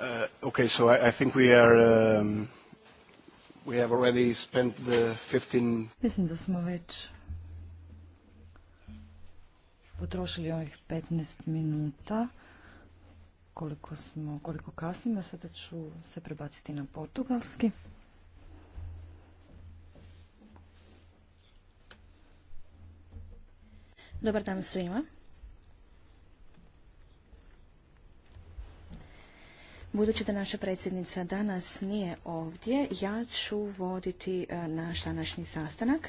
Uh, okay, so I, I think we are... Um, we have already spent the 15... Mislim da smo već potrošili ovih 15 minuta koliko, smo, koliko kasnimo. Sada ću se prebaciti na portugalski. Dobar dan svima. Budući da naša predsjednica danas nije ovdje, ja ću voditi e, naš današnji sastanak.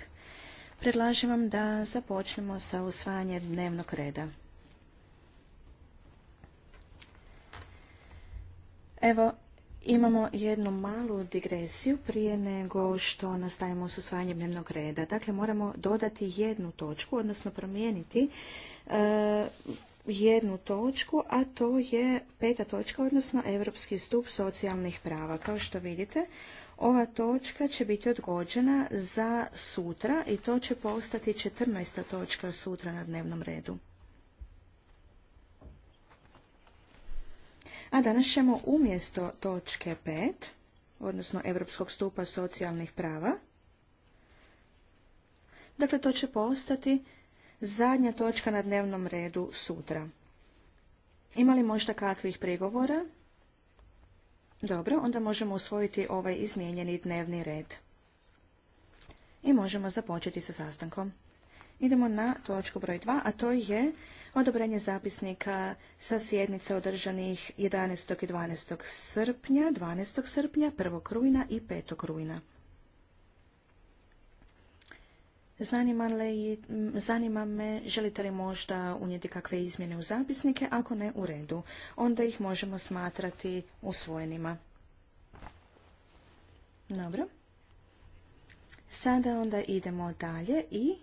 Predlažem vam da započnemo sa usvajanjem dnevnog reda. Evo, Imamo jednu malu digresiju prije nego što nastavimo s usvajanjem dnevnog reda. Dakle, moramo dodati jednu točku, odnosno promijeniti e, jednu točku, a to je peta točka, odnosno Europski stup socijalnih prava. Kao što vidite, ova točka će biti odgođena za sutra i to će postati 14. točka sutra na dnevnom redu. A danas ćemo umjesto točke pet, odnosno Europskog stupa socijalnih prava, dakle to će postati zadnja točka na dnevnom redu sutra. Ima li možda kakvih prigovora? Dobro, onda možemo usvojiti ovaj izmijenjeni dnevni red. I možemo započeti sa sastankom. Idemo na točku broj 2, a to je odobrenje zapisnika sa sjednice održanih 11. i 12. srpnja, 12. srpnja, 1. rujna i 5. rujna. Zanima, li, zanima me, želite li možda unijeti kakve izmjene u zapisnike? Ako ne, u redu. Onda ih možemo smatrati usvojenima. Dobro. Sada onda idemo dalje i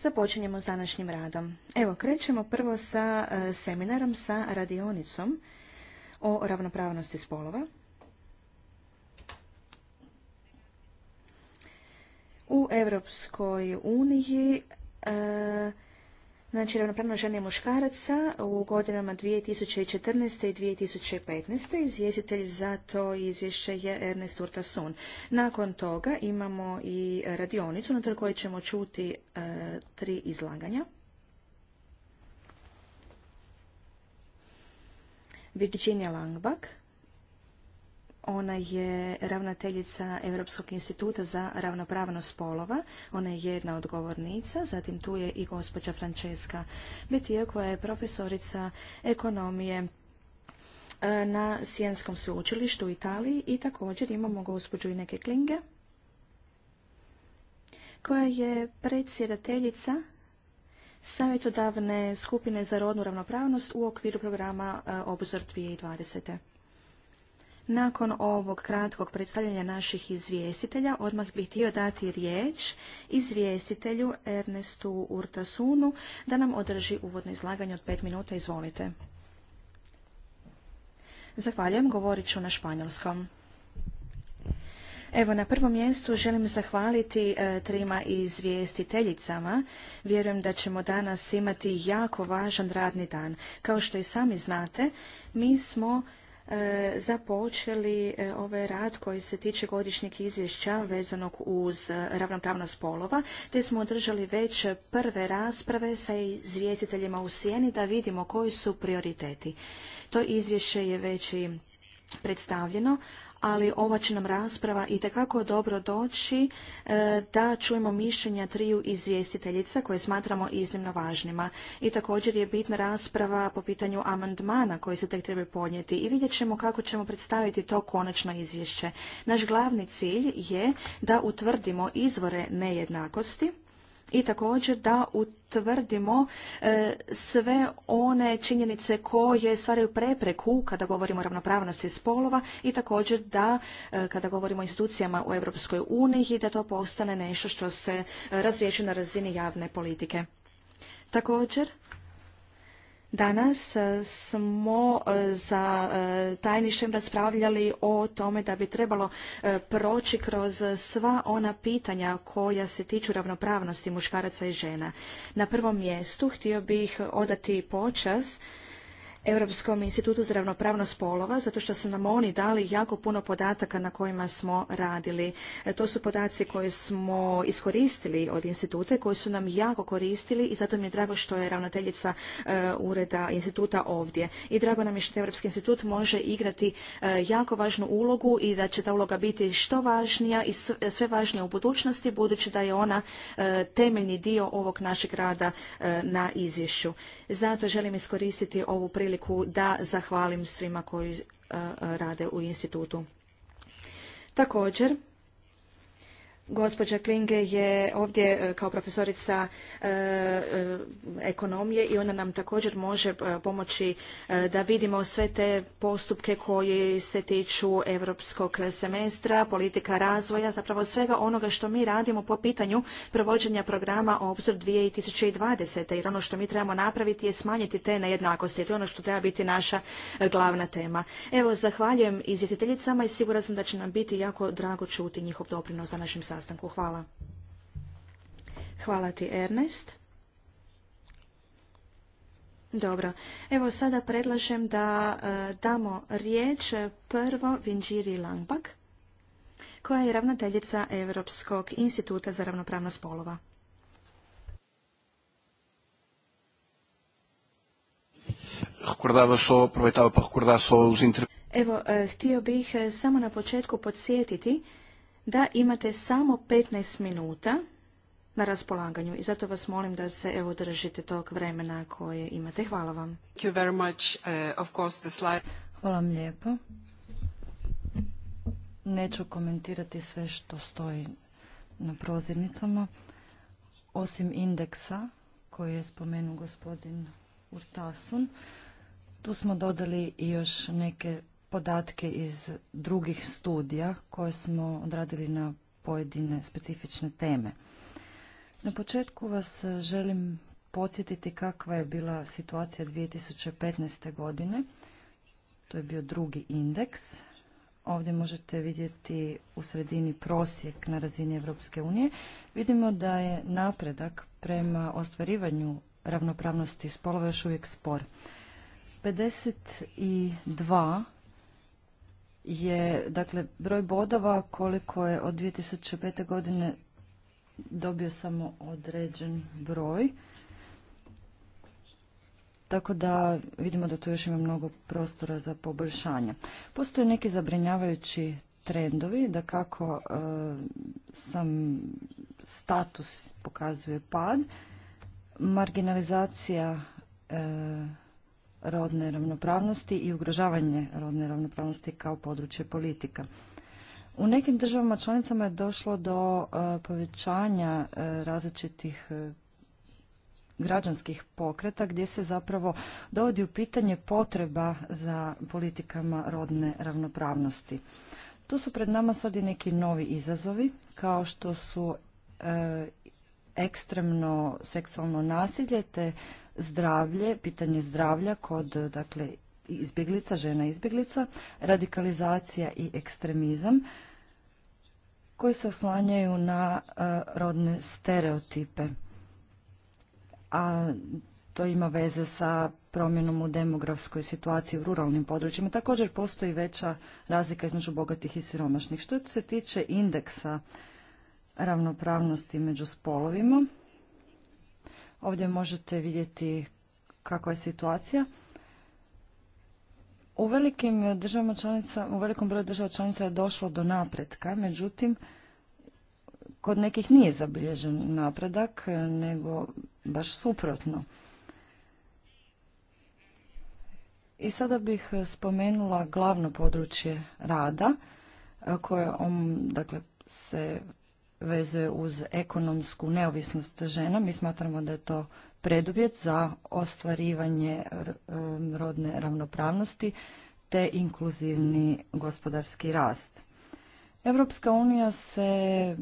započinjemo s današnjim radom. Evo, krećemo prvo sa e, seminarom, sa radionicom o ravnopravnosti spolova. u Europskoj uniji e, znači ravnopravno žene muškaraca u godinama 2014. i 2015. Izvjestitelj za to izvješće je Ernest Urtasun. Nakon toga imamo i radionicu na kojoj ćemo čuti e, tri izlaganja. Virginia Langbach, ona je ravnateljica Europskog instituta za ravnopravnost spolova. Ona je jedna od govornica. Zatim tu je i gospođa Francesca Betio koja je profesorica ekonomije e, na Sijenskom sveučilištu u Italiji i također imamo gospođu Ineke Klinge koja je predsjedateljica savjetodavne skupine za rodnu ravnopravnost u okviru programa e, Obzor 2020. Nakon ovog kratkog predstavljanja naših izvjestitelja, odmah bih htio dati riječ izvjestitelju Ernestu Urtasunu da nam održi uvodno izlaganje od pet minuta. Izvolite. Zahvaljujem, govorit ću na španjolskom. Evo, na prvom mjestu želim zahvaliti e, trima izvjestiteljicama. Vjerujem da ćemo danas imati jako važan radni dan. Kao što i sami znate, mi smo E, započeli e, ovaj rad koji se tiče godišnjeg izvješća vezanog uz ravnopravnost spolova, te smo održali već prve rasprave sa izvjestiteljima u sjeni da vidimo koji su prioriteti. To izvješće je već i predstavljeno, ali ova će nam rasprava i tekako dobro doći e, da čujemo mišljenja triju izvjestiteljica koje smatramo iznimno važnima. I također je bitna rasprava po pitanju amandmana koji se tek treba podnijeti i vidjet ćemo kako ćemo predstaviti to konačno izvješće. Naš glavni cilj je da utvrdimo izvore nejednakosti i također da utvrdimo e, sve one činjenice koje stvaraju prepreku kada govorimo o ravnopravnosti spolova i također da e, kada govorimo o institucijama u Europskoj uniji da to postane nešto što se e, razriješi na razini javne politike. Također Danas e, smo e, za e, tajnišem raspravljali o tome da bi trebalo proći kroz sva ona pitanja koja se tiču ravnopravnosti muškaraca i žena. Na prvom mjestu htio bih odati počas Europskom institutu za ravnopravnost spolova zato što su nam oni dali jako puno podataka na kojima smo radili. E, to su podaci koje smo iskoristili od institute koji su nam jako koristili i zato mi je drago što je ravnateljica e, ureda instituta ovdje. I drago nam je što Europski institut može igrati e, jako važnu ulogu i da će ta uloga biti što važnija i sve važnija u budućnosti budući da je ona temeljni dio ovog našeg rada na izvješću. Zato želim iskoristiti ovu priliku da zahvalim svima koji e, e, rade u institutu. Također, Gospođa Klinge je ovdje e, kao profesorica e, e, ekonomije i ona nam također može pomoći da vidimo sve te postupke koji se tiču europskog semestra, politika razvoja, zapravo svega onoga što mi radimo po pitanju provođenja programa Obzor 2020. Jer ono što mi trebamo napraviti je smanjiti te nejednakosti. To je ono što treba biti naša glavna tema. Evo, zahvaljujem izvjestiteljicama i sigura sam da će nam biti jako drago čuti njihov doprinos našim sastanku sastanku. Hvala. Hvala ti Ernest. Dobro, evo sada predlažem da e, damo riječ prvo Vinđiri Langbak, koja je ravnateljica Europskog instituta za ravnopravnost spolova. Evo, e, htio bih e, samo na početku podsjetiti da imate samo 15 minuta na raspolaganju i zato vas molim da se evo držite tog vremena koje imate. Hvala vam. Uh, Hvala vam lijepo. Neću komentirati sve što stoji na prozirnicama, osim indeksa koji je spomenuo gospodin Urtasun. Tu smo dodali i još neke podatke iz drugih studija koje smo odradili na pojedine specifične teme. Na početku vas želim podsjetiti kakva je bila situacija 2015. godine. To je bio drugi indeks. Ovdje možete vidjeti u sredini prosjek na razini Europske unije. Vidimo da je napredak prema ostvarivanju ravnopravnosti spolova još uvijek spor. 52 je dakle broj bodova koliko je od 2005. godine dobio samo određen broj. Tako da vidimo da tu još ima mnogo prostora za poboljšanje. Postoje neki zabrinjavajući trendovi, da kako e, sam status pokazuje pad, marginalizacija e, rodne ravnopravnosti i ugrožavanje rodne ravnopravnosti kao područje politika. U nekim državama članicama je došlo do e, povećanja e, različitih e, građanskih pokreta gdje se zapravo dovodi u pitanje potreba za politikama rodne ravnopravnosti. Tu su pred nama sad i neki novi izazovi kao što su ekstremno seksualno nasilje te zdravlje, pitanje zdravlja kod dakle, izbjeglica, žena izbjeglica, radikalizacija i ekstremizam koji se oslanjaju na e, rodne stereotipe. A to ima veze sa promjenom u demografskoj situaciji u ruralnim područjima. Također postoji veća razlika između bogatih i siromašnih. Što se tiče indeksa ravnopravnosti među spolovima, Ovdje možete vidjeti kakva je situacija. U velikim državama članica, u velikom broju država članica je došlo do napretka, međutim, kod nekih nije zabilježen napredak, nego baš suprotno. I sada bih spomenula glavno područje rada koje um, dakle, se vezuje uz ekonomsku neovisnost žena. Mi smatramo da je to preduvjet za ostvarivanje rodne ravnopravnosti te inkluzivni gospodarski rast. Europska unija se e,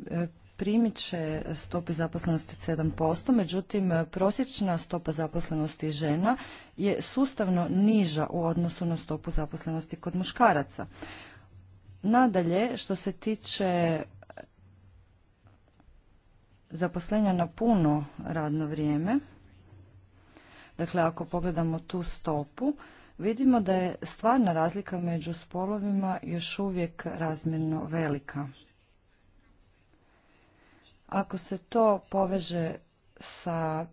primiče stopi zaposlenosti 7%, međutim e, prosječna stopa zaposlenosti žena je sustavno niža u odnosu na stopu zaposlenosti kod muškaraca. Nadalje, što se tiče zaposlenja na puno radno vrijeme, dakle ako pogledamo tu stopu, vidimo da je stvarna razlika među spolovima još uvijek razmjerno velika. Ako se to poveže sa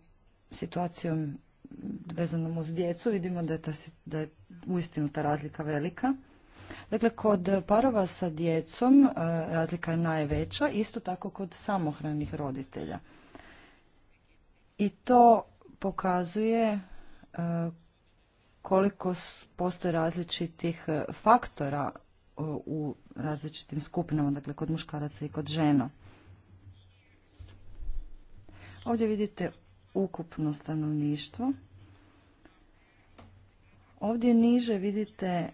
situacijom vezanom uz djecu, vidimo da je, ta, da je uistinu ta razlika velika. Dakle, kod parova sa djecom e, razlika je najveća, isto tako kod samohranih roditelja. I to pokazuje e, koliko postoje različitih e, faktora u različitim skupinama, dakle kod muškaraca i kod žena. Ovdje vidite ukupno stanovništvo. Ovdje niže vidite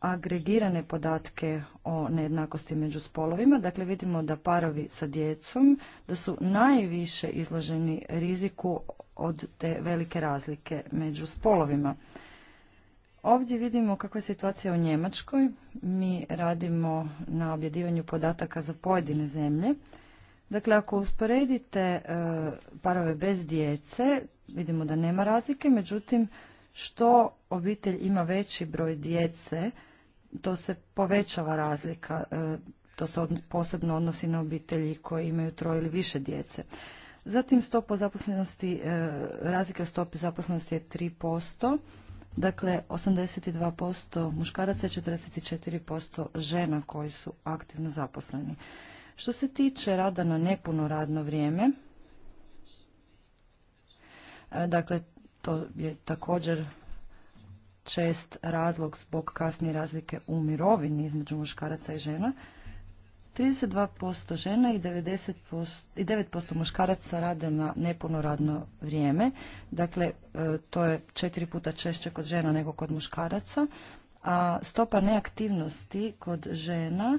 agregirane podatke o nejednakosti među spolovima. Dakle, vidimo da parovi sa djecom da su najviše izloženi riziku od te velike razlike među spolovima. Ovdje vidimo kakva je situacija u Njemačkoj. Mi radimo na objedivanju podataka za pojedine zemlje. Dakle, ako usporedite e, parove bez djece, vidimo da nema razlike, međutim, što obitelj ima veći broj djece, to se povećava razlika, e, to se posebno odnosi na obitelji koji imaju troje ili više djece. Zatim stopa zaposlenosti, e, razlika stopi zaposlenosti je 3%, dakle 82% muškaraca i 44% žena koji su aktivno zaposleni. Što se tiče rada na nepuno radno vrijeme, e, dakle to je također čest razlog zbog kasnije razlike u mirovini između muškaraca i žena. 32% žena i 90%, i 9% muškaraca rade na nepuno radno vrijeme. Dakle, e, to je četiri puta češće kod žena nego kod muškaraca. A stopa neaktivnosti kod žena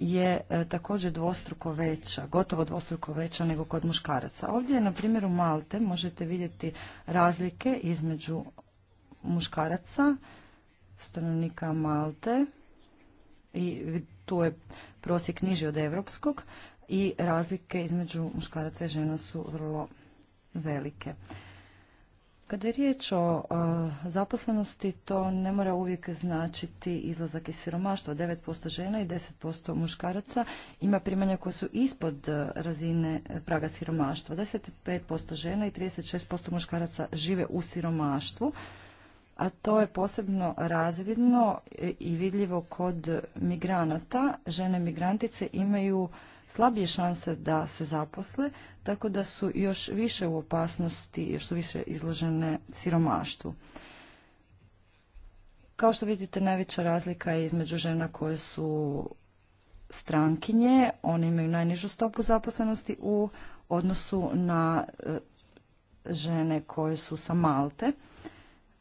je e, također dvostruko veća, gotovo dvostruko veća nego kod muškaraca. Ovdje na primjeru Malte možete vidjeti razlike između muškaraca, stanovnika Malte i tu je prosjek niži od evropskog i razlike između muškaraca i žena su vrlo velike. Kada je riječ o zaposlenosti, to ne mora uvijek značiti izlazak iz siromaštva. 9% žena i 10% muškaraca ima primanja koje su ispod razine praga siromaštva. 25% žena i 36% muškaraca žive u siromaštvu, a to je posebno razvidno i vidljivo kod migranata. Žene migrantice imaju slabije šanse da se zaposle, tako da su još više u opasnosti, još su više izložene siromaštvu. Kao što vidite, najveća razlika je između žena koje su strankinje, one imaju najnižu stopu zaposlenosti u odnosu na e, žene koje su sa Malte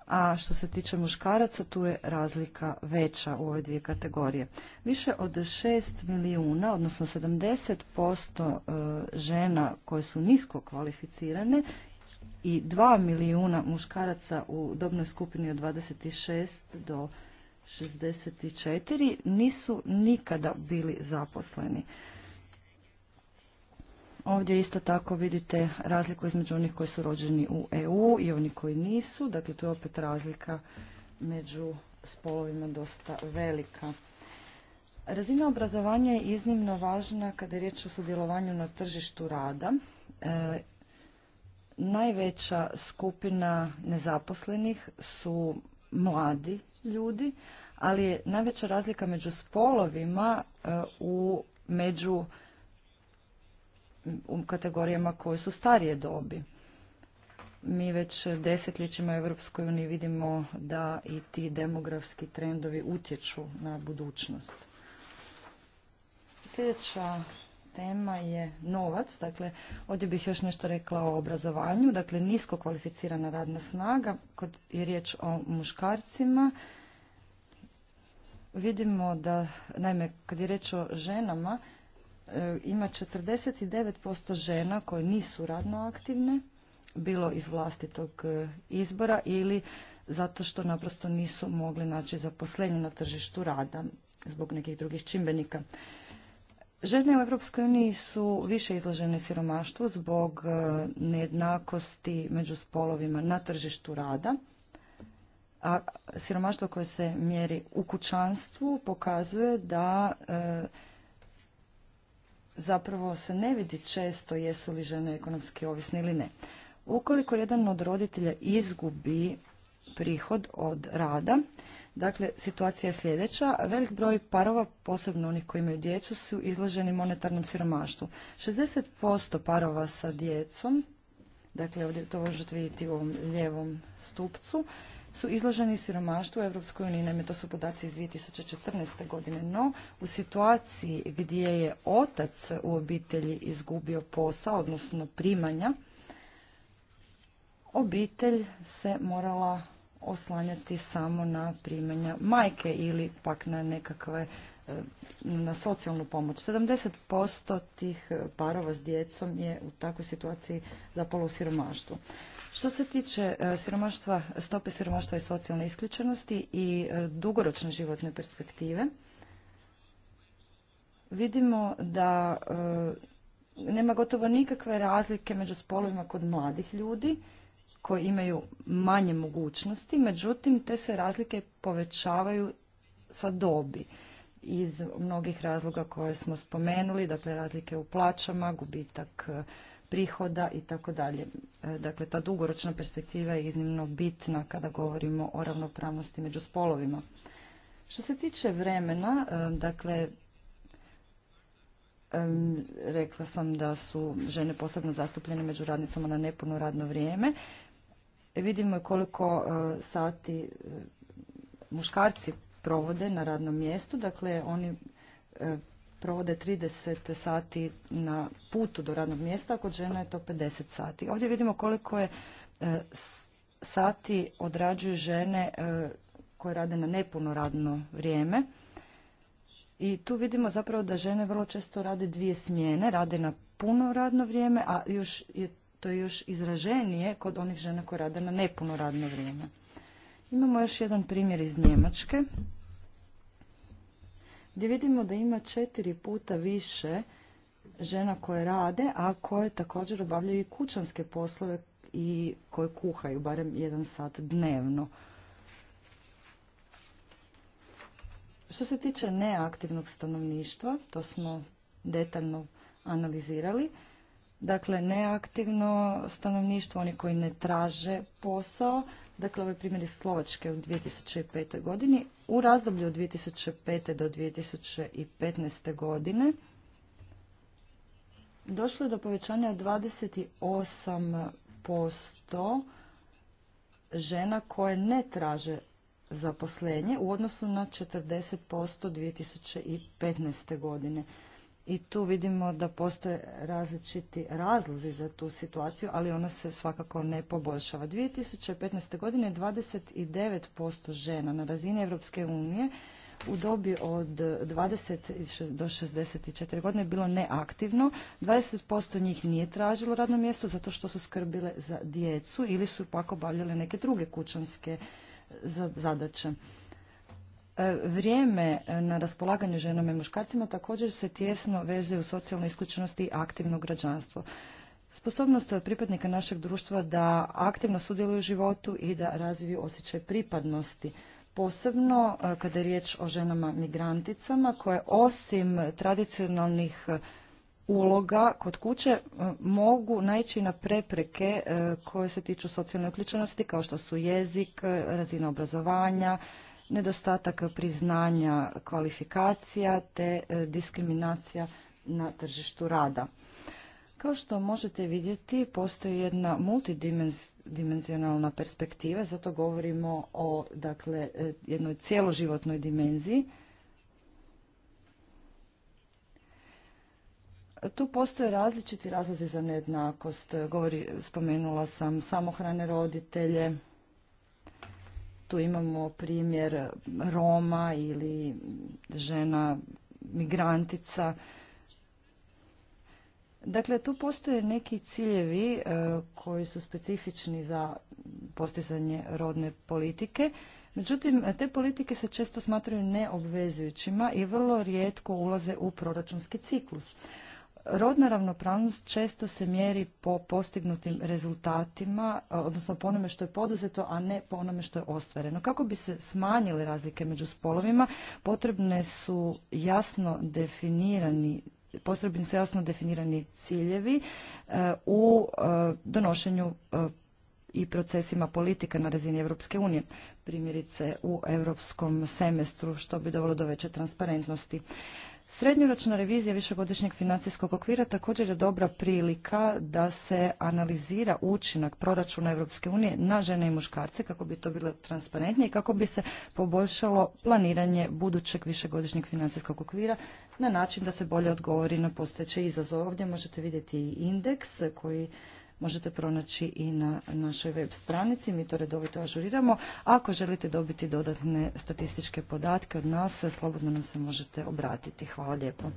a što se tiče muškaraca tu je razlika veća u ove dvije kategorije. Više od 6 milijuna, odnosno 70% e, žena koje su nisko kvalificirane i 2 milijuna muškaraca u dobnoj skupini od 26 do 64 nisu nikada bili zaposleni. Ovdje isto tako vidite razliku između onih koji su rođeni u EU i oni koji nisu. Dakle, tu je opet razlika među spolovima dosta velika. Razina obrazovanja je iznimno važna kada je riječ o sudjelovanju na tržištu rada. E, najveća skupina nezaposlenih su mladi ljudi, ali je najveća razlika među spolovima e, u među u kategorijama koje su starije dobi. Mi već desetljećima u Europskoj uniji vidimo da i ti demografski trendovi utječu na budućnost. Sljedeća tema je novac. Dakle, ovdje bih još nešto rekla o obrazovanju. Dakle, nisko kvalificirana radna snaga, kod je riječ o muškarcima. Vidimo da, naime, kad je riječ o ženama, E, ima 49% žena koje nisu radno aktivne, bilo iz vlastitog e, izbora ili zato što naprosto nisu mogli naći zaposlenje na tržištu rada zbog nekih drugih čimbenika. Žene u Europskoj uniji su više izložene siromaštvu zbog e, nejednakosti među spolovima na tržištu rada, a siromaštvo koje se mjeri u kućanstvu pokazuje da zapravo se ne vidi često jesu li žene ekonomski ovisne ili ne. Ukoliko jedan od roditelja izgubi prihod od rada, dakle situacija je sljedeća, velik broj parova, posebno onih koji imaju djecu, su izloženi monetarnom siromaštvu. 60% parova sa djecom, dakle ovdje to možete vidjeti u ovom ljevom stupcu, su izloženi siromaštvu u Europskoj uniji. Naime, to su podaci iz 2014. godine. No, u situaciji gdje je otac u obitelji izgubio posao, odnosno primanja, obitelj se morala oslanjati samo na primanja majke ili pak na nekakve e, na socijalnu pomoć. 70% tih parova s djecom je u takvoj situaciji zapalo u siromaštvu. Što se tiče e, siromaštva, stope siromaštva i socijalne isključenosti i e, dugoročne životne perspektive, vidimo da e, nema gotovo nikakve razlike među spolovima kod mladih ljudi koji imaju manje mogućnosti, međutim te se razlike povećavaju sa dobi iz mnogih razloga koje smo spomenuli, dakle razlike u plaćama, gubitak prihoda i tako dalje. E, dakle, ta dugoročna perspektiva je iznimno bitna kada govorimo o ravnopravnosti među spolovima. Što se tiče vremena, e, dakle, e, rekla sam da su žene posebno zastupljene među radnicama na nepuno radno vrijeme. Vidimo koliko sati muškarci provode na radnom mjestu, dakle, oni provode 30 sati na putu do radnog mjesta, a kod žena je to 50 sati. Ovdje vidimo koliko je e, sati odrađuju žene e, koje rade na nepuno radno vrijeme. I tu vidimo zapravo da žene vrlo često rade dvije smjene, rade na puno radno vrijeme, a još je, to je još izraženije kod onih žena koje rade na nepuno radno vrijeme. Imamo još jedan primjer iz Njemačke gdje vidimo da ima četiri puta više žena koje rade, a koje također obavljaju i kućanske poslove i koje kuhaju barem jedan sat dnevno. Što se tiče neaktivnog stanovništva, to smo detaljno analizirali, Dakle, neaktivno stanovništvo, oni koji ne traže posao. Dakle, ovaj primjer iz Slovačke u 2005. godini. U razdoblju od 2005. do 2015. godine došlo je do povećanja od 28% žena koje ne traže zaposlenje u odnosu na 40% 2015. godine i tu vidimo da postoje različiti razlozi za tu situaciju, ali ona se svakako ne poboljšava. 2015. godine 29% žena na razini Europske unije u dobi od 20 do 64 godine bilo neaktivno. 20% njih nije tražilo radno mjesto zato što su skrbile za djecu ili su pak obavljale neke druge kućanske zadaće. E, vrijeme e, na raspolaganju ženama i muškarcima također se tjesno vezuje u socijalnu isključenosti i aktivno građanstvo. Sposobnost pripadnika našeg društva da aktivno sudjeluju u životu i da razviju osjećaj pripadnosti. Posebno e, kada je riječ o ženama migranticama koje osim tradicionalnih uloga kod kuće mogu naići na prepreke koje se tiču socijalne uključenosti kao što su jezik, razina obrazovanja, nedostatak priznanja kvalifikacija te e, diskriminacija na tržištu rada. Kao što možete vidjeti, postoji jedna multidimenzionalna perspektiva, zato govorimo o dakle, e, jednoj cijeloživotnoj dimenziji. Tu postoje različiti razlozi za nejednakost. Govori, spomenula sam samohrane roditelje, tu imamo primjer Roma ili žena migrantica. Dakle, tu postoje neki ciljevi e, koji su specifični za postizanje rodne politike. Međutim, te politike se često smatraju neobvezujućima i vrlo rijetko ulaze u proračunski ciklus. Rodna ravnopravnost često se mjeri po postignutim rezultatima, e, odnosno po onome što je poduzeto, a ne po onome što je ostvareno. Kako bi se smanjile razlike među spolovima, potrebne su jasno definirani potrebni su jasno definirani ciljevi e, u e, donošenju i procesima politika na razini Europske unije, primjerice u europskom semestru, što bi dovelo do veće transparentnosti. Srednjoročna revizija višegodišnjeg financijskog okvira također je dobra prilika da se analizira učinak proračuna Europske unije na žene i muškarce kako bi to bilo transparentnije i kako bi se poboljšalo planiranje budućeg višegodišnjeg financijskog okvira na način da se bolje odgovori na postojeće izazove. Ovdje možete vidjeti i indeks koji možete pronaći i na našoj web stranici. Mi to redovito ažuriramo. Ako želite dobiti dodatne statističke podatke od nas, slobodno nam se možete obratiti. Hvala lijepo.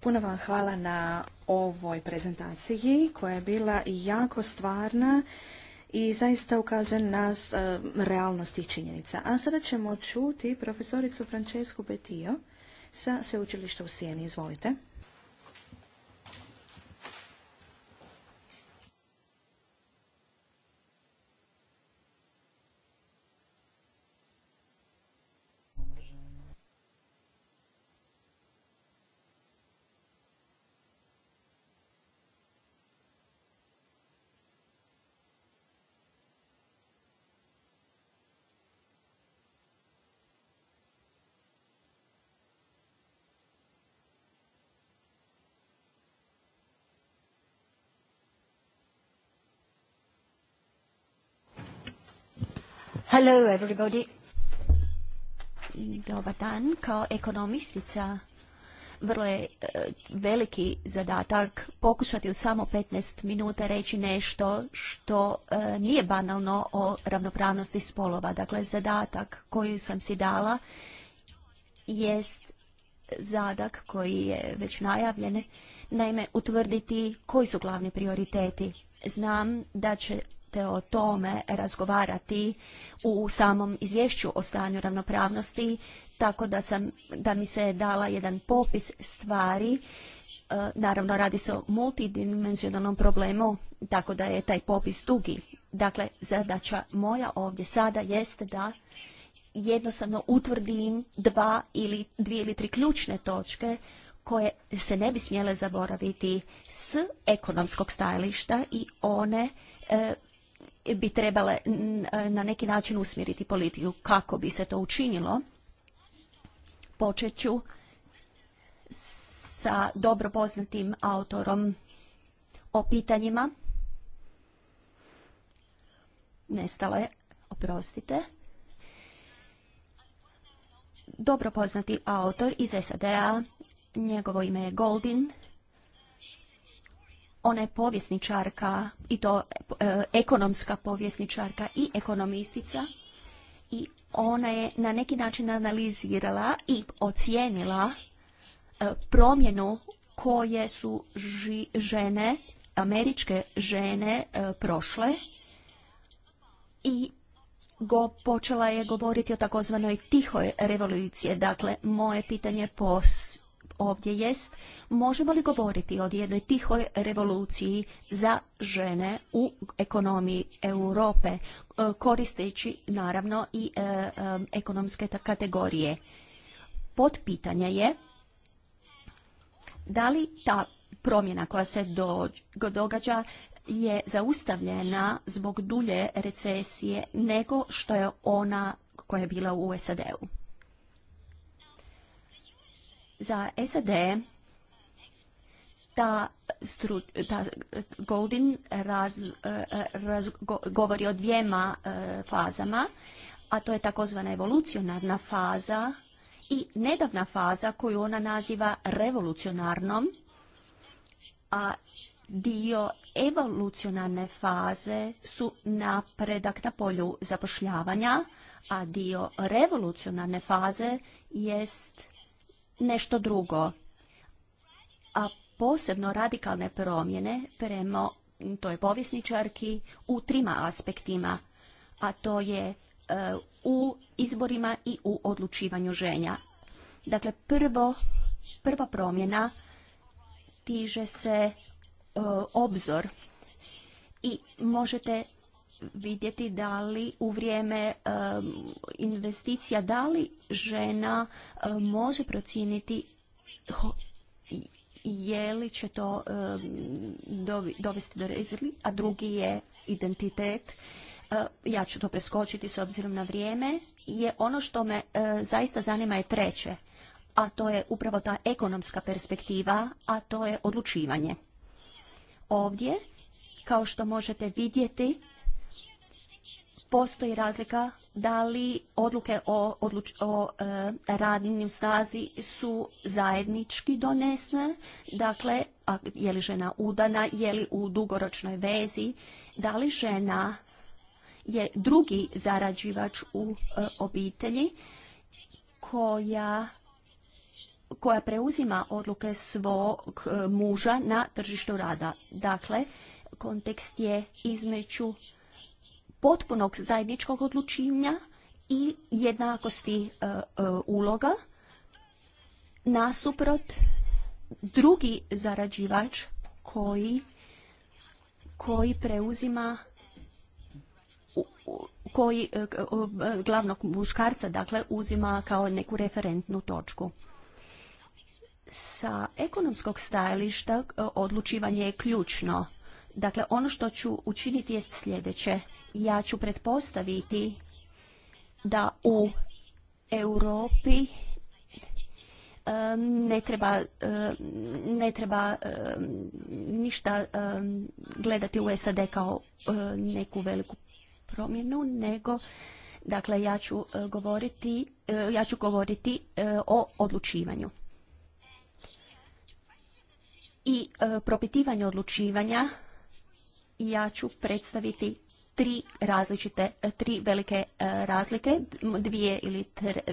Puno vam hvala na ovoj prezentaciji koja je bila jako stvarna i zaista ukazuje na e, realnost tih činjenica. A sada ćemo čuti profesoricu Francesku Betio sa sveučilišta u Sijeni. Izvolite. Hello everybody. Dobar dan. Kao ekonomistica vrlo je eh, veliki zadatak pokušati u samo 15 minuta reći nešto što eh, nije banalno o ravnopravnosti spolova. Dakle, zadatak koji sam si dala jest zadak koji je već najavljen. Naime, utvrditi koji su glavni prioriteti. Znam da će te o tome razgovarati u samom izvješću o stanju ravnopravnosti, tako da, sam, da mi se je dala jedan popis stvari. E, naravno, radi se o multidimensionalnom problemu, tako da je taj popis dugi. Dakle, zadaća moja ovdje sada jeste da jednostavno utvrdim dva ili dvije ili tri ključne točke koje se ne bi smjele zaboraviti s ekonomskog stajališta i one e, bi trebale e, na neki način usmjeriti politiku. Kako bi se to učinilo? Počet ću sa dobro poznatim autorom o pitanjima. Nestalo je, oprostite. Dobro poznati autor iz SAD-a, njegovo ime je Goldin, ona je povjesničarka i to e, ekonomska povjesničarka i ekonomistica i ona je na neki način analizirala i ocijenila e, promjenu koje su žene, američke žene e, prošle i go počela je govoriti o takozvanoj tihoj revoluciji, Dakle, moje pitanje pos ovdje jest, možemo li govoriti o jednoj tihoj revoluciji za žene u ekonomiji Europe, e, koristeći naravno i e, e, ekonomske kategorije. Pod pitanje je da li ta promjena koja se događa je zaustavljena zbog dulje recesije nego što je ona koja je bila u SAD-u za SAD ta, eh, Goldin eh, govori o dvijema eh, fazama, a to je takozvana evolucionarna faza i nedavna faza koju ona naziva revolucionarnom, a dio evolucionarne faze su napredak na polju zapošljavanja, a dio revolucionarne faze jest nešto drugo. A posebno radikalne promjene prema toj povjesničarki u trima aspektima, a to je e, u izborima i u odlučivanju ženja. Dakle, prvo, prva promjena tiže se e, obzor i možete vidjeti da li u vrijeme investicija, da li žena može procijeniti je li će to dovesti do rezili, a drugi je identitet. E, ja ću to preskočiti s obzirom na vrijeme. Je ono što me e, zaista zanima je treće, a to je upravo ta ekonomska perspektiva, a to je odlučivanje. Ovdje, kao što možete vidjeti, postoji razlika da li odluke o, odluč, o e, radnim stazi su zajednički donesne, dakle, je li žena udana, je li u dugoročnoj vezi, da li žena je drugi zarađivač u e, obitelji koja koja preuzima odluke svog e, muža na tržištu rada. Dakle, kontekst je između potpunog zajedničkog odlučivanja i jednakosti e, e, uloga nasuprot drugi zarađivač koji koji preuzima koji e, glavnog muškarca dakle uzima kao neku referentnu točku. Sa ekonomskog stajališta odlučivanje je ključno. Dakle, ono što ću učiniti jest sljedeće ja ću pretpostaviti da u Europi e, ne treba, e, ne treba e, ništa gledati u SAD kao neku veliku promjenu, nego dakle ja ću govoriti, ja ću govoriti o odlučivanju. I propitivanje odlučivanja ja ću predstaviti tri različite, tri velike e, razlike, dvije ili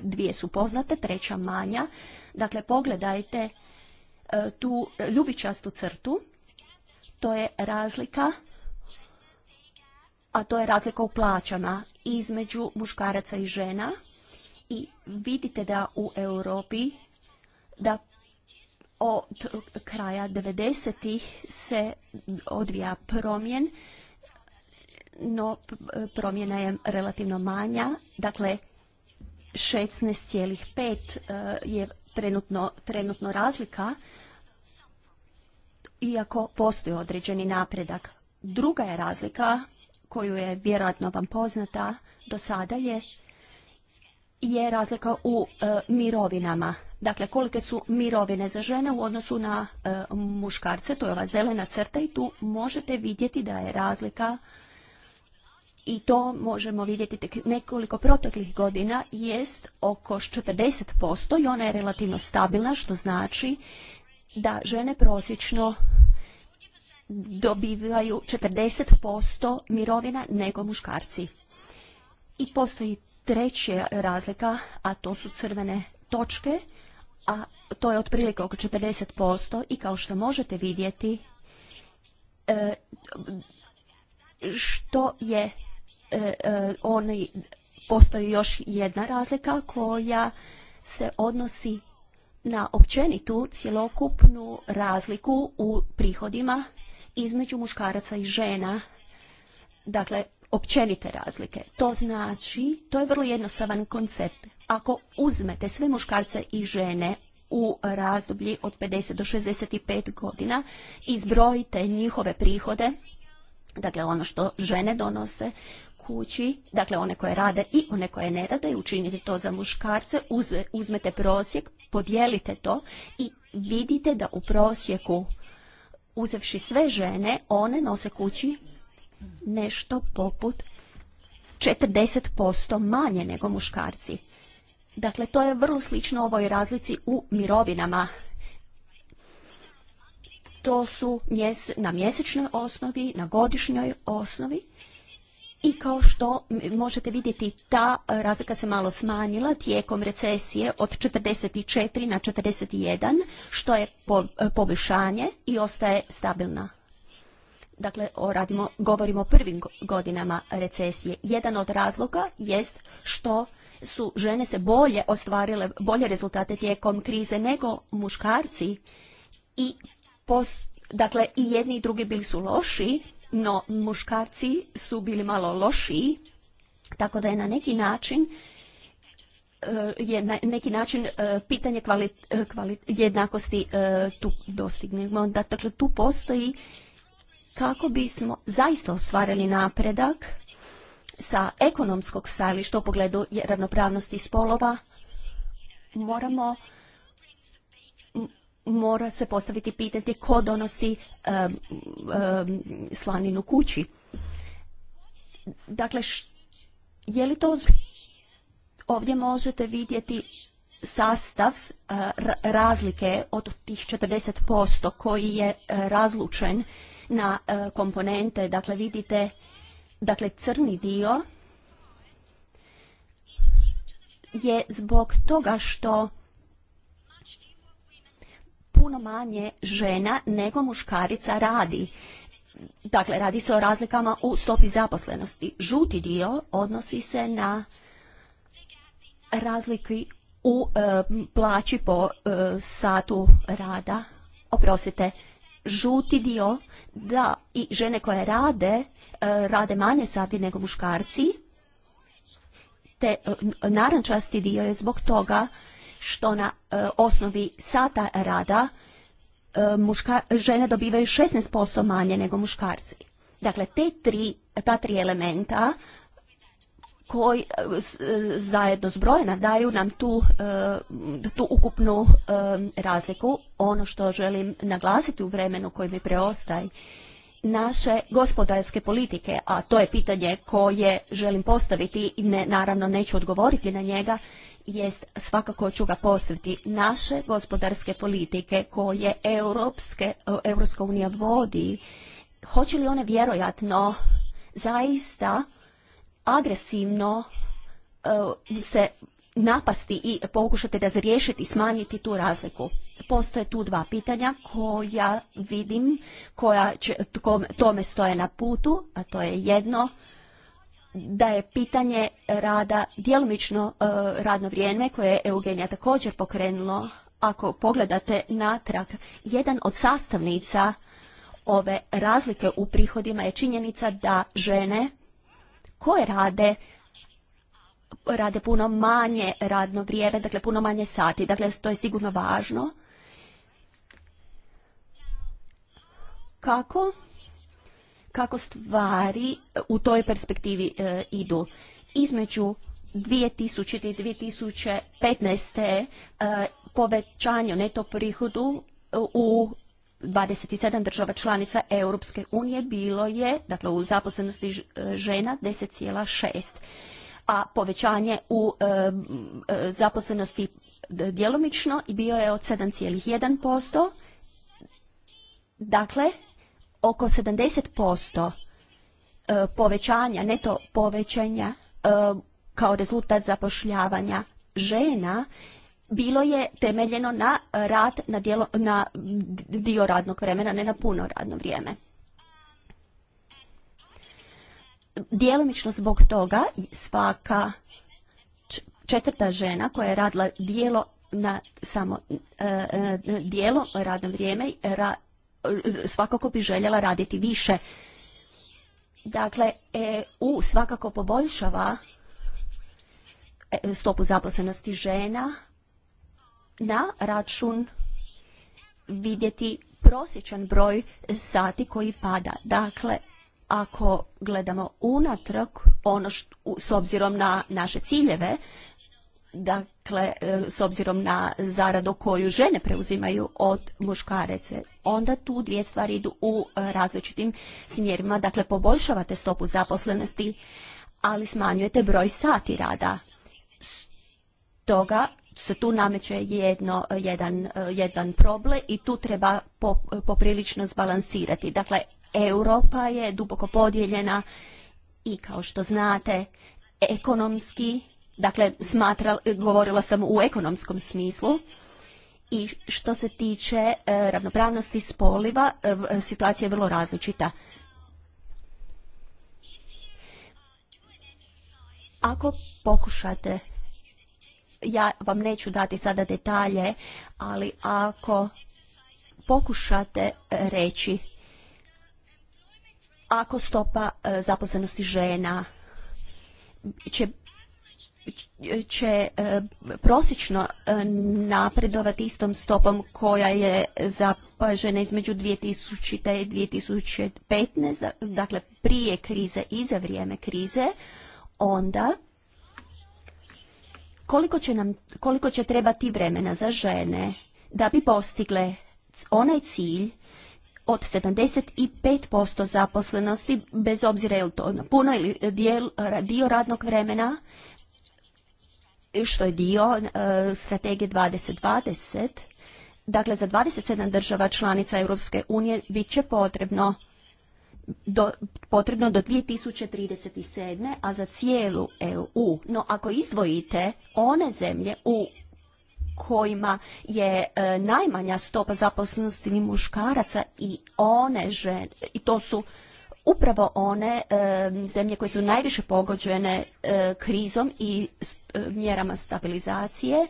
dvije su poznate, treća manja. Dakle, pogledajte e, tu ljubičastu crtu, to je razlika a to je razlika u plaćama između muškaraca i žena i vidite da u Europi da od kraja 90 se odvija promjen no promjena je relativno manja, dakle 16,5 e, je trenutno, trenutno razlika, iako postoji određeni napredak. Druga je razlika, koju je vjerojatno vam poznata do sada, je, je razlika u e, mirovinama. Dakle, kolike su mirovine za žene u odnosu na e, muškarce, to je ova zelena crta i tu možete vidjeti da je razlika i to možemo vidjeti tek nekoliko proteklih godina, jest oko 40% i ona je relativno stabilna, što znači da žene prosječno dobivaju 40% mirovina nego muškarci. I postoji treća razlika, a to su crvene točke, a to je otprilike oko 40% i kao što možete vidjeti e, što je E, e, oni, postoji još jedna razlika koja se odnosi na općenitu cjelokupnu razliku u prihodima između muškaraca i žena. Dakle, općenite razlike. To znači, to je vrlo jednostavan koncept. Ako uzmete sve muškarce i žene u razdoblji od 50 do 65 godina i zbrojite njihove prihode, dakle ono što žene donose kući, dakle one koje rade i one koje ne rade i učinite to za muškarce, uzmete prosjek, podijelite to i vidite da u prosjeku uzevši sve žene, one nose kući nešto poput 40% manje nego muškarci. Dakle, to je vrlo slično ovoj razlici u mirovinama. To su mjese, na mjesečnoj osnovi, na godišnjoj osnovi i kao što možete vidjeti ta e, razlika se malo smanjila tijekom recesije od 44 na 41 što je e, poboljšanje i ostaje stabilna. Dakle, radimo, govorimo o prvim godinama recesije. Jedan od razloga jest što su žene se bolje ostvarile, bolje rezultate tijekom krize nego muškarci i dakle i jedni i drugi bili su loši no muškarci su bili malo lošiji, tako da je na neki način eh, je na neki način eh, pitanje eh, jednakosti tu dostignemo. Dakle, tu postoji kako bismo zaista ostvarili napredak sa ekonomskog stajališta u pogledu ravnopravnosti spolova, moramo mora se postaviti pitanje ko donosi slaninu kući. Dakle, je li to... Ovdje možete vidjeti sastav razlike od tih 40% koji je e, razlučen na e, komponente. Dakle, vidite dakle, crni dio je zbog toga što puno manje žena nego muškarica radi. Dakle, radi se o razlikama u stopi zaposlenosti. Žuti dio odnosi se na razliki u e, plaći po e, satu rada. Oprostite, žuti dio da i žene koje rade, e, rade manje sati nego muškarci, te narančasti dio je zbog toga što na e, osnovi sata rada e, muška, žene dobivaju 16% manje nego muškarci. Dakle, te tri, ta tri elementa koji e, zajedno zbrojena daju nam tu, tu ukupnu razliku. Ono što želim naglasiti u vremenu koji mi preostaje naše gospodarske politike, a to je pitanje koje želim postaviti i ne, naravno neću odgovoriti na njega, jest svakako ću ga postaviti naše gospodarske politike koje Europske, Europska unija vodi, hoće li one vjerojatno zaista agresivno e, se napasti i pokušati razriješiti i smanjiti tu razliku. Postoje tu dva pitanja koja vidim, koja će, tome stoje na putu, a to je jedno da je pitanje rada djelomično e, radno vrijeme koje je Eugenija također pokrenulo. Ako pogledate natrag, jedan od sastavnica ove razlike u prihodima je činjenica da žene koje rade rade puno manje radno vrijeme, dakle puno manje sati. Dakle, to je sigurno važno. Kako? Kako stvari u toj perspektivi e, idu? Između 2000. i 2015. E, povećanju neto prihodu u 27 država članica Europske unije bilo je, dakle u zaposlenosti žena 10,6 a povećanje u e, e, zaposlenosti djelomično i bio je od 7,1%. Dakle, oko 70% e, povećanja, neto povećanja kao rezultat zapošljavanja žena bilo je temeljeno na rad na, na dio radnog vremena, ne na puno radno vrijeme djelomično zbog toga svaka četvrta žena koja je radila dijelo na samo e, e, dijelo radno vrijeme svakako bi željela raditi više. Dakle, e U svakako poboljšava stopu zaposlenosti žena na račun vidjeti prosječan broj sati koji pada. Dakle, ako gledamo unatrag ono s obzirom na naše ciljeve, dakle e, s obzirom na zaradu koju žene preuzimaju od muškarece, onda tu dvije stvari idu u e, različitim smjerima, dakle poboljšavate stopu zaposlenosti, ali smanjujete broj sati rada. Stoga se tu nameće jedno, jedan, e, jedan problem i tu treba poprilično zbalansirati. Dakle, Europa je duboko podijeljena i kao što znate ekonomski, dakle smatra, govorila sam u ekonomskom smislu, i što se tiče e, ravnopravnosti spoliva, e, e, situacija je vrlo različita. Ako pokušate, ja vam neću dati sada detalje, ali ako pokušate reći ako stopa e, zaposlenosti žena će će e, prosječno e, napredovati istom stopom koja je zapažena između 2000. i 2015, dakle prije krize i za vrijeme krize, onda koliko koliko će trebati vremena za žene da bi postigle onaj cilj od 75% zaposlenosti, bez obzira je to to puno ili dio radnog vremena, što je dio e, strategije 2020, dakle za 27 država članica Europske unije bit će potrebno do, potrebno do 2037. a za cijelu EU. No ako izdvojite one zemlje u kojima je e, najmanja stopa zaposlenosti ni muškaraca i one žene, i to su upravo one e, zemlje koje su najviše pogođene e, krizom i mjerama stabilizacije.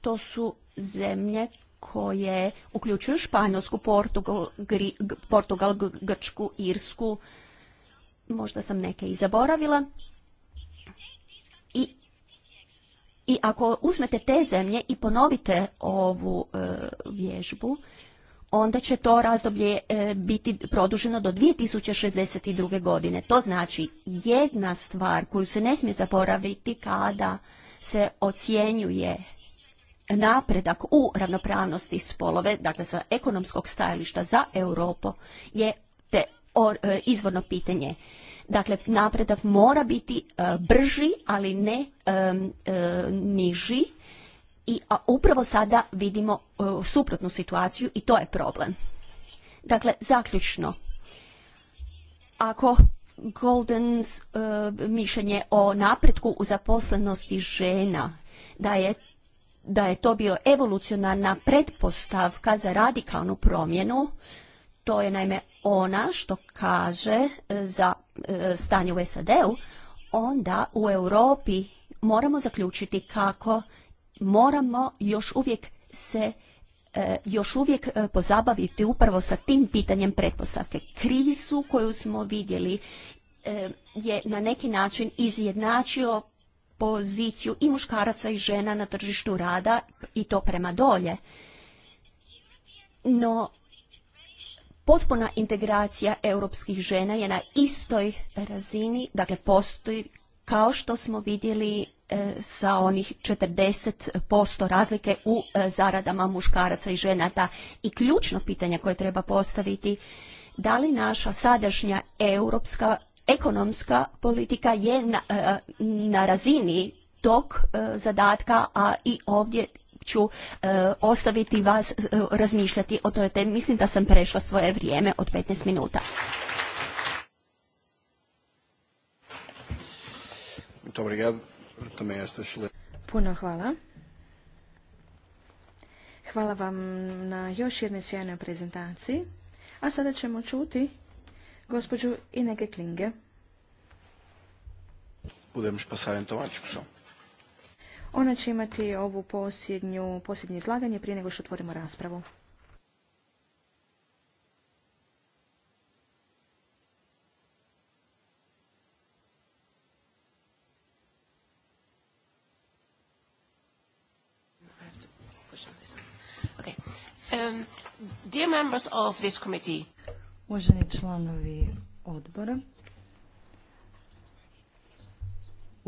To su zemlje koje uključuju Španjolsku, Portugal Grčku, Irsku, možda sam neke i zaboravila. I, I ako uzmete te zemlje i ponovite ovu e, vježbu, onda će to razdoblje e, biti produženo do 2062. godine. To znači jedna stvar koju se ne smije zaboraviti kada se ocjenjuje napredak u ravnopravnosti spolove, dakle sa ekonomskog stajališta za Europu, je te e, izvorno pitanje Dakle, napredak mora biti e, brži, ali ne e, e, niži i upravo sada vidimo suprotnu situaciju i to je problem. Dakle, zaključno, ako Goldens mišljenje o napretku u zaposlenosti žena, da je da je to bio evolucionarna pretpostavka za radikalnu promjenu. To je naime ona što kaže e, za e, stanje u SAD-u, onda u Europi moramo zaključiti kako moramo još uvijek se e, još uvijek pozabaviti upravo sa tim pitanjem pretpostavke. Krizu koju smo vidjeli je na neki način izjednačio poziciju i muškaraca i žena na tržištu rada i to prema dolje. No, potpuna integracija europskih žena je na istoj razini, dakle postoji kao što smo vidjeli e, sa onih 40% razlike u e, zaradama muškaraca i ženata. I ključno pitanje koje treba postaviti, da li naša sadašnja europska ekonomska politika je na, e, na razini tog zadatka, a i ovdje ću e, ostaviti vas e, razmišljati o toj temi. Mislim da sam prešla svoje vrijeme od 15 minuta. Puno hvala. Hvala vam na još jednoj sjajnoj prezentaciji. A sada ćemo čuti gospođu Ineke Klinge. budem passar então à ona će imati ovu posljednju, posljednje izlaganje prije nego što otvorimo raspravu. Um, Uvaženi članovi odbora,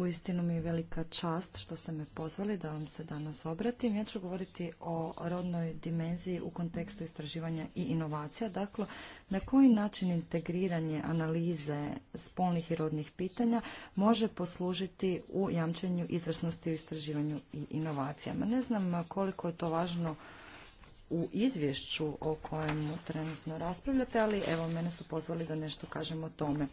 Uistinu mi je velika čast što ste me pozvali da vam se danas obratim. Ja ću govoriti o rodnoj dimenziji u kontekstu istraživanja i inovacija. Dakle, na koji način integriranje analize spolnih i rodnih pitanja može poslužiti u jamčenju izvrsnosti u istraživanju i inovacijama. Ne znam koliko je to važno u izvješću o kojem trenutno raspravljate, ali evo mene su pozvali da nešto kažem o tome.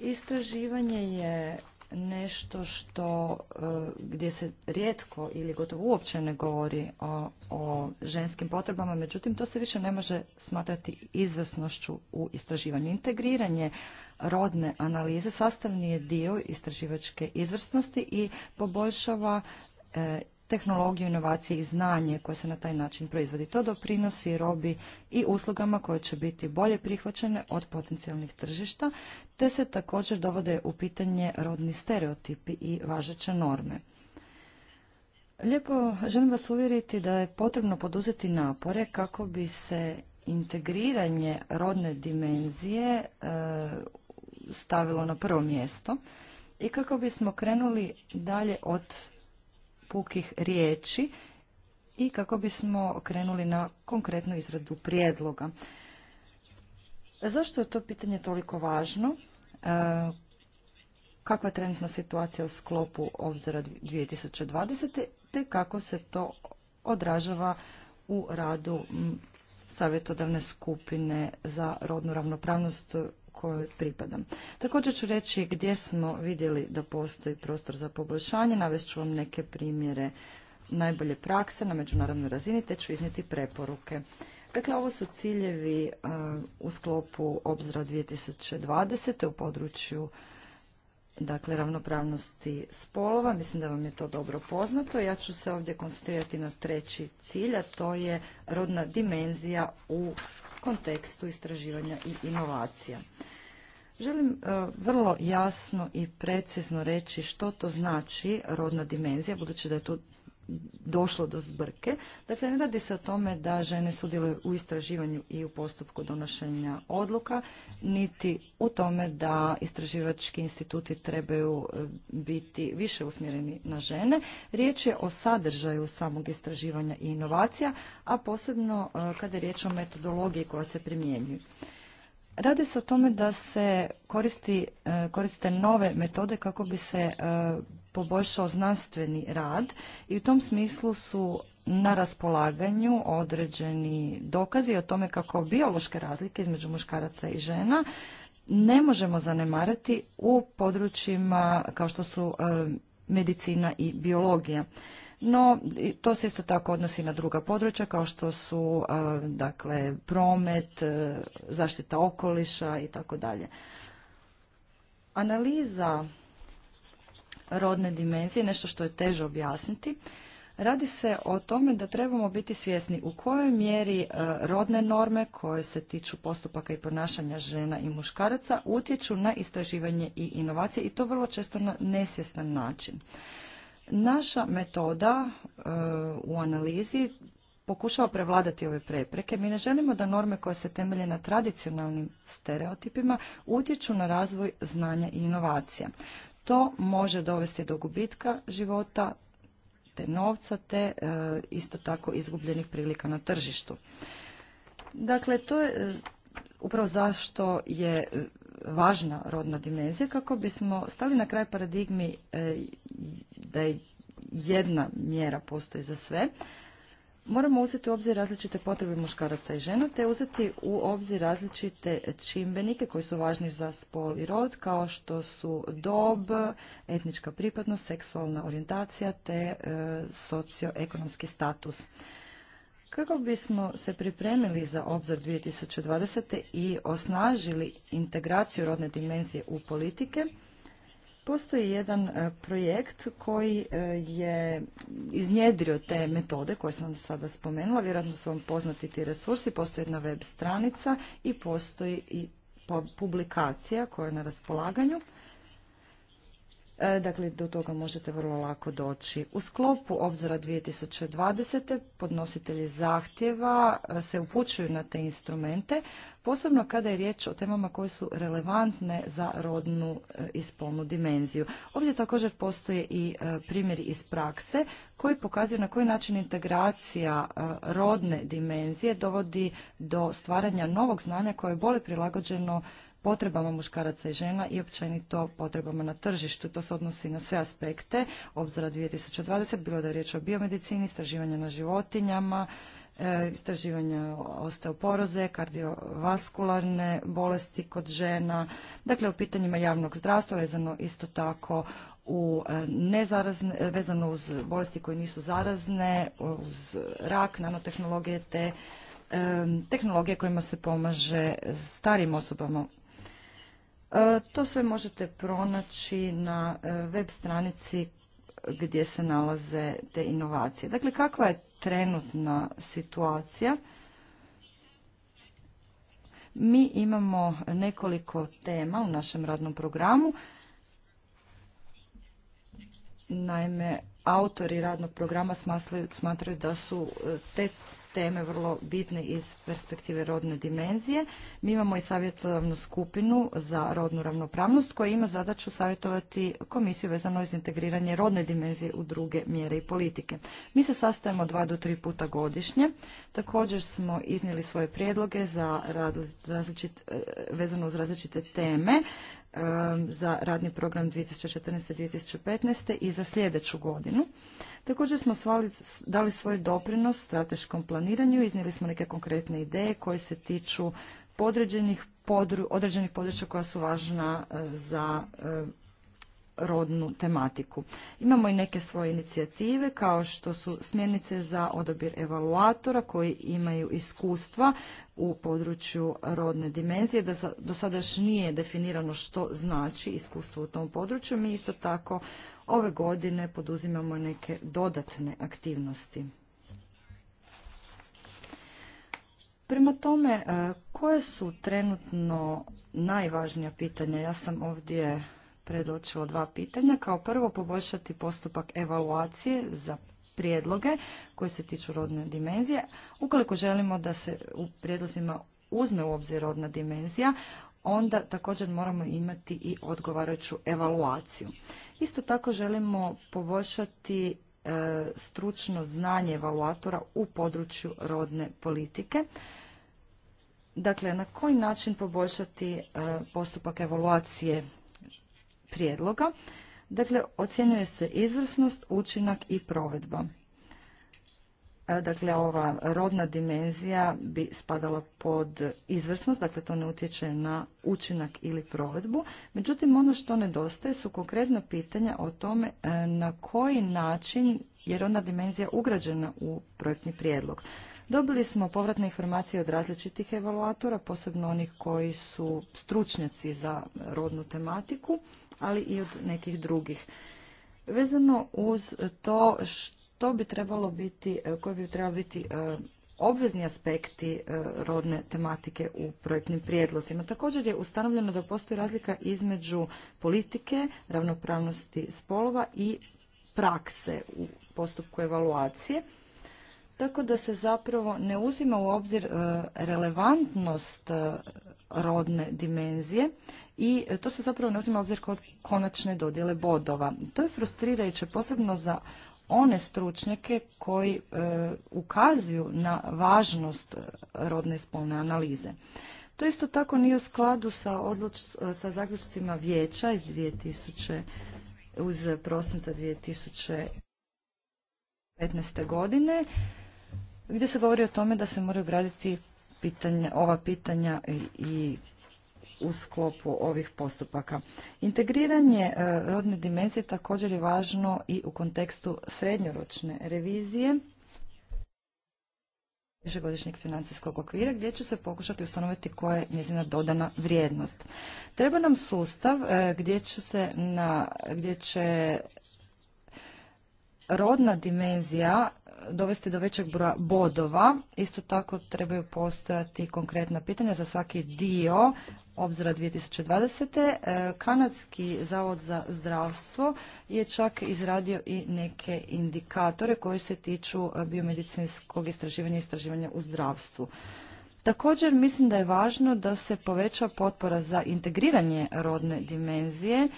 Istraživanje je nešto što e, gdje se rijetko ili gotovo uopće ne govori o, o ženskim potrebama, međutim to se više ne može smatrati izvrsnošću u istraživanju. Integriranje rodne analize sastavni je dio istraživačke izvrsnosti i poboljšava e, tehnologiju, inovacije i znanje koje se na taj način proizvodi. To doprinosi robi i uslugama koje će biti bolje prihvaćene od potencijalnih tržišta, te se također dovode u pitanje rodni stereotipi i važeće norme. Lijepo želim vas uvjeriti da je potrebno poduzeti napore kako bi se integriranje rodne dimenzije e, stavilo na prvo mjesto i kako bismo krenuli dalje od pukih riječi i kako bismo krenuli na konkretnu izradu prijedloga. Zašto je to pitanje toliko važno? E, kakva je trenutna situacija u sklopu obzora 2020. te kako se to odražava u radu savjetodavne skupine za rodnu ravnopravnost kojoj pripadam. Također ću reći gdje smo vidjeli da postoji prostor za poboljšanje, navest ću vam neke primjere najbolje prakse na međunarodnoj razini, te ću iznijeti preporuke. Dakle, ovo su ciljevi e, u sklopu obzora 2020. u području dakle, ravnopravnosti spolova. Mislim da vam je to dobro poznato. Ja ću se ovdje koncentrirati na treći cilj, a to je rodna dimenzija u kontekstu istraživanja i inovacija. Želim e, vrlo jasno i precizno reći što to znači rodna dimenzija, budući da je tu došlo do zbrke. Dakle, ne radi se o tome da žene sudjeluju u istraživanju i u postupku donošenja odluka, niti u tome da istraživački instituti trebaju e, biti više usmjereni na žene. Riječ je o sadržaju samog istraživanja i inovacija, a posebno e, kada je riječ o metodologiji koja se primjenjuje. Radi se o tome da se koristi, e, koriste nove metode kako bi se e, poboljšao znanstveni rad i u tom smislu su na raspolaganju određeni dokazi o tome kako biološke razlike između muškaraca i žena ne možemo zanemariti u područjima kao što su e, medicina i biologija. No, to se isto tako odnosi na druga područja kao što su dakle promet, e, zaštita okoliša i tako dalje. Analiza rodne dimenzije, nešto što je teže objasniti, radi se o tome da trebamo biti svjesni u kojoj mjeri e, rodne norme koje se tiču postupaka i ponašanja žena i muškaraca utječu na istraživanje i inovacije i to vrlo često na nesvjestan način. Naša metoda e, u analizi pokušava prevladati ove prepreke. Mi ne želimo da norme koje se temelje na tradicionalnim stereotipima utječu na razvoj znanja i inovacija. To može dovesti do gubitka života, te novca, te e, isto tako izgubljenih prilika na tržištu. Dakle, to je e, upravo zašto je važna rodna dimenzija kako bismo stali na kraj paradigmi e, da je jedna mjera postoji za sve. Moramo uzeti u obzir različite potrebe muškaraca i žena, te uzeti u obzir različite čimbenike koji su važni za spol i rod, kao što su dob, etnička pripadnost, seksualna orijentacija te e, socioekonomski status. Kako bismo se pripremili za obzor 2020. i osnažili integraciju rodne dimenzije u politike, postoji jedan e, projekt koji e, je iznjedrio te metode koje sam sada spomenula, vjerojatno su vam poznati ti resursi, postoji jedna web stranica i postoji i publikacija koja je na raspolaganju. E, dakle, do toga možete vrlo lako doći. U sklopu obzora 2020. podnositelji zahtjeva e, se upućuju na te instrumente, posebno kada je riječ o temama koje su relevantne za rodnu e, i spolnu dimenziju. Ovdje također postoje i primjeri iz prakse koji pokazuju na koji način integracija rodne dimenzije dovodi do stvaranja novog znanja koje je bolje prilagođeno potrebama muškaraca i žena i općenito potrebama na tržištu. To se odnosi na sve aspekte obzora 2020, bilo da je riječ o biomedicini, istraživanja na životinjama, e, istraživanja osteoporoze, kardiovaskularne bolesti kod žena, dakle u pitanjima javnog zdravstva vezano isto tako u e, nezarazne, e, vezano uz bolesti koje nisu zarazne, uz rak, nanotehnologije te tehnologije kojima se pomaže starim osobama E, to sve možete pronaći na e, web stranici gdje se nalaze te inovacije. Dakle, kakva je trenutna situacija? Mi imamo nekoliko tema u našem radnom programu. Naime, autori radnog programa smatraju da su e, te teme vrlo bitne iz perspektive rodne dimenzije. Mi imamo i savjetovnu skupinu za rodnu ravnopravnost koja ima zadaću savjetovati komisiju vezano iz integriranje rodne dimenzije u druge mjere i politike. Mi se sastajemo dva do tri puta godišnje. Također smo iznijeli svoje prijedloge za eh, vezano uz različite teme. Um, za radni program 2014-2015 i za sljedeću godinu. Također smo svali, dali svoj doprinos strateškom planiranju, iznijeli smo neke konkretne ideje koje se tiču podređenih podru, određenih područja koja su važna uh, za uh, rodnu tematiku. Imamo i neke svoje inicijative kao što su smjernice za odabir evaluatora koji imaju iskustva u području rodne dimenzije. Do sada još nije definirano što znači iskustvo u tom području. Mi isto tako ove godine poduzimamo neke dodatne aktivnosti. Prema tome, e, koje su trenutno najvažnija pitanja? Ja sam ovdje Predočilo dva pitanja. Kao prvo poboljšati postupak evaluacije za prijedloge koji se tiču rodne dimenzije. Ukoliko želimo da se u prijedlozima uzme u obzir rodna dimenzija, onda također moramo imati i odgovarajuću evaluaciju. Isto tako želimo poboljšati e, stručno znanje evaluatora u području rodne politike. Dakle, na koji način poboljšati e, postupak evaluacije prijedloga. Dakle, ocjenjuje se izvrsnost, učinak i provedba. E, dakle, ova rodna dimenzija bi spadala pod izvrsnost, dakle to ne utječe na učinak ili provedbu. Međutim, ono što nedostaje su konkretna pitanja o tome e, na koji način je rodna dimenzija ugrađena u projektni prijedlog. Dobili smo povratne informacije od različitih evaluatora, posebno onih koji su stručnjaci za rodnu tematiku ali i od nekih drugih. Vezano uz to što bi trebalo biti, e, koji bi trebalo biti e, obvezni aspekti e, rodne tematike u projektnim prijedlozima. Također je ustanovljeno da postoji razlika između politike, ravnopravnosti spolova i prakse u postupku evaluacije tako da se zapravo ne uzima u obzir relevantnost rodne dimenzije i to se zapravo ne uzima u obzir kod konačne dodjele bodova. To je frustrirajuće posebno za one stručnjake koji e, ukazuju na važnost e, rodne spolne analize. To isto tako nije u skladu sa, odluč, sa zaključcima vijeća iz 2000, uz prosinca 2015. godine, gdje se govori o tome da se moraju graditi pitanje ova pitanja i u sklopu ovih postupaka. Integriranje e, rodne dimenzije također je važno i u kontekstu srednjoročne revizije višegodišnjeg financijskog okvira gdje će se pokušati ustanoviti koja je njezina dodana vrijednost. Treba nam sustav e, gdje će, se na, gdje će rodna dimenzija dovesti do većeg broja bodova. Isto tako trebaju postojati konkretna pitanja za svaki dio obzora 2020. E, kanadski zavod za zdravstvo je čak izradio i neke indikatore koji se tiču biomedicinskog istraživanja i istraživanja u zdravstvu. Također mislim da je važno da se poveća potpora za integriranje rodne dimenzije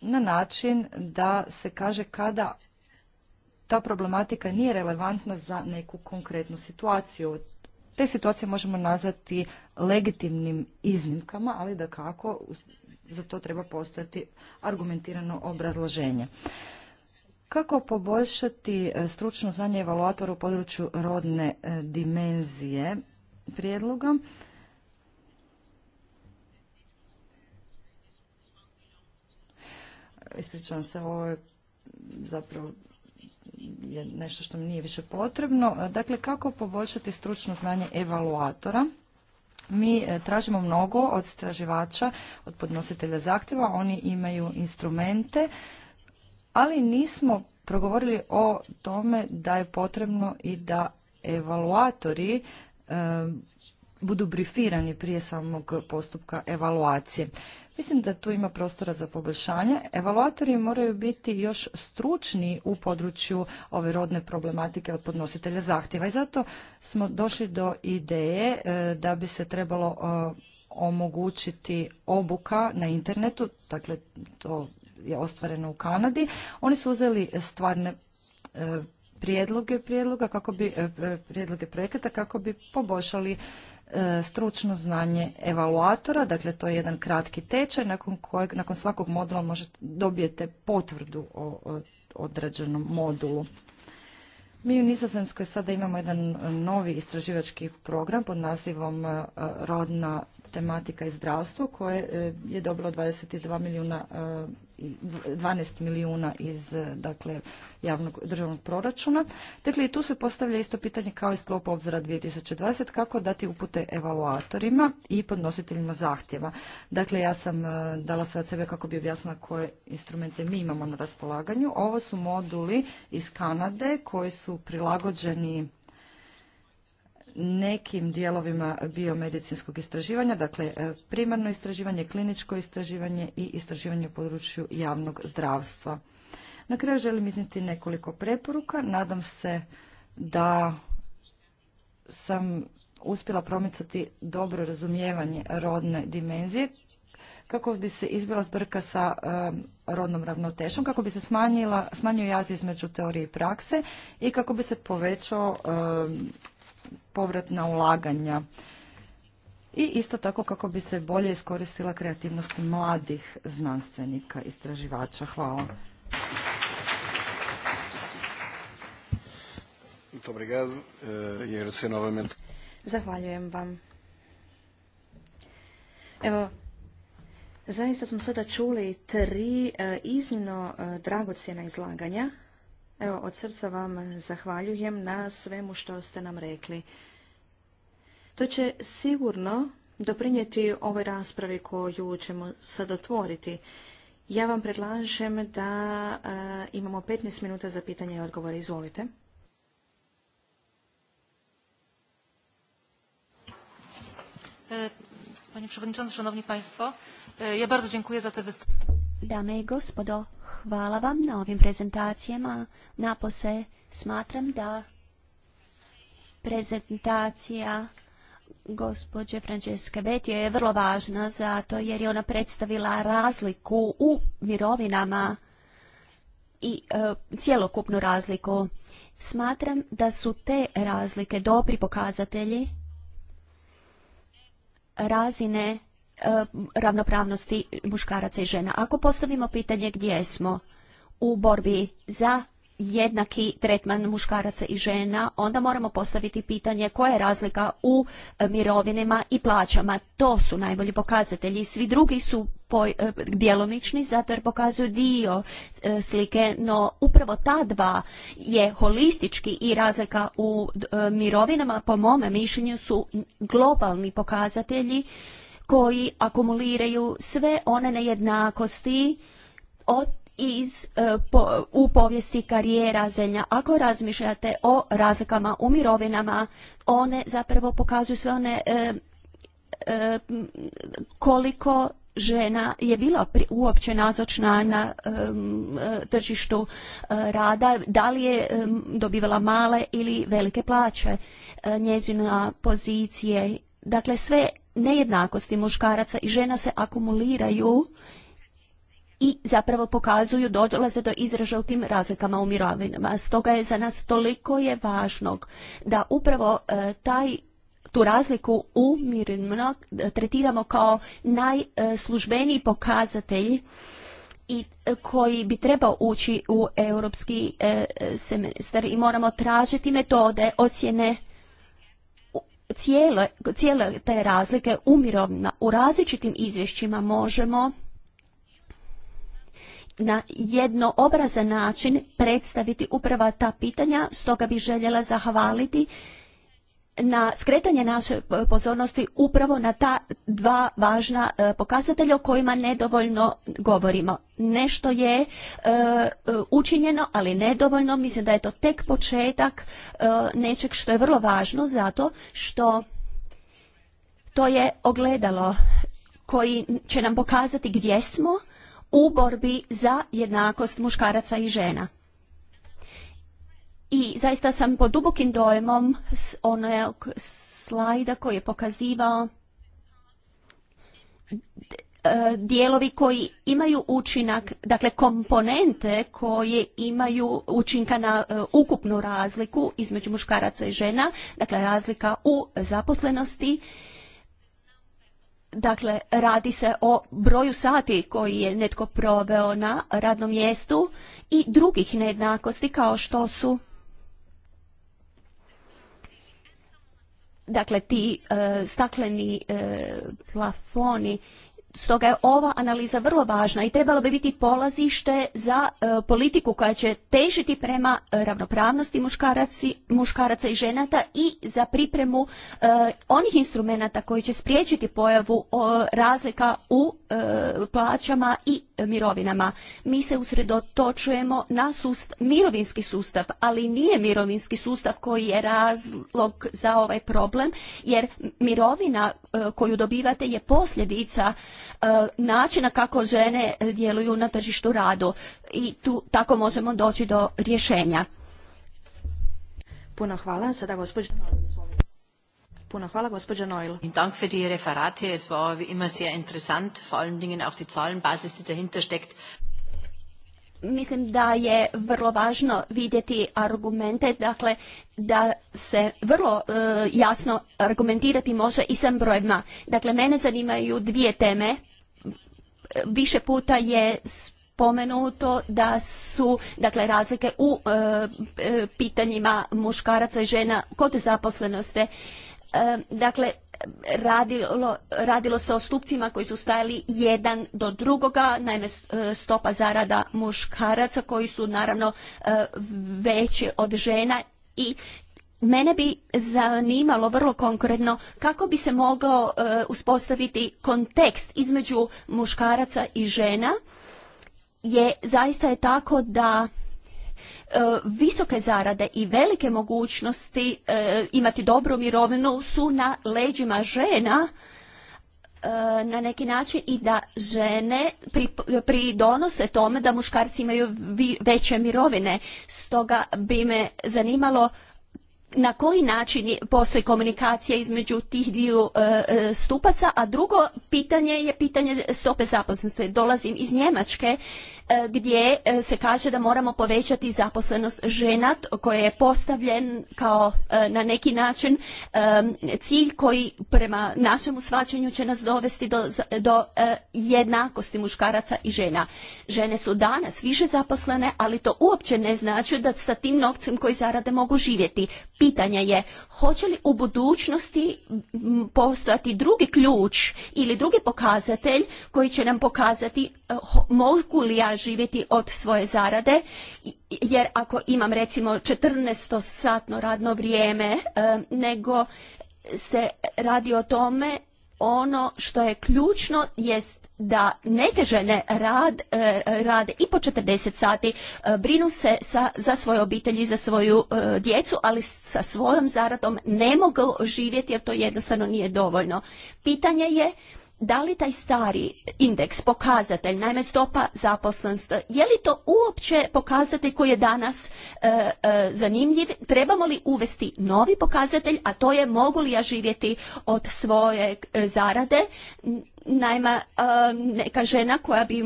na način da se kaže kada ta problematika nije relevantna za neku konkretnu situaciju. Te situacije možemo nazvati legitimnim iznimkama, ali da kako za to treba postojati argumentirano obrazloženje. Kako poboljšati e, stručno znanje evaluatora u području rodne e, dimenzije prijedloga? Ispričavam se, ovo je zapravo je nešto što mi nije više potrebno. E, dakle, kako poboljšati stručno znanje evaluatora? Mi e, tražimo mnogo od istraživača, od podnositelja zahtjeva, oni imaju instrumente, ali nismo progovorili o tome da je potrebno i da evaluatori e, budu brifirani prije samog postupka evaluacije. Mislim da tu ima prostora za poboljšanje. Evaluatori moraju biti još stručni u području ove rodne problematike od podnositelja zahtjeva i zato smo došli do ideje e, da bi se trebalo e, omogućiti obuka na internetu, dakle to je ostvareno u Kanadi. Oni su uzeli stvarne e, prijedloge prijedloga kako bi prijedloge projekata kako bi poboljšali E, stručno znanje evaluatora, dakle to je jedan kratki tečaj nakon kojeg nakon svakog modula možete, dobijete potvrdu o, odrađenom modulu. Mi u Nizozemskoj sada imamo jedan novi istraživački program pod nazivom e, Rodna tematika i zdravstvo koje e, je dobilo 22 milijuna 12 milijuna iz dakle, javnog državnog proračuna. Dakle, i tu se postavlja isto pitanje kao i sklop obzora 2020, kako dati upute evaluatorima i podnositeljima zahtjeva. Dakle, ja sam e, dala sve od sebe kako bi objasnila koje instrumente mi imamo na raspolaganju. Ovo su moduli iz Kanade koji su prilagođeni nekim dijelovima biomedicinskog istraživanja, dakle e, primarno istraživanje, kliničko istraživanje i istraživanje u području javnog zdravstva. Na kraju želim iznijeti nekoliko preporuka. Nadam se da sam uspjela promicati dobro razumijevanje rodne dimenzije kako bi se izbila zbrka sa e, rodnom ravnotežom, kako bi se smanjio jaz između teorije i prakse i kako bi se povećao e, povratna ulaganja i isto tako kako bi se bolje iskoristila kreativnost mladih znanstvenika, istraživača. Hvala. Zahvaljujem vam. Evo, zaista smo sada čuli tri e, iznimno e, dragocjena izlaganja Evo, od srca vam zahvaljujem na svemu što ste nam rekli. To će sigurno doprinijeti ovoj raspravi koju ćemo sad otvoriti. Ja vam predlažem da e, imamo 15 minuta za pitanje i odgovore. Izvolite. E, panie Przewodniczący, Szanowni Państwo, e, ja bardzo dziękuję za te Dame i gospodo, hvala vam na ovim prezentacijama. Napose smatram da prezentacija gospođe Franceske Betje je vrlo važna zato jer je ona predstavila razliku u mirovinama i cijelokupnu cjelokupnu razliku. Smatram da su te razlike dobri pokazatelji razine E, ravnopravnosti muškaraca i žena. Ako postavimo pitanje gdje smo u borbi za jednaki tretman muškaraca i žena, onda moramo postaviti pitanje koja je razlika u mirovinama i plaćama. To su najbolji pokazatelji. Svi drugi su e, djelomični zato jer pokazuju dio e, slike, no upravo ta dva je holistički i razlika u mirovinama, po mome mišljenju, su globalni pokazatelji koji akumuliraju sve one nejednakosti od iz e, u povijesti karijera zemlja. Ako razmišljate o razlikama u mirovinama, one zapravo pokazuju sve one e, e, koliko žena je bila pri, uopće nazočna na tržištu rada, da li je dobivala male ili velike plaće. Njezina pozicije Dakle, sve nejednakosti muškaraca i žena se akumuliraju i zapravo pokazuju, dolaze do izražaja u tim razlikama u mirovinama. Stoga je za nas toliko je važnog da upravo e, taj tu razliku u mirovinama tretiramo kao najslužbeniji pokazatelj i e, koji bi trebao ući u europski e, semestar i moramo tražiti metode ocjene cijele, te razlike u u različitim izvješćima možemo na jednoobrazan način predstaviti upravo ta pitanja, stoga bih željela zahvaliti na skretanje naše e, pozornosti upravo na ta dva važna e, pokazatelja o kojima nedovoljno govorimo. Nešto je e, učinjeno, ali nedovoljno. Mislim da je to tek početak nečeg što je vrlo važno zato što to je ogledalo koji će nam pokazati gdje smo u borbi za jednakost muškaraca i žena i zaista sam pod dubokim dojmom s onog slajda koji je pokazivao e, dijelovi koji imaju učinak, dakle komponente koje imaju učinka na e, ukupnu razliku između muškaraca i žena, dakle razlika u zaposlenosti. Dakle, radi se o broju sati koji je netko proveo na radnom mjestu i drugih nejednakosti kao što su dakle ti e, stakleni e, plafoni Stoga je ova analiza vrlo važna i trebalo bi biti polazište za e, politiku koja će težiti prema ravnopravnosti muškaraci, muškaraca i ženata i za pripremu onih instrumenata koji će spriječiti pojavu razlika u E, plaćama i mirovinama. Mi se usredotočujemo na sust mirovinski sustav, ali nije mirovinski sustav koji je razlog za ovaj problem, jer mirovina e, koju dobivate je posljedica e, načina kako žene djeluju na tržištu radu i tu tako možemo doći do rješenja. Puno hvala. Sada gospođa Puno hvala, gospođa Noil. Dank für die Referate. Es war wie immer sehr interessant, vor allen Dingen auch die Zahlenbasis, die dahinter steckt. Mislim da je vrlo važno vidjeti argumente, dakle da se vrlo e, jasno argumentirati može i sam brojevima. Dakle, mene zanimaju dvije teme. Više puta je spomenuto da su dakle razlike u e, e, pitanjima muškaraca i žena kod zaposlenosti dakle, radilo, radilo se o stupcima koji su stajali jedan do drugoga, naime e, stopa zarada muškaraca koji su naravno e, veći od žena i Mene bi zanimalo vrlo konkretno kako bi se moglo e, uspostaviti kontekst između muškaraca i žena je zaista je tako da E, visoke zarade i velike mogućnosti e, imati dobru mirovinu su na leđima žena e, na neki način i da žene pridonose tome da muškarci imaju veće mirovine. Stoga bi me zanimalo na koji način postoji komunikacija između tih dviju e, e, stupaca, a drugo pitanje je pitanje stope zaposlenosti. Dolazim iz Njemačke e, gdje se kaže da moramo povećati zaposlenost žena koje je postavljen kao na neki način cilj koji prema našemu svačanju će nas dovesti do, do jednakosti muškaraca i žena. Žene su danas više zaposlene, ali to uopće ne znači da sa tim novcem koji zarade mogu živjeti pitanje je hoće li u budućnosti postojati drugi ključ ili drugi pokazatelj koji će nam pokazati e, mogu li ja živjeti od svoje zarade jer ako imam recimo 14 satno radno vrijeme e, nego se radi o tome ono što je ključno jest da neke žene rad, e, rade i po 40 sati, e, brinu se za svoje obitelji, za svoju e, djecu, ali sa svojom zaradom ne mogu živjeti jer to jednostavno nije dovoljno. Pitanje je da li taj stari indeks, pokazatelj, naime stopa zaposlenstva, je li to uopće pokazatelj koji je danas e, e, zanimljiv? Trebamo li uvesti novi pokazatelj, a to je mogu li ja živjeti od svoje e, zarade? Naime, neka žena koja bi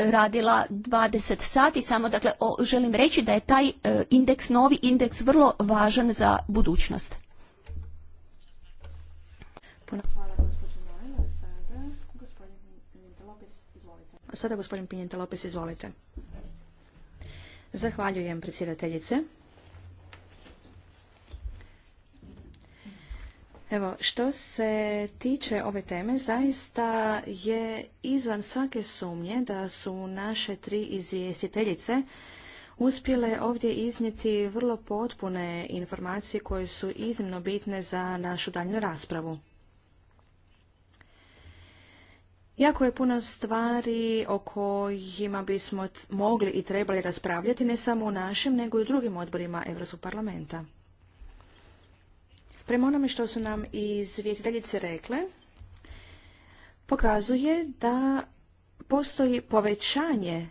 radila 20 sati, samo dakle želim reći da je taj indeks, novi indeks vrlo važan za budućnost. Puno sada gospodin Pinjenta Lopes, izvolite. Zahvaljujem predsjedateljice. Evo, što se tiče ove teme, zaista je izvan svake sumnje da su naše tri izvjestiteljice uspjele ovdje iznijeti vrlo potpune informacije koje su iznimno bitne za našu daljnju raspravu. Jako je puno stvari o kojima bismo mogli i trebali raspravljati ne samo u našem, nego i u drugim odborima Europskog parlamenta. Prema onome što su nam izvjestiteljice rekle, pokazuje da postoji povećanje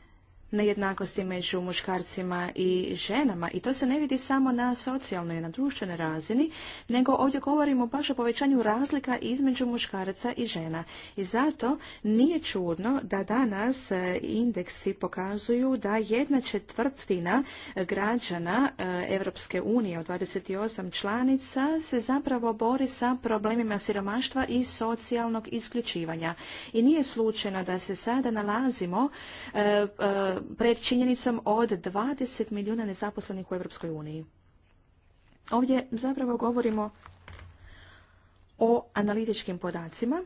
nejednakosti među muškarcima i ženama i to se ne vidi samo na socijalnoj i na društvenoj razini, nego ovdje govorimo baš o povećanju razlika između muškaraca i žena. I zato nije čudno da danas e, indeksi pokazuju da jedna četvrtina građana Europske unije od 28 članica se zapravo bori sa problemima siromaštva i socijalnog isključivanja. I nije slučajno da se sada nalazimo e, e, pred činjenicom od 20 milijuna nezaposlenih u Europskoj uniji. Ovdje zapravo govorimo o analitičkim podacima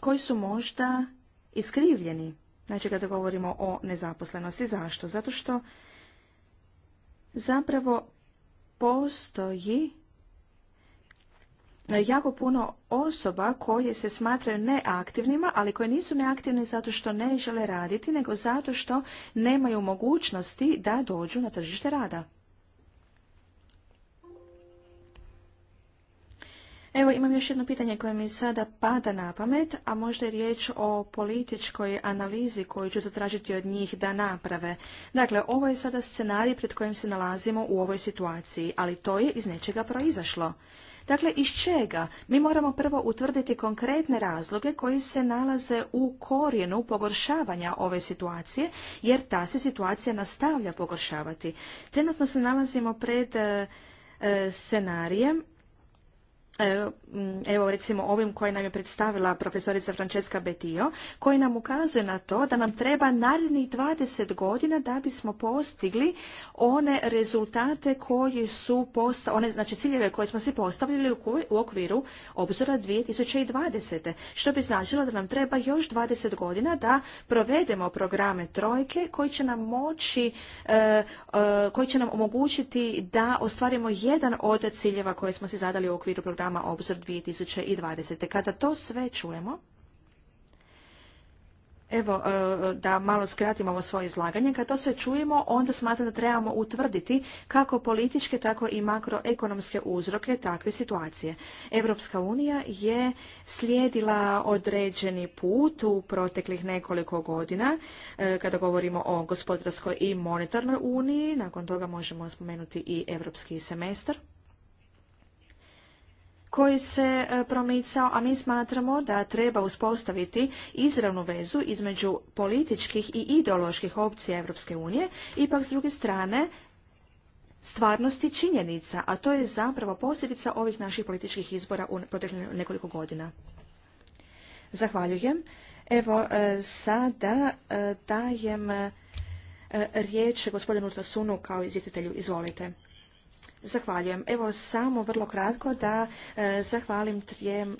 koji su možda iskrivljeni. Znači kada govorimo o nezaposlenosti. Zašto? Zato što zapravo postoji jako puno osoba koje se smatraju neaktivnima, ali koje nisu neaktivne zato što ne žele raditi, nego zato što nemaju mogućnosti da dođu na tržište rada. Evo imam još jedno pitanje koje mi sada pada na pamet, a možda je riječ o političkoj analizi koju ću zatražiti od njih da naprave. Dakle, ovo je sada scenarij pred kojim se nalazimo u ovoj situaciji, ali to je iz nečega proizašlo. Dakle, iz čega? Mi moramo prvo utvrditi konkretne razloge koji se nalaze u korijenu pogoršavanja ove situacije, jer ta se situacija nastavlja pogoršavati. Trenutno se nalazimo pred eh, scenarijem E, mm, evo recimo ovim koje nam je predstavila profesorica Francesca Betio, koji nam ukazuje na to da nam treba narednih 20 godina da bismo postigli one rezultate koji su posta, one znači ciljeve koje smo si postavili u okviru obzora 2020. Što bi značilo da nam treba još 20 godina da provedemo programe trojke koji će nam moći, e, e, koji će nam omogućiti da ostvarimo jedan od ciljeva koje smo si zadali u okviru programa programa Obzor 2020. Kada to sve čujemo, Evo, e, da malo skratimo ovo svoje izlaganje. Kad to sve čujemo, onda smatram da trebamo utvrditi kako političke, tako i makroekonomske uzroke takve situacije. Evropska unija je slijedila određeni put u proteklih nekoliko godina, e, kada govorimo o gospodarskoj i monetarnoj uniji, nakon toga možemo spomenuti i evropski semestar koji se e, promicao, a mi smatramo da treba uspostaviti izravnu vezu između političkih i ideoloških opcija Europske unije, ipak s druge strane stvarnosti činjenica, a to je zapravo posljedica ovih naših političkih izbora u proteklih nekoliko godina. Zahvaljujem. Evo, e, sada e, dajem riječ gospodinu Tosunu kao izvjestitelju. Izvolite. Zahvaljujem. Evo samo vrlo kratko da e, zahvalim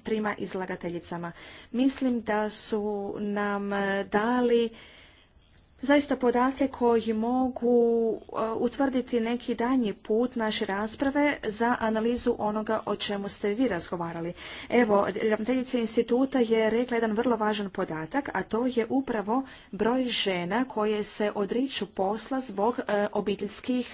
trima izlagateljicama. Mislim da su nam e, dali zaista podatke koji mogu e, utvrditi neki danji put naše rasprave za analizu onoga o čemu ste vi razgovarali. Evo, ravnateljica instituta je rekla jedan vrlo važan podatak, a to je upravo broj žena koje se odriču posla zbog obiteljskih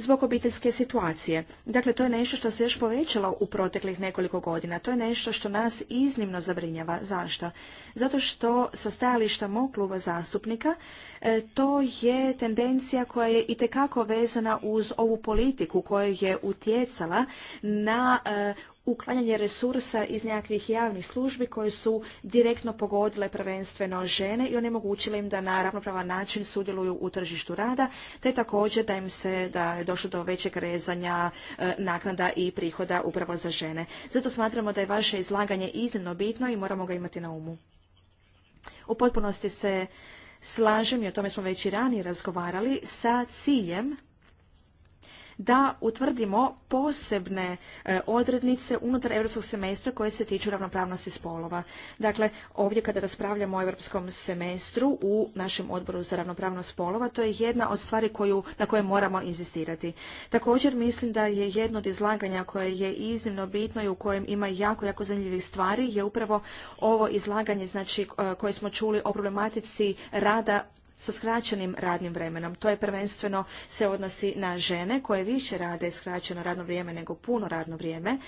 zbog obiteljske situacije. Dakle, to je nešto što se još povećalo u proteklih nekoliko godina. To je nešto što nas iznimno zabrinjava. Zašto? Zato što sa stajališta mog kluba zastupnika e, to je tendencija koja je itekako vezana uz ovu politiku koja je utjecala na e, uklanjanje resursa iz nekakvih javnih službi koje su direktno pogodile prvenstveno žene i onemogućile im da na ravnopravan način sudjeluju u tržištu rada, te također da im se da je došlo do većeg rezanja e, naknada i prihoda upravo za žene. Zato smatramo da je vaše izlaganje iznimno bitno i moramo ga imati na umu. U potpunosti se slažem i o tome smo već i ranije razgovarali sa ciljem da utvrdimo posebne e, odrednice unutar europskog semestra koje se tiču ravnopravnosti spolova. Dakle, ovdje kada raspravljamo o europskom semestru u našem odboru za ravnopravnost spolova, to je jedna od stvari koju, na koje moramo inzistirati. Također mislim da je jedno od izlaganja koje je iznimno bitno i u kojem ima jako, jako zanimljivih stvari je upravo ovo izlaganje znači, e, koje smo čuli o problematici rada sa skraćenim radnim vremenom. To je prvenstveno se odnosi na žene koje više rade skraćeno radno vrijeme nego puno radno vrijeme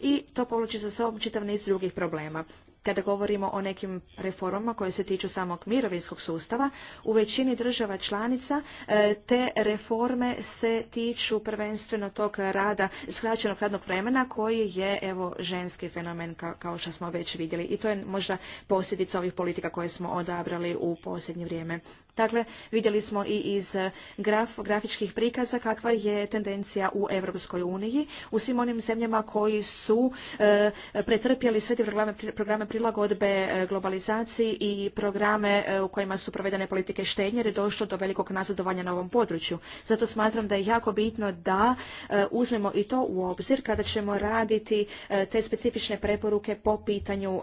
i to povlači za sobom čitav niz drugih problema kada govorimo o nekim reformama koje se tiču samog mirovinskog sustava, u većini država članica e, te reforme se tiču prvenstveno tog rada, skraćenog radnog vremena koji je evo ženski fenomen kao što smo već vidjeli i to je možda posljedica ovih politika koje smo odabrali u posljednje vrijeme. Dakle, vidjeli smo i iz e, graf, grafičkih prikaza kakva je tendencija u Europskoj uniji, u svim onim zemljama koji su e, pretrpjeli sve te programe, programe prilagodbe e, globalizaciji i programe e, u kojima su provedene politike štednje jer je došlo do velikog nazadovanja na ovom području. Zato smatram da je jako bitno da e, uzmemo i to u obzir kada ćemo raditi te specifične preporuke po pitanju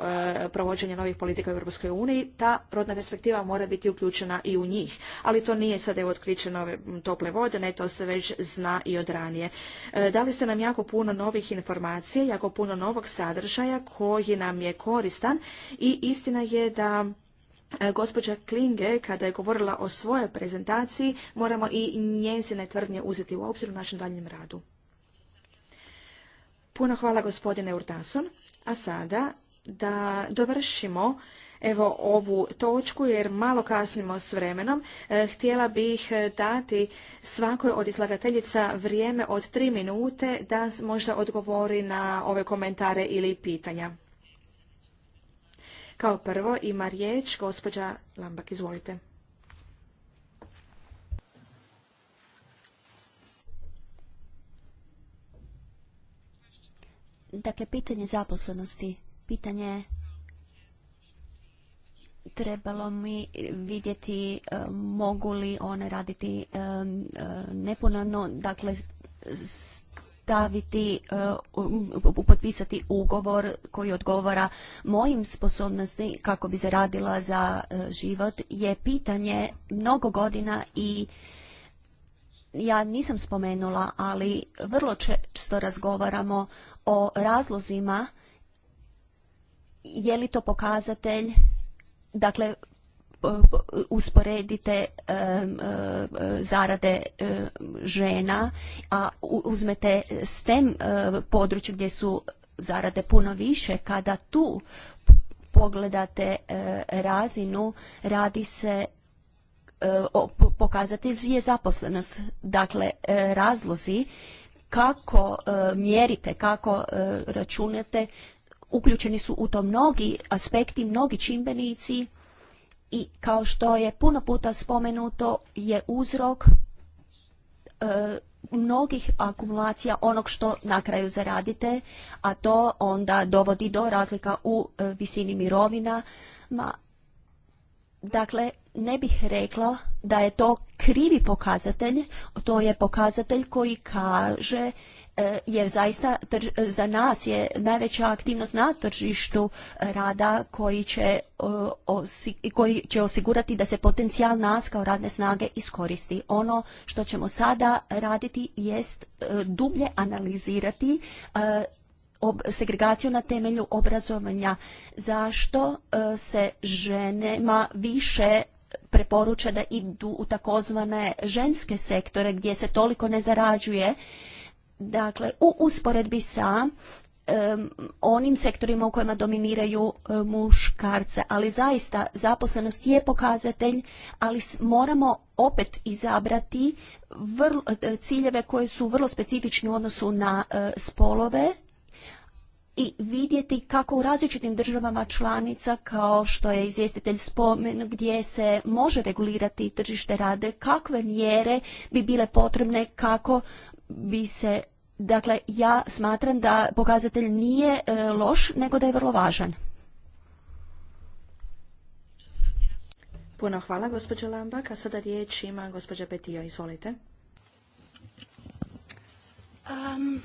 provođenja novih politika u EU. Ta rodna perspektiva mora biti uključena i u njih. Ali to nije sad evo otkriće nove tople vode, ne, to se već zna i od ranije. Dali ste nam jako puno novih informacija, jako puno novog sadržaja koji nam je koristan i istina je da e, gospođa Klinge, kada je govorila o svojoj prezentaciji, moramo i njezine tvrdnje uzeti u obzir u našem daljem radu. Puno hvala gospodine Urtason. A sada da dovršimo evo ovu točku jer malo kasnimo s vremenom. E, htjela bih e, dati svakoj od izlagateljica vrijeme od tri minute da možda odgovori na ove komentare ili pitanja. Kao prvo ima riječ gospođa Lambak, izvolite. Dakle, pitanje zaposlenosti, pitanje trebalo mi vidjeti e, mogu li one raditi e, e, nepunano, dakle staviti, e, potpisati ugovor koji odgovara mojim sposobnosti kako bi zaradila za e, život je pitanje mnogo godina i ja nisam spomenula, ali vrlo često razgovaramo o razlozima je li to pokazatelj dakle usporedite e, zarade e, žena, a uzmete s tem e, područje gdje su zarade puno više, kada tu pogledate razinu, radi se pokazatelj je zaposlenost. Dakle, razlozi kako mjerite, kako računate, uključeni su u to mnogi aspekti, mnogi čimbenici, i kao što je puno puta spomenuto je uzrok e, mnogih akumulacija onog što na kraju zaradite, a to onda dovodi do razlika u e, visini mirovina. Ma, dakle, ne bih rekla da je to krivi pokazatelj, to je pokazatelj koji kaže E, jer zaista e, za nas je najveća aktivnost na tržištu e, rada koji će, koji će osigurati da se potencijal nas kao radne snage iskoristi. Ono što ćemo sada raditi jest dublje analizirati segregaciju na temelju obrazovanja. Zašto se ženema više preporuča da idu u takozvane ženske sektore gdje se toliko ne zarađuje Dakle, u usporedbi sa onim sektorima u kojima dominiraju e, muškarce. Ali zaista zaposlenost je pokazatelj, ali moramo opet izabrati e, ciljeve koje su vrlo specifični u odnosu na e, spolove i vidjeti kako u različitim državama članica kao što je izvjestitelj spomen gdje se može regulirati tržište rade, kakve mjere bi bile potrebne kako bi se Dakle, ja smatram da pokazatelj nije e, loš, nego da je vrlo važan. Puno hvala, gospođo Lambak. A sada riječ ima gospođa Petija. Izvolite. Um,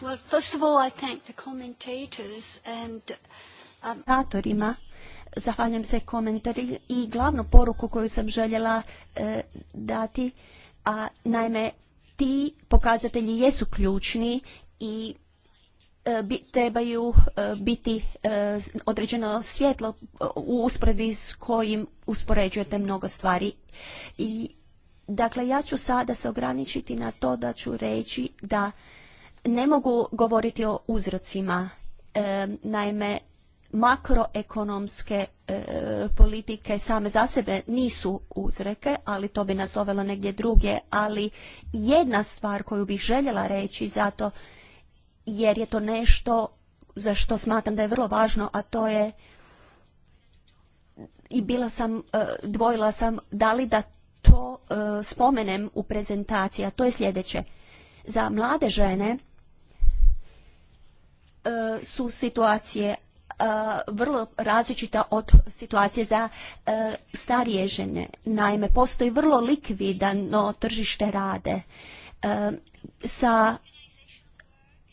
well, first of all, I thank the commentators and... Um... Zahvaljujem se komentari i glavnu poruku koju sam željela e, dati, a naime ti pokazatelji jesu ključni i e, trebaju e, biti e, određeno svjetlo u usporedbi s kojim uspoređujete mnogo stvari. I, dakle, ja ću sada se ograničiti na to da ću reći da ne mogu govoriti o uzrocima. naime, makroekonomske e, politike same za sebe nisu uzreke, ali to bi nas dovelo negdje drugdje, ali jedna stvar koju bih željela reći zato jer je to nešto za što smatram da je vrlo važno, a to je i bila sam, e, dvojila sam da li da to e, spomenem u prezentaciji, a to je sljedeće. Za mlade žene su situacije vrlo različita od situacije za e, starije žene. Naime, postoji vrlo likvidano tržište rade e, sa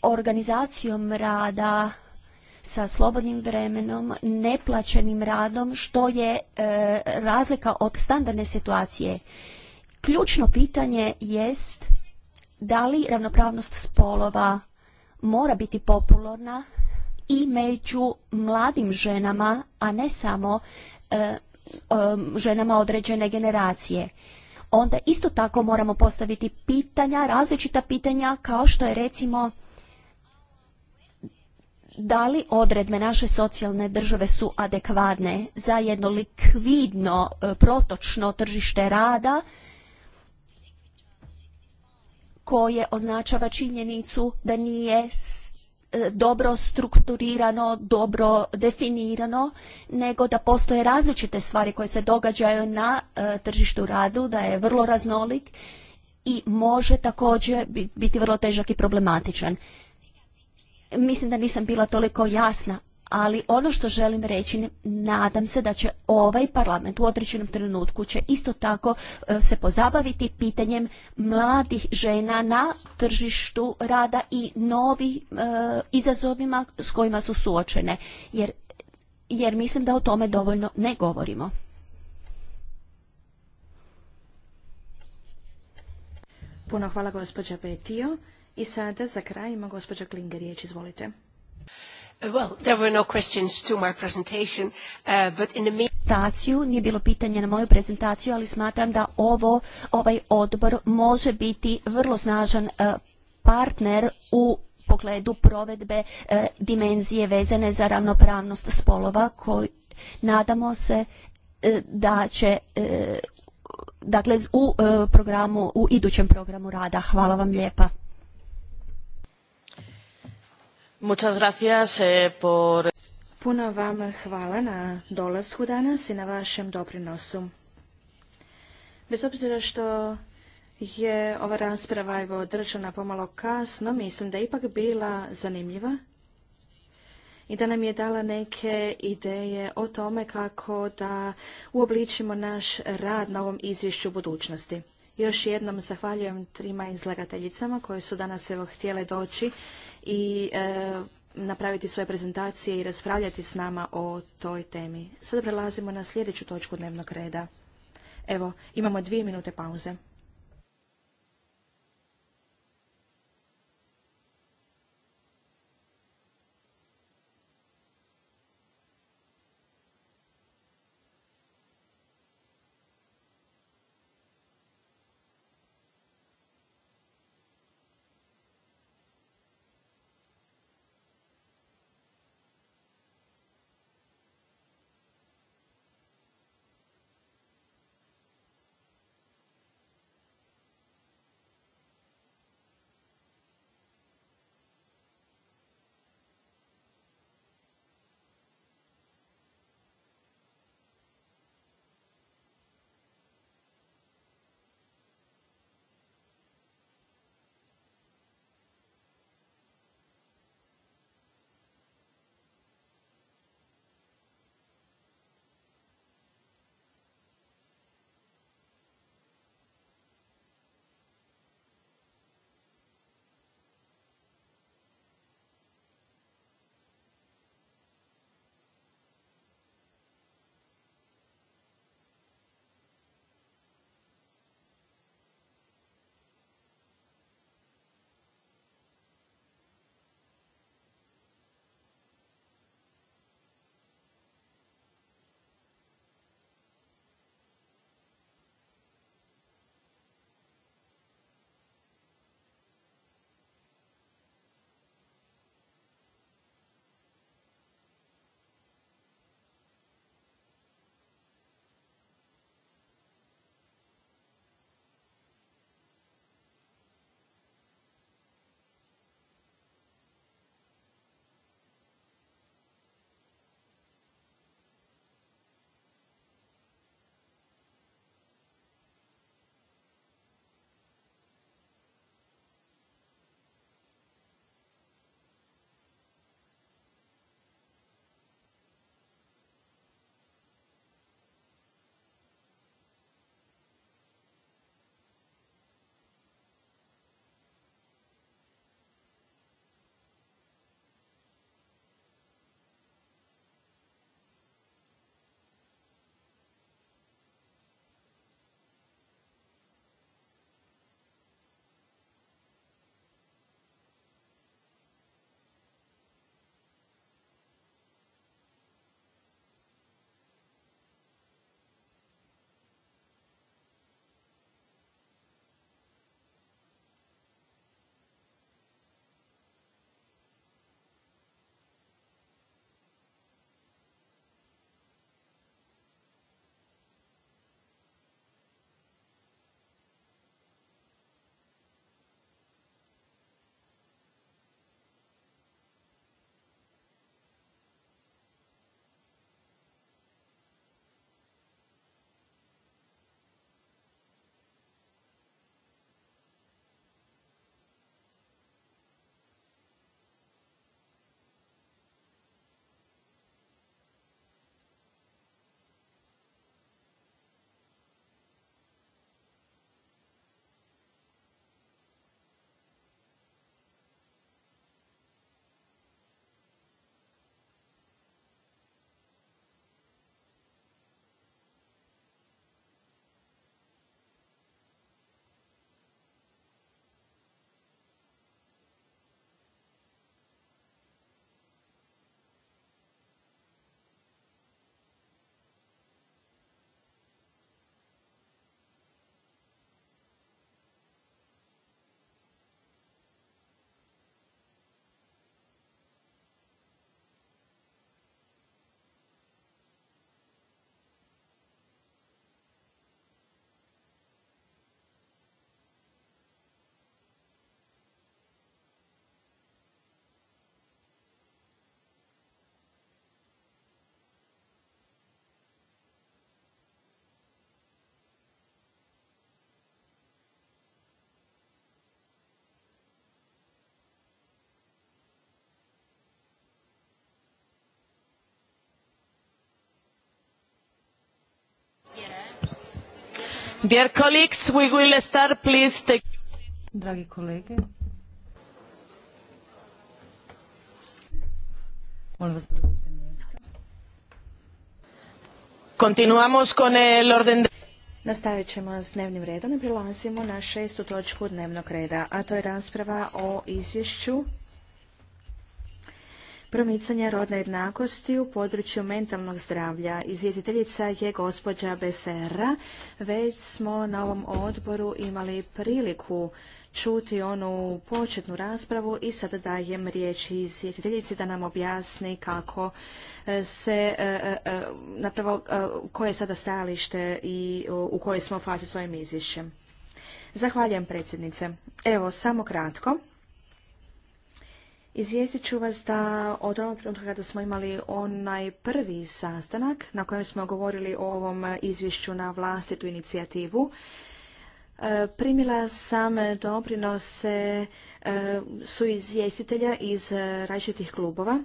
organizacijom rada sa slobodnim vremenom, neplaćenim radom, što je e, razlika od standardne situacije. Ključno pitanje jest da li ravnopravnost spolova mora biti popularna i među mladim ženama, a ne samo e, e, ženama određene generacije. Onda isto tako moramo postaviti pitanja, različita pitanja kao što je recimo da li odredbe naše socijalne države su adekvatne za jedno likvidno, e, protočno tržište rada koje označava činjenicu da nije E, dobro strukturirano, dobro definirano, nego da postoje različite stvari koje se događaju na e, tržištu radu, da je vrlo raznolik i može također biti vrlo težak i problematičan. Mislim da nisam bila toliko jasna, ali ono što želim reći, nadam se da će ovaj parlament u određenom trenutku će isto tako e, se pozabaviti pitanjem mladih žena na tržištu rada i novih e, izazovima s kojima su suočene, jer, jer mislim da o tome dovoljno ne govorimo. Puno hvala gospođa Petio. I sada za kraj ima gospođa Klinger riječ, izvolite. Uh, well, there were no questions to my presentation, uh, but in nije bilo pitanje na moju prezentaciju, ali smatram da ovo, ovaj odbor može biti vrlo snažan uh, partner u pogledu provedbe dimenzije vezane za ravnopravnost spolova koji nadamo se da će dakle u programu u idućem programu rada. Hvala vam lijepa. Eh, Puno vam hvala na dolasku danas i na vašem doprinosu. Bez obzira što je ova rasprava evo održana pomalo kasno, mislim da je ipak bila zanimljiva i da nam je dala neke ideje o tome kako da uobličimo naš rad na ovom izvješću budućnosti. Još jednom zahvaljujem trima izlagateljicama koje su danas evo htjele doći i e, napraviti svoje prezentacije i raspravljati s nama o toj temi. Sada prelazimo na sljedeću točku dnevnog reda. Evo, imamo dvije minute pauze. Dear colleagues, we will start, please. Take... Dragi kolege, molim vas da Continuamos con el orden de... Nastavit ćemo s dnevnim redom i prilazimo na šestu točku dnevnog reda, a to je rasprava o izvješću promicanje rodne jednakosti u području mentalnog zdravlja. Izvjetiteljica je gospođa Besera. Već smo na ovom odboru imali priliku čuti onu početnu raspravu i sada dajem riječ izvjetiteljici da nam objasni kako e, se, e, e, napravo, koje je sada stajalište i u kojoj smo fazi s ovim izvješćem. Zahvaljujem predsjednice. Evo, samo kratko. Izvijestit ću vas da od onog trenutka kada smo imali onaj prvi sastanak na kojem smo govorili o ovom izvješću na vlastitu inicijativu, e, primila sam doprinose e, su izvjestitelja iz različitih klubova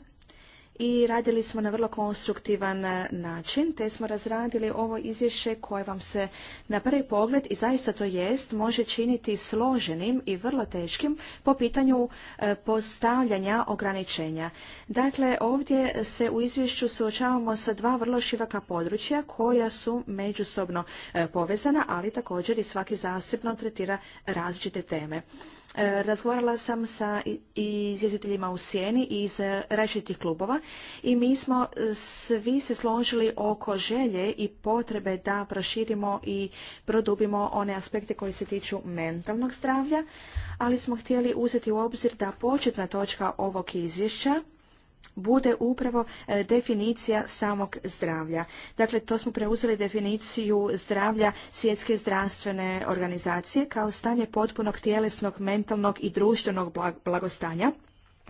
i radili smo na vrlo konstruktivan e, način, te smo razradili ovo izvješće koje vam se na prvi pogled, i zaista to jest, može činiti složenim i vrlo teškim po pitanju e, postavljanja ograničenja. Dakle, ovdje se u izvješću suočavamo sa dva vrlo široka područja koja su međusobno e, povezana, ali također i svaki zasebno tretira različite teme. E, razgovarala sam sa izvjestiteljima u sjeni iz različitih klubova i mi smo e, svi se složili oko želje i potrebe da proširimo i produbimo one aspekte koji se tiču mentalnog zdravlja, ali smo htjeli uzeti u obzir da početna točka ovog izvješća bude upravo e, definicija samog zdravlja. Dakle, to smo preuzeli definiciju zdravlja svjetske zdravstvene organizacije kao stanje potpunog tjelesnog, mentalnog i društvenog blagostanja.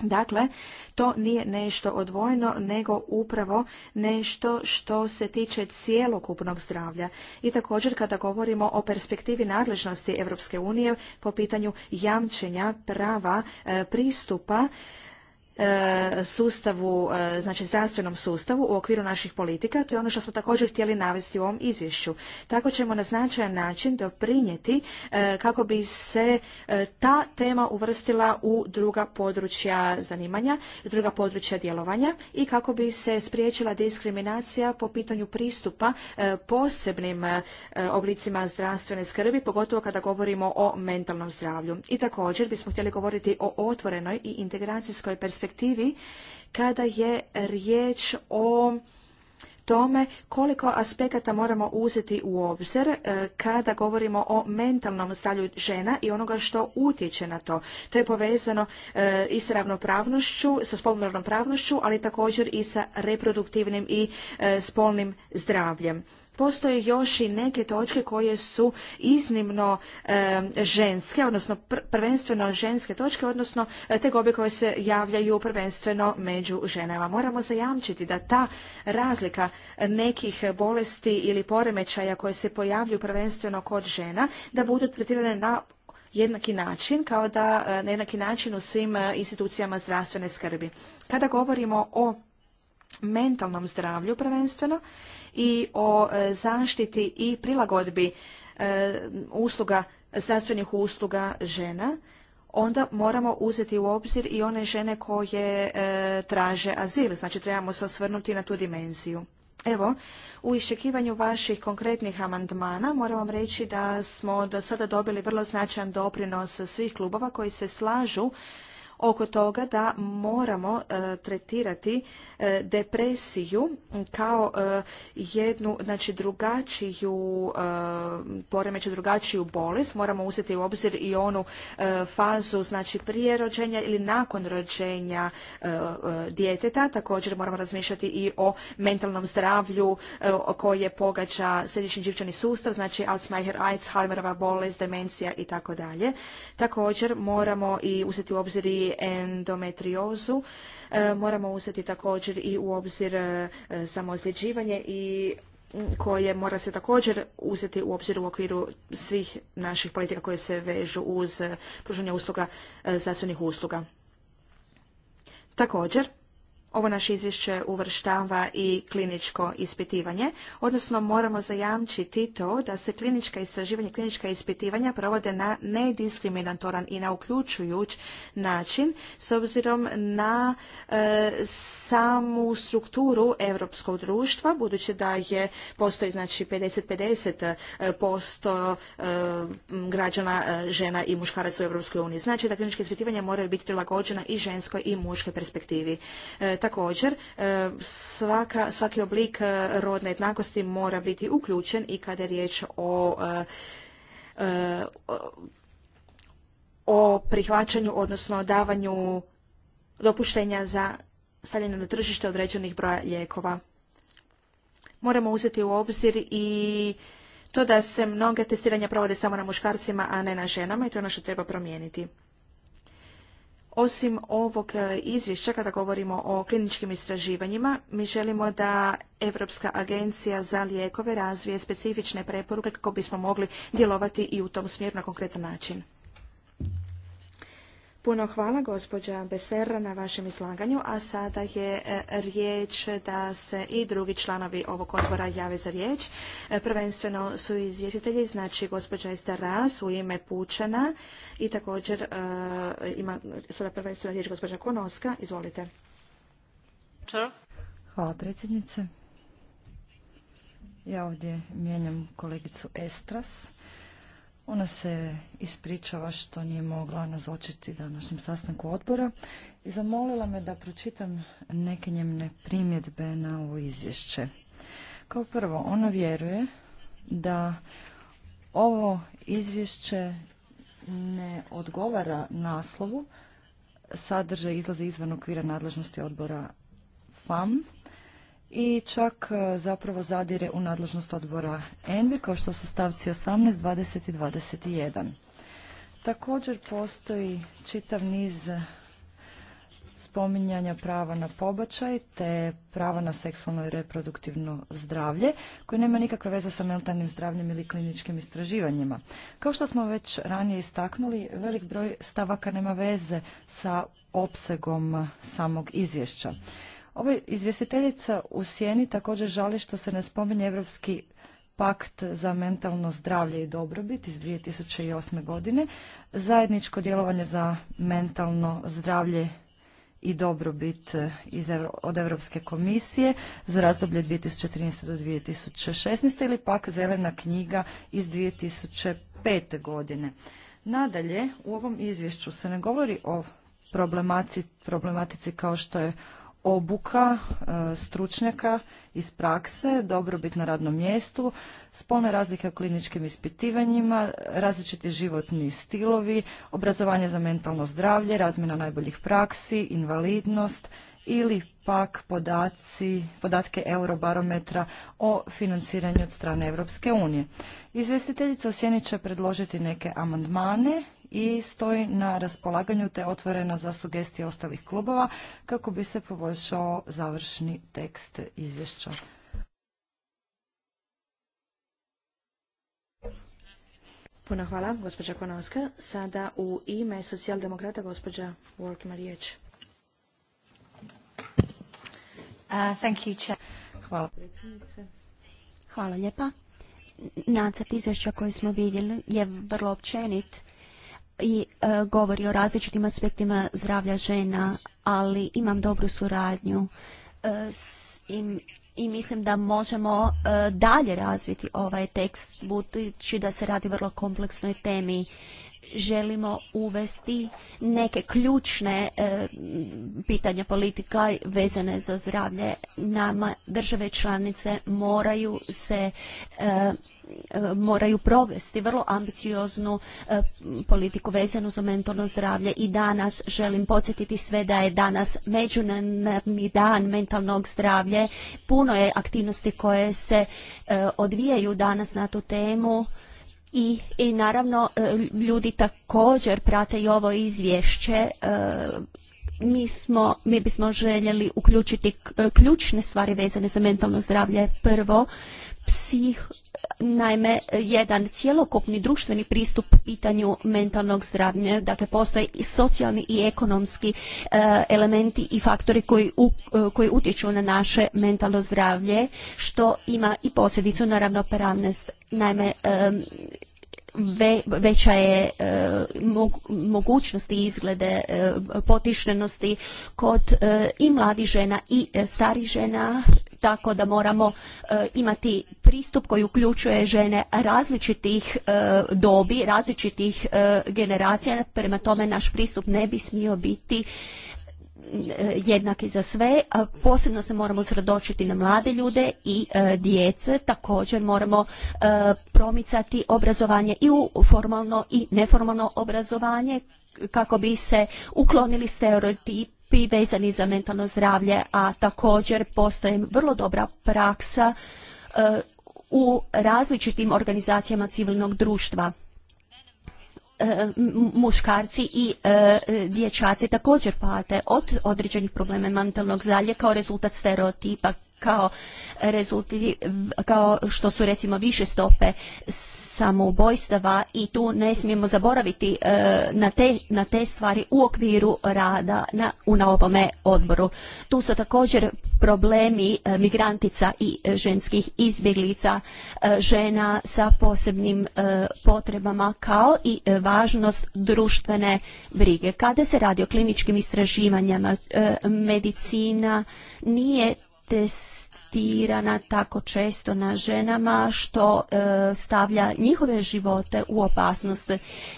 Dakle, to nije nešto odvojeno, nego upravo nešto što se tiče cjelokupnog zdravlja. I također kada govorimo o perspektivi nadležnosti Europske unije po pitanju jamčenja prava e, pristupa E, sustavu, e, znači zdravstvenom sustavu u okviru naših politika. To je ono što smo također htjeli navesti u ovom izvješću. Tako ćemo na značajan način doprinijeti e, kako bi se ta tema uvrstila u druga područja zanimanja, druga područja djelovanja i kako bi se spriječila diskriminacija po pitanju pristupa posebnim oblicima zdravstvene skrbi, pogotovo kada govorimo o mentalnom zdravlju. I također bismo htjeli govoriti o otvorenoj i integracijskoj perspektivi perspektivi kada je riječ o tome koliko aspekata moramo uzeti u obzir e, kada govorimo o mentalnom zdravlju žena i onoga što utječe na to. To je povezano e, i s ravnopravnošću, sa spolnom ravnopravnošću, ali također i sa reproduktivnim i e, spolnim zdravljem postoje još i neke točke koje su iznimno ženske, odnosno prvenstveno ženske točke, odnosno e, tegobe koje se javljaju prvenstveno među ženama. Moramo zajamčiti da ta razlika nekih bolesti ili poremećaja koje se pojavljuju prvenstveno kod žena, da budu tretirane na jednaki način kao da e, na jednaki način u svim e, institucijama zdravstvene skrbi. Kada govorimo o mentalnom zdravlju prvenstveno, i o e, zaštiti i prilagodbi e, usluga, zdravstvenih usluga žena, onda moramo uzeti u obzir i one žene koje e, traže azil. Znači, trebamo se osvrnuti na tu dimenziju. Evo, u iščekivanju vaših konkretnih amandmana moram vam reći da smo do sada dobili vrlo značajan doprinos svih klubova koji se slažu oko toga da moramo e, tretirati e, depresiju kao e, jednu znači drugačiju poremeću drugačiju bolest moramo uzeti u obzir i onu fazu znači prije rođenja ili nakon rođenja djeteta također moramo razmišljati i o mentalnom zdravlju koje pogađa središnji živčani sustav znači Alzheimer, Alzheimerova bolest, demencija i tako dalje. Također moramo i uzeti u obzir i endometriozu. E, moramo uzeti također i u obzir e, samoozljeđivanje i koje mora se također uzeti u obzir u okviru svih naših politika koje se vežu uz pružanje usluga, e, zdravstvenih usluga. Također, ovo naše izvješće uvrštava i kliničko ispitivanje, odnosno moramo zajamčiti to da se klinička istraživanja i klinička ispitivanja provode na nediskriminatoran i na uključujuć način s obzirom na e, samu strukturu europskog društva, budući da je postoji znači 50-50 e, posto e, građana žena i muškaraca u Europskoj uniji. Znači da klinička ispitivanja moraju biti prilagođena i ženskoj i muškoj perspektivi Također, e, svaka, svaki oblik e, rodne jednakosti mora biti uključen i kada je riječ e, o o prihvaćanju, odnosno davanju dopuštenja za stavljanje na tržište određenih broja lijekova. Moramo uzeti u obzir i to da se mnoge testiranja provode samo na muškarcima, a ne na ženama i to je ono što treba promijeniti. Osim ovog e, izvješća, kada govorimo o kliničkim istraživanjima, mi želimo da Europska agencija za lijekove razvije specifične preporuke kako bismo mogli djelovati i u tom smjeru na konkretan način. Puno hvala gospođa Beserra na vašem izlaganju, a sada je e, riječ da se i drugi članovi ovog odbora jave za riječ. E, prvenstveno su izvjetitelji, znači gospođa Estaras u ime Pučana i također e, ima sada prvenstveno riječ gospođa Konoska. Izvolite. Hvala predsjednice. Ja ovdje mijenjam kolegicu Estras ona se ispričava što nije mogla nazočiti današnjem sastanku odbora i zamolila me da pročitam neke njemne primjedbe na ovo izvješće. Kao prvo, ona vjeruje da ovo izvješće ne odgovara naslovu, sadržaj izlazi izvan okvira nadležnosti odbora FAM i čak e, zapravo zadire u nadležnost odbora ENVI kao što su stavci 18, 20 i 21. Također postoji čitav niz spominjanja prava na pobačaj te prava na seksualno i reproduktivno zdravlje koje nema nikakve veze sa mentalnim zdravljem ili kliničkim istraživanjima. Kao što smo već ranije istaknuli, velik broj stavaka nema veze sa opsegom samog izvješća. Ova izvjestiteljica u Sjeni također žali što se ne spominje Europski pakt za mentalno zdravlje i dobrobit iz 2008. godine, zajedničko djelovanje za mentalno zdravlje i dobrobit eh, od Europske komisije za razdoblje 2013. do 2016. ili pak zelena knjiga iz 2005. godine. Nadalje, u ovom izvješću se ne govori o problematici kao što je obuka e, stručnjaka iz prakse, dobrobit na radnom mjestu, spolne razlike u kliničkim ispitivanjima, različiti životni stilovi, obrazovanje za mentalno zdravlje, razmjena najboljih praksi, invalidnost ili pak podaci, podatke Eurobarometra o financiranju od strane Europske unije. Izvjestiteljica Osjenić će predložiti neke amandmane i stoji na raspolaganju te otvorena za sugestije ostalih klubova kako bi se poboljšao završni tekst izvješća. Puno hvala, gospođa Konovska. Sada u ime socijaldemokrata gospođa Work Marijeć. Uh, hvala predsjednice. Hvala lijepa. Nacrt izvješća koji smo vidjeli je vrlo općenit i e, govori o različitim aspektima zdravlja žena, ali imam dobru suradnju e, s, i, i mislim da možemo e, dalje razviti ovaj tekst budući da se radi vrlo kompleksnoj temi želimo uvesti neke ključne e, pitanja politika vezane za zdravlje nama države članice moraju se e, e, moraju provesti vrlo ambicioznu politiku vezanu za mentalno zdravlje i danas želim podsjetiti sve da je danas međunarodni dan mentalnog zdravlje puno je aktivnosti koje se odvijaju danas na tu temu i, i naravno e, ljudi također prate i ovo izvješće e, mi, smo, mi bismo željeli uključiti e, ključne stvari vezane za mentalno zdravlje. Prvo, psih, naime jedan cjelokupni društveni pristup pitanju mentalnog zdravlja. Dakle, postoje i socijalni i ekonomski e, elementi i faktori e, koji, utječu na naše mentalno zdravlje, što ima i posljedicu na ravnopravnost. Naime, e, veća je mogućnosti izglede e, kod i mladih žena i starih žena tako da moramo e, imati pristup koji uključuje žene različitih e, dobi, različitih e, generacija, prema tome naš pristup ne bi smio biti jednaki za sve. Posebno se moramo sredočiti na mlade ljude i djece. Također moramo promicati obrazovanje i u formalno i neformalno obrazovanje kako bi se uklonili stereotipi i vezani za mentalno zdravlje, a također postoje vrlo dobra praksa e, u različitim organizacijama civilnog društva. E, muškarci i e, dječaci također pate od određenih problema mentalnog zdravlja kao rezultat stereotipa kao, rezulti, kao što su recimo više stope samoubojstava i tu ne smijemo zaboraviti e, na, te, na te stvari u okviru rada na, na ovome odboru. Tu su također problemi e, migrantica i ženskih izbjeglica, e, žena sa posebnim potrebama kao i važnost društvene brige. Kada se radi o kliničkim istraživanjama, medicina nije testirana tako često na ženama što e, stavlja njihove živote u opasnost.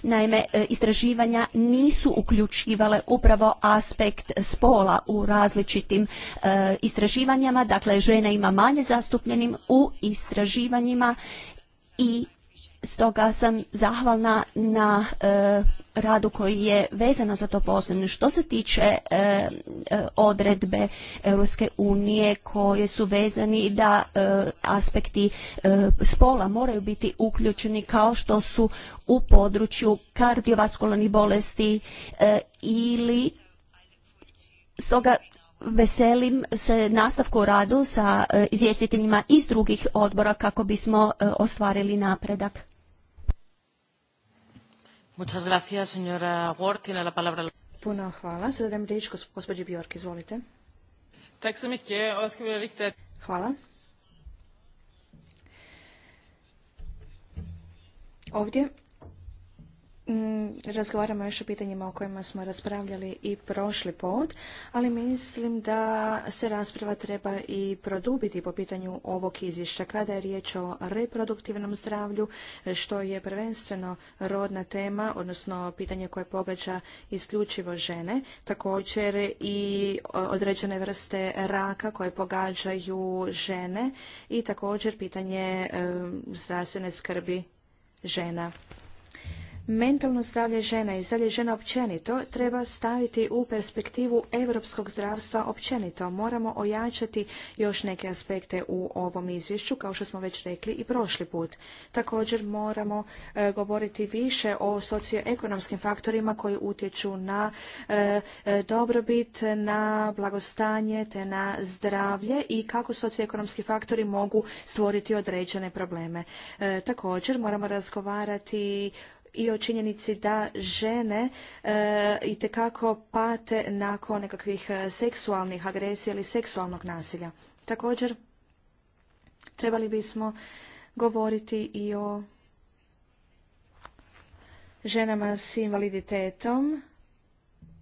Naime, e, istraživanja nisu uključivale upravo aspekt spola u različitim e, istraživanjama, dakle žena ima manje zastupljenim u istraživanjima i Stoga sam zahvalna na e, radu koji je vezana za to posebno. Što se tiče e, e, odredbe Europske unije koje su vezani da aspekti spola moraju biti uključeni kao što su u području kardiovaskularnih bolesti ili stoga veselim se nastavku radu sa izvjestiteljima iz drugih odbora kako bismo ostvarili napredak. Muchas gracias, señora Ward. Tiene la palabra. Puno hvala. Sada dajem riječ gospođi Bjork, izvolite. Tak så mycket och skulle rikta... Hvala. Ovdje Mm, razgovaramo još o pitanjima o kojima smo raspravljali i prošli pot, ali mislim da se rasprava treba i produbiti po pitanju ovog izvješća. Kada je riječ o reproduktivnom zdravlju, što je prvenstveno rodna tema, odnosno pitanje koje pogađa isključivo žene, također i određene vrste raka koje pogađaju žene i također pitanje zdravstvene skrbi žena mentalno zdravlje žena i zdravlje žena općenito treba staviti u perspektivu europskog zdravstva općenito. Moramo ojačati još neke aspekte u ovom izvješću, kao što smo već rekli i prošli put. Također moramo e, govoriti više o socioekonomskim faktorima koji utječu na e, e, dobrobit, na blagostanje te na zdravlje i kako socioekonomski faktori mogu stvoriti određene probleme. također moramo razgovarati i o činjenici da žene e, itekako pate nakon nekakvih e, seksualnih agresija ili seksualnog nasilja. Također, trebali bismo govoriti i o ženama s invaliditetom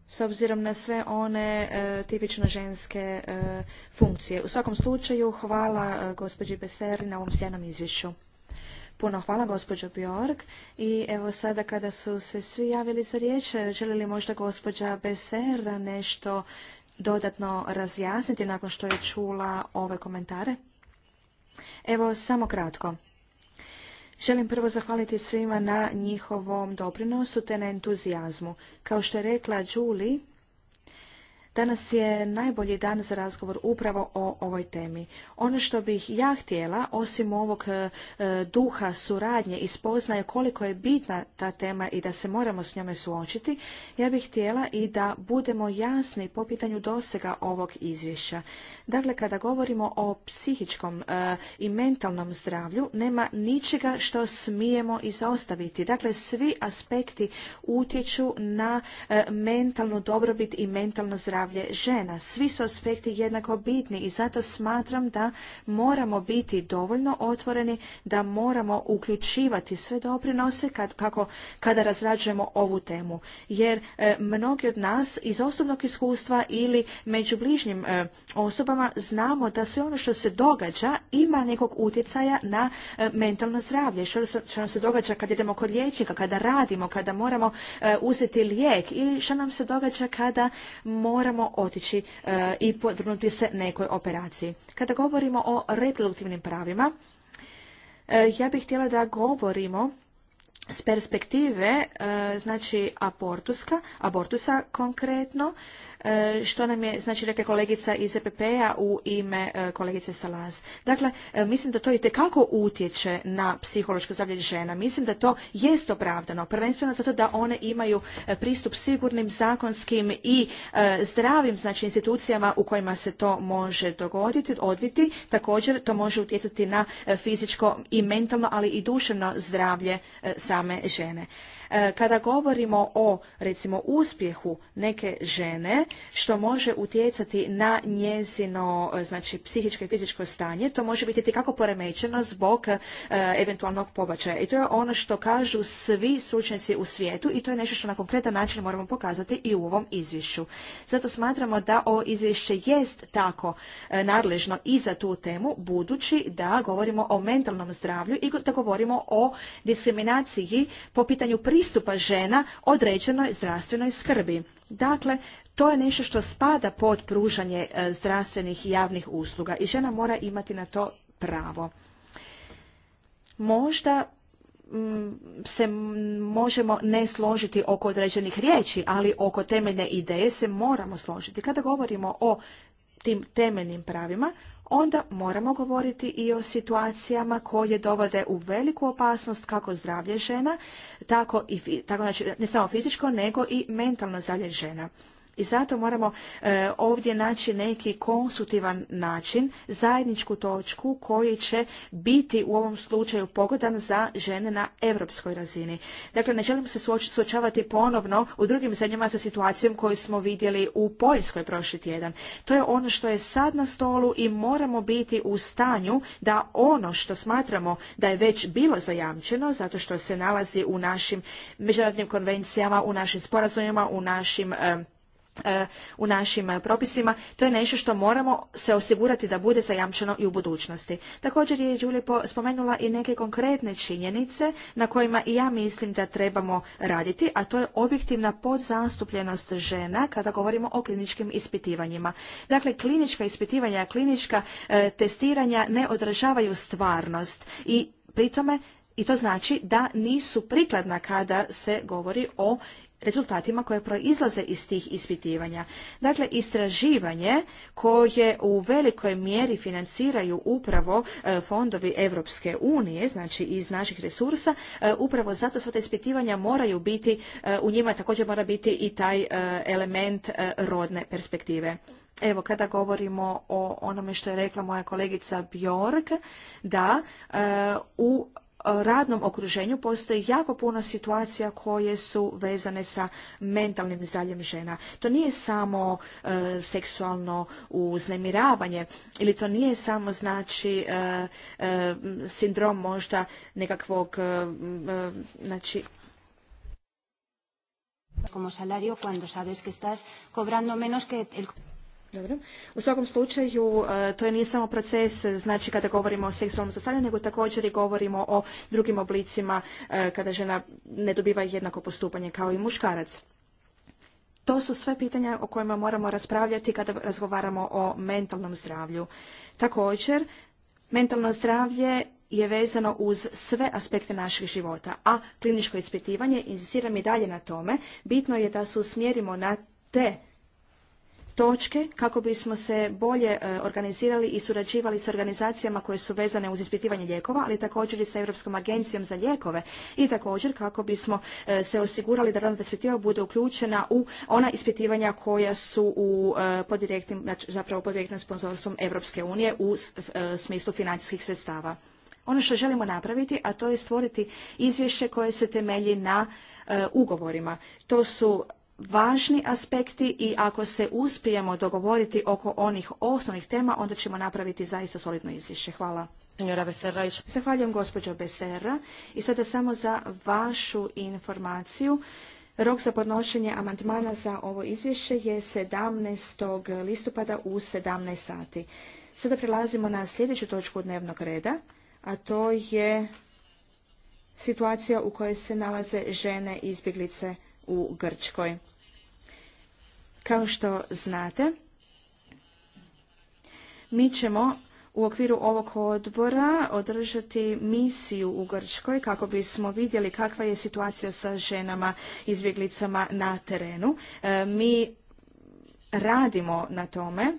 s obzirom na sve one e, tipično ženske e, funkcije. U svakom slučaju, hvala gospođi Beseri na ovom sjajnom izvješću. Puno hvala gospođo Bjork i evo sada kada su se svi javili za riječ, želi li možda gospođa Besera nešto dodatno razjasniti nakon što je čula ove komentare? Evo samo kratko. Želim prvo zahvaliti svima na njihovom doprinosu te na entuzijazmu. Kao što je rekla Julie, Danas je najbolji dan za razgovor upravo o ovoj temi. Ono što bih ja htjela, osim ovog e, duha suradnje i spoznaje koliko je bitna ta tema i da se moramo s njome suočiti, ja bih htjela i da budemo jasni po pitanju dosega ovog izvješća. Dakle, kada govorimo o psihičkom e, i mentalnom zdravlju, nema ničega što smijemo izostaviti. Dakle, svi aspekti utječu na e, mentalnu dobrobit i mentalno zdravlje zdravlje žena. Svi su aspekti jednako bitni i zato smatram da moramo biti dovoljno otvoreni, da moramo uključivati sve doprinose kad, kako, kada razrađujemo ovu temu. Jer e, mnogi od nas iz osobnog iskustva ili među bližnjim e, osobama znamo da sve ono što se događa ima nekog utjecaja na e, mentalno zdravlje. Što, što nam se događa kad idemo kod liječnika, kada radimo, kada moramo uzeti lijek ili što nam se događa kada moramo moramo otići e, i podvrnuti se nekoj operaciji. Kada govorimo o reproduktivnim pravima, e, ja bih htjela da govorimo s perspektive e, znači abortuska, abortusa konkretno E, što nam je znači rekla kolegica iz EPP-a u ime e, kolegice Salaz. Dakle, e, mislim da to i tekako utječe na psihološko zdravlje žena. Mislim da to jest opravdano, prvenstveno zato da one imaju pristup sigurnim zakonskim i zdravim znači institucijama u kojima se to može dogoditi, odviti. Također to može utjecati na fizičko i mentalno, ali i duševno zdravlje same žene. E, kada govorimo o recimo uspjehu neke žene što može utjecati na njezino e, znači psihičko i fizičko stanje, to može biti kako poremećeno zbog e, eventualnog pobačaja. I to je ono što kažu svi stručnjaci u svijetu i to je nešto što na konkretan način moramo pokazati i u ovom izvješću. Zato smatramo da ovo izvješće jest tako nadležno i za tu temu, budući da govorimo o mentalnom zdravlju i da govorimo o diskriminaciji po pitanju pristupa pristupa žena određenoj zdravstvenoj skrbi. Dakle, to je nešto što spada pod pružanje e, zdravstvenih i javnih usluga i žena mora imati na to pravo. Možda mm, se možemo ne složiti oko određenih riječi, ali oko temeljne ideje se moramo složiti. Kada govorimo o tim temeljnim pravima, onda moramo govoriti i o situacijama koje dovode u veliku opasnost kako zdravlje žena, tako, i, tako znači, ne samo fizičko, nego i mentalno zdravlje žena. I zato moramo e, ovdje naći neki konsultivan način, zajedničku točku koji će biti u ovom slučaju pogodan za žene na europskoj razini. Dakle, ne želim se suočavati ponovno u drugim zemljama sa situacijom koju smo vidjeli u Poljskoj prošli tjedan. To je ono što je sad na stolu i moramo biti u stanju da ono što smatramo da je već bilo zajamčeno, zato što se nalazi u našim međunarodnim konvencijama, u našim sporazumima, u našim E, u našim e, propisima, to je nešto što moramo se osigurati da bude zajamčeno i u budućnosti. Također je Đulje spomenula i neke konkretne činjenice na kojima i ja mislim da trebamo raditi, a to je objektivna podzastupljenost žena kada govorimo o kliničkim ispitivanjima. Dakle, klinička ispitivanja, klinička e, testiranja ne odražavaju stvarnost i pritome i to znači da nisu prikladna kada se govori o rezultatima koje proizlaze iz tih ispitivanja. Dakle, istraživanje koje u velikoj mjeri financiraju upravo e, fondovi Europske unije, znači iz naših resursa, e, upravo zato sva ta ispitivanja moraju biti, e, u njima također mora biti i taj element rodne perspektive. Evo, kada govorimo o onome što je rekla moja kolegica Bjork, da, u radnom okruženju postoji jako puno situacija koje su vezane sa mentalnim zdravljem žena. To nije samo e, seksualno uznemiravanje ili to nije samo znači e, e, sindrom možda nekakvog znači como salario cuando sabes que estás cobrando menos que el dobro. U svakom slučaju, e, to nije samo proces, znači kada govorimo o seksualnom zlostavljanju, nego također i govorimo o drugim oblicima e, kada žena ne dobiva jednako postupanje kao i muškarac. To su sve pitanja o kojima moramo raspravljati kada razgovaramo o mentalnom zdravlju. Također, mentalno zdravlje je vezano uz sve aspekte naših života, a kliničko ispitivanje, inzistiram i dalje na tome, bitno je da se usmjerimo na te točke kako bismo se bolje e, organizirali i surađivali s organizacijama koje su vezane uz ispitivanje lijekova, ali također i sa Europskom agencijom za lijekove i također kako bismo e, se osigurali da radna perspektiva bude uključena u ona ispitivanja koja su u, e, pod direktnim, znači, zapravo pod direktnim sponzorstvom Europske unije u smislu financijskih sredstava. Ono što želimo napraviti, a to je stvoriti izvješće koje se temelji na ugovorima. To su važni aspekti i ako se uspijemo dogovoriti oko onih osnovnih tema, onda ćemo napraviti zaista solidno izvješće. Hvala. Zahvaljujem gospođo Besera i sada samo za vašu informaciju. Rok za podnošenje amandmana za ovo izvješće je 17. listopada u 17 sati. Sada prelazimo na sljedeću točku dnevnog reda, a to je situacija u kojoj se nalaze žene izbjeglice u Grčkoj. Kao što znate, mi ćemo u okviru ovog odbora održati misiju u Grčkoj kako bismo vidjeli kakva je situacija sa ženama izbjeglicama na terenu. E, mi radimo na tome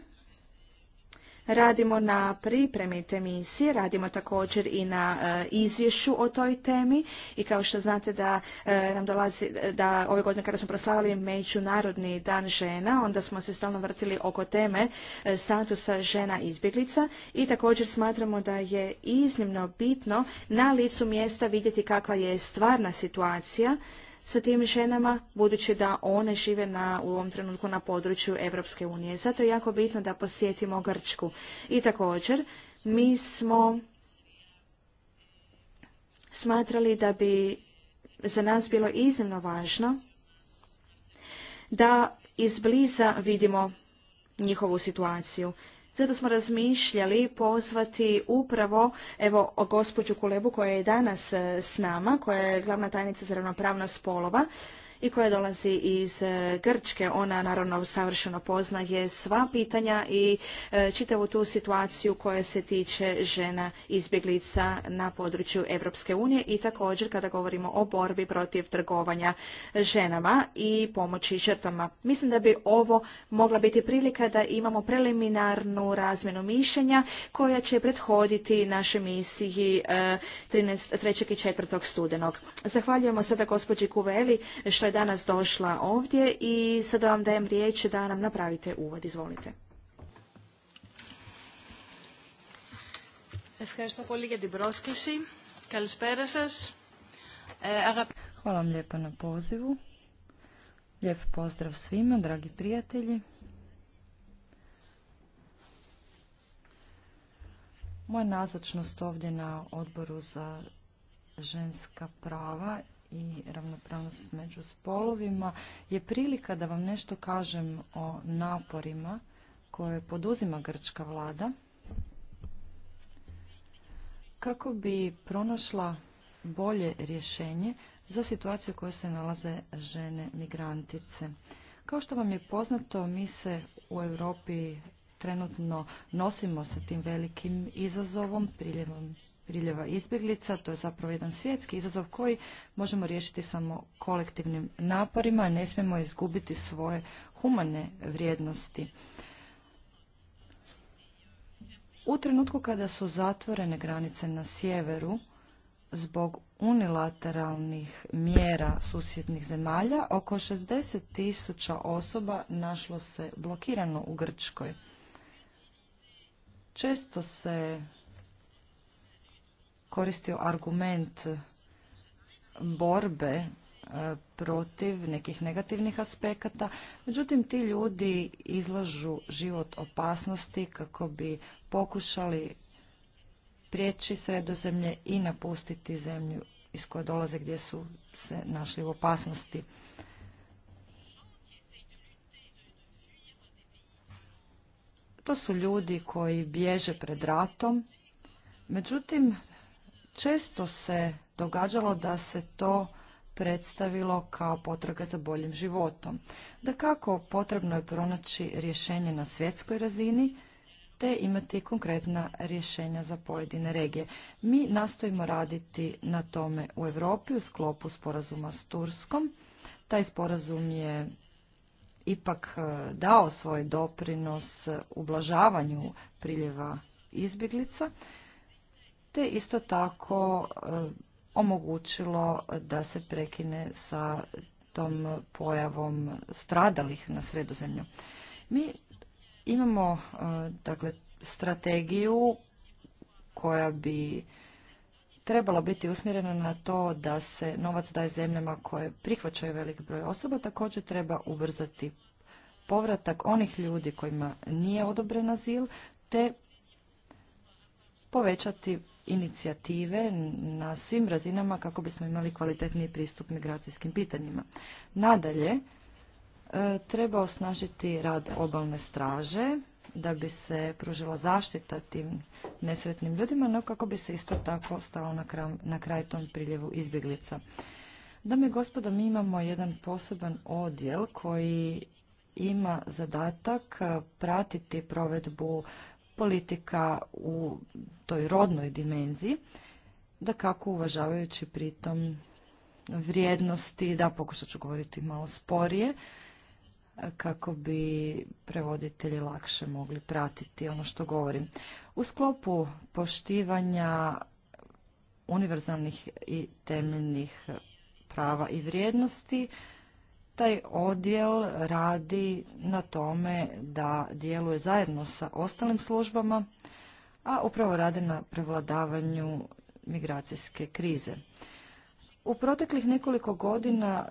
Radimo na pripremi te misije, radimo također i na e, izvješću o toj temi i kao što znate da e, nam dolazi, da ove godine kada smo proslavili Međunarodni dan žena, onda smo se stalno vrtili oko teme e, statusa žena izbjeglica i također smatramo da je iznimno bitno na licu mjesta vidjeti kakva je stvarna situacija sa tim ženama, budući da one žive na, u ovom trenutku na području Europske unije. Zato je jako bitno da posjetimo Grčku. I također, mi smo smatrali da bi za nas bilo iznimno važno da izbliza vidimo njihovu situaciju. Zato smo razmišljali pozvati upravo evo gospođu Kulebu koja je danas e, s nama, koja je glavna tajnica za ravnopravnost spolova, i koja dolazi iz e, Grčke. Ona naravno savršeno poznaje sva pitanja i e, čitavu tu situaciju koja se tiče žena izbjeglica na području Europske unije i također kada govorimo o borbi protiv trgovanja ženama i pomoći žrtvama. Mislim da bi ovo mogla biti prilika da imamo preliminarnu razmjenu mišljenja koja će prethoditi našoj misiji 13, e, 3. i 4. studenog. Zahvaljujemo sada gospođi Kuveli što je danas došla ovdje i sada vam dajem riječ da nam napravite uvod. Izvolite. Hvala vam lijepa na pozivu. Lijep pozdrav svima, dragi prijatelji. Moja nazočnost ovdje na odboru za ženska prava i ravnopravnost među spolovima je prilika da vam nešto kažem o naporima koje poduzima grčka vlada kako bi pronašla bolje rješenje za situaciju u kojoj se nalaze žene migrantice. Kao što vam je poznato, mi se u Europi trenutno nosimo sa tim velikim izazovom, priljevom priljeva izbjeglica, to je zapravo jedan svjetski izazov koji možemo riješiti samo kolektivnim naporima, ne smijemo izgubiti svoje humane vrijednosti. U trenutku kada su zatvorene granice na sjeveru, zbog unilateralnih mjera susjednih zemalja, oko 60 tisuća osoba našlo se blokirano u Grčkoj. Često se koristio argument borbe e, protiv nekih negativnih aspekata. Međutim, ti ljudi izlažu život opasnosti kako bi pokušali prijeći sredozemlje i napustiti zemlju iz koje dolaze gdje su se našli u opasnosti. To su ljudi koji bježe pred ratom, međutim često se događalo da se to predstavilo kao potraga za boljim životom. Da kako potrebno je pronaći rješenje na svjetskoj razini, te imati konkretna rješenja za pojedine regije. Mi nastojimo raditi na tome u Europi u sklopu sporazuma s Turskom. Taj sporazum je ipak e, dao svoj doprinos ublažavanju priljeva izbjeglica te isto tako eh, omogućilo da se prekine sa tom pojavom stradalih na sredozemlju. Mi imamo eh, dakle strategiju koja bi trebala biti usmjerena na to da se novac daje zemljama koje prihvaćaju velik broj osoba, također treba ubrzati povratak onih ljudi kojima nije odobren azil, te povećati inicijative na svim razinama kako bismo imali kvalitetniji pristup migracijskim pitanjima. Nadalje, e, treba osnažiti rad obalne straže da bi se pružila zaštita tim nesretnim ljudima, no kako bi se isto tako stalo na kraj, tom priljevu izbjeglica. Dame i gospodo, mi imamo jedan poseban odjel koji ima zadatak pratiti provedbu politika u toj rodnoj dimenziji, da kako uvažavajući pritom vrijednosti, da pokušat ću govoriti malo sporije, kako bi prevoditelji lakše mogli pratiti ono što govorim. U sklopu poštivanja univerzalnih i temeljnih prava i vrijednosti taj odjel radi na tome da djeluje zajedno sa ostalim službama, a upravo radi na prevladavanju migracijske krize. U proteklih nekoliko godina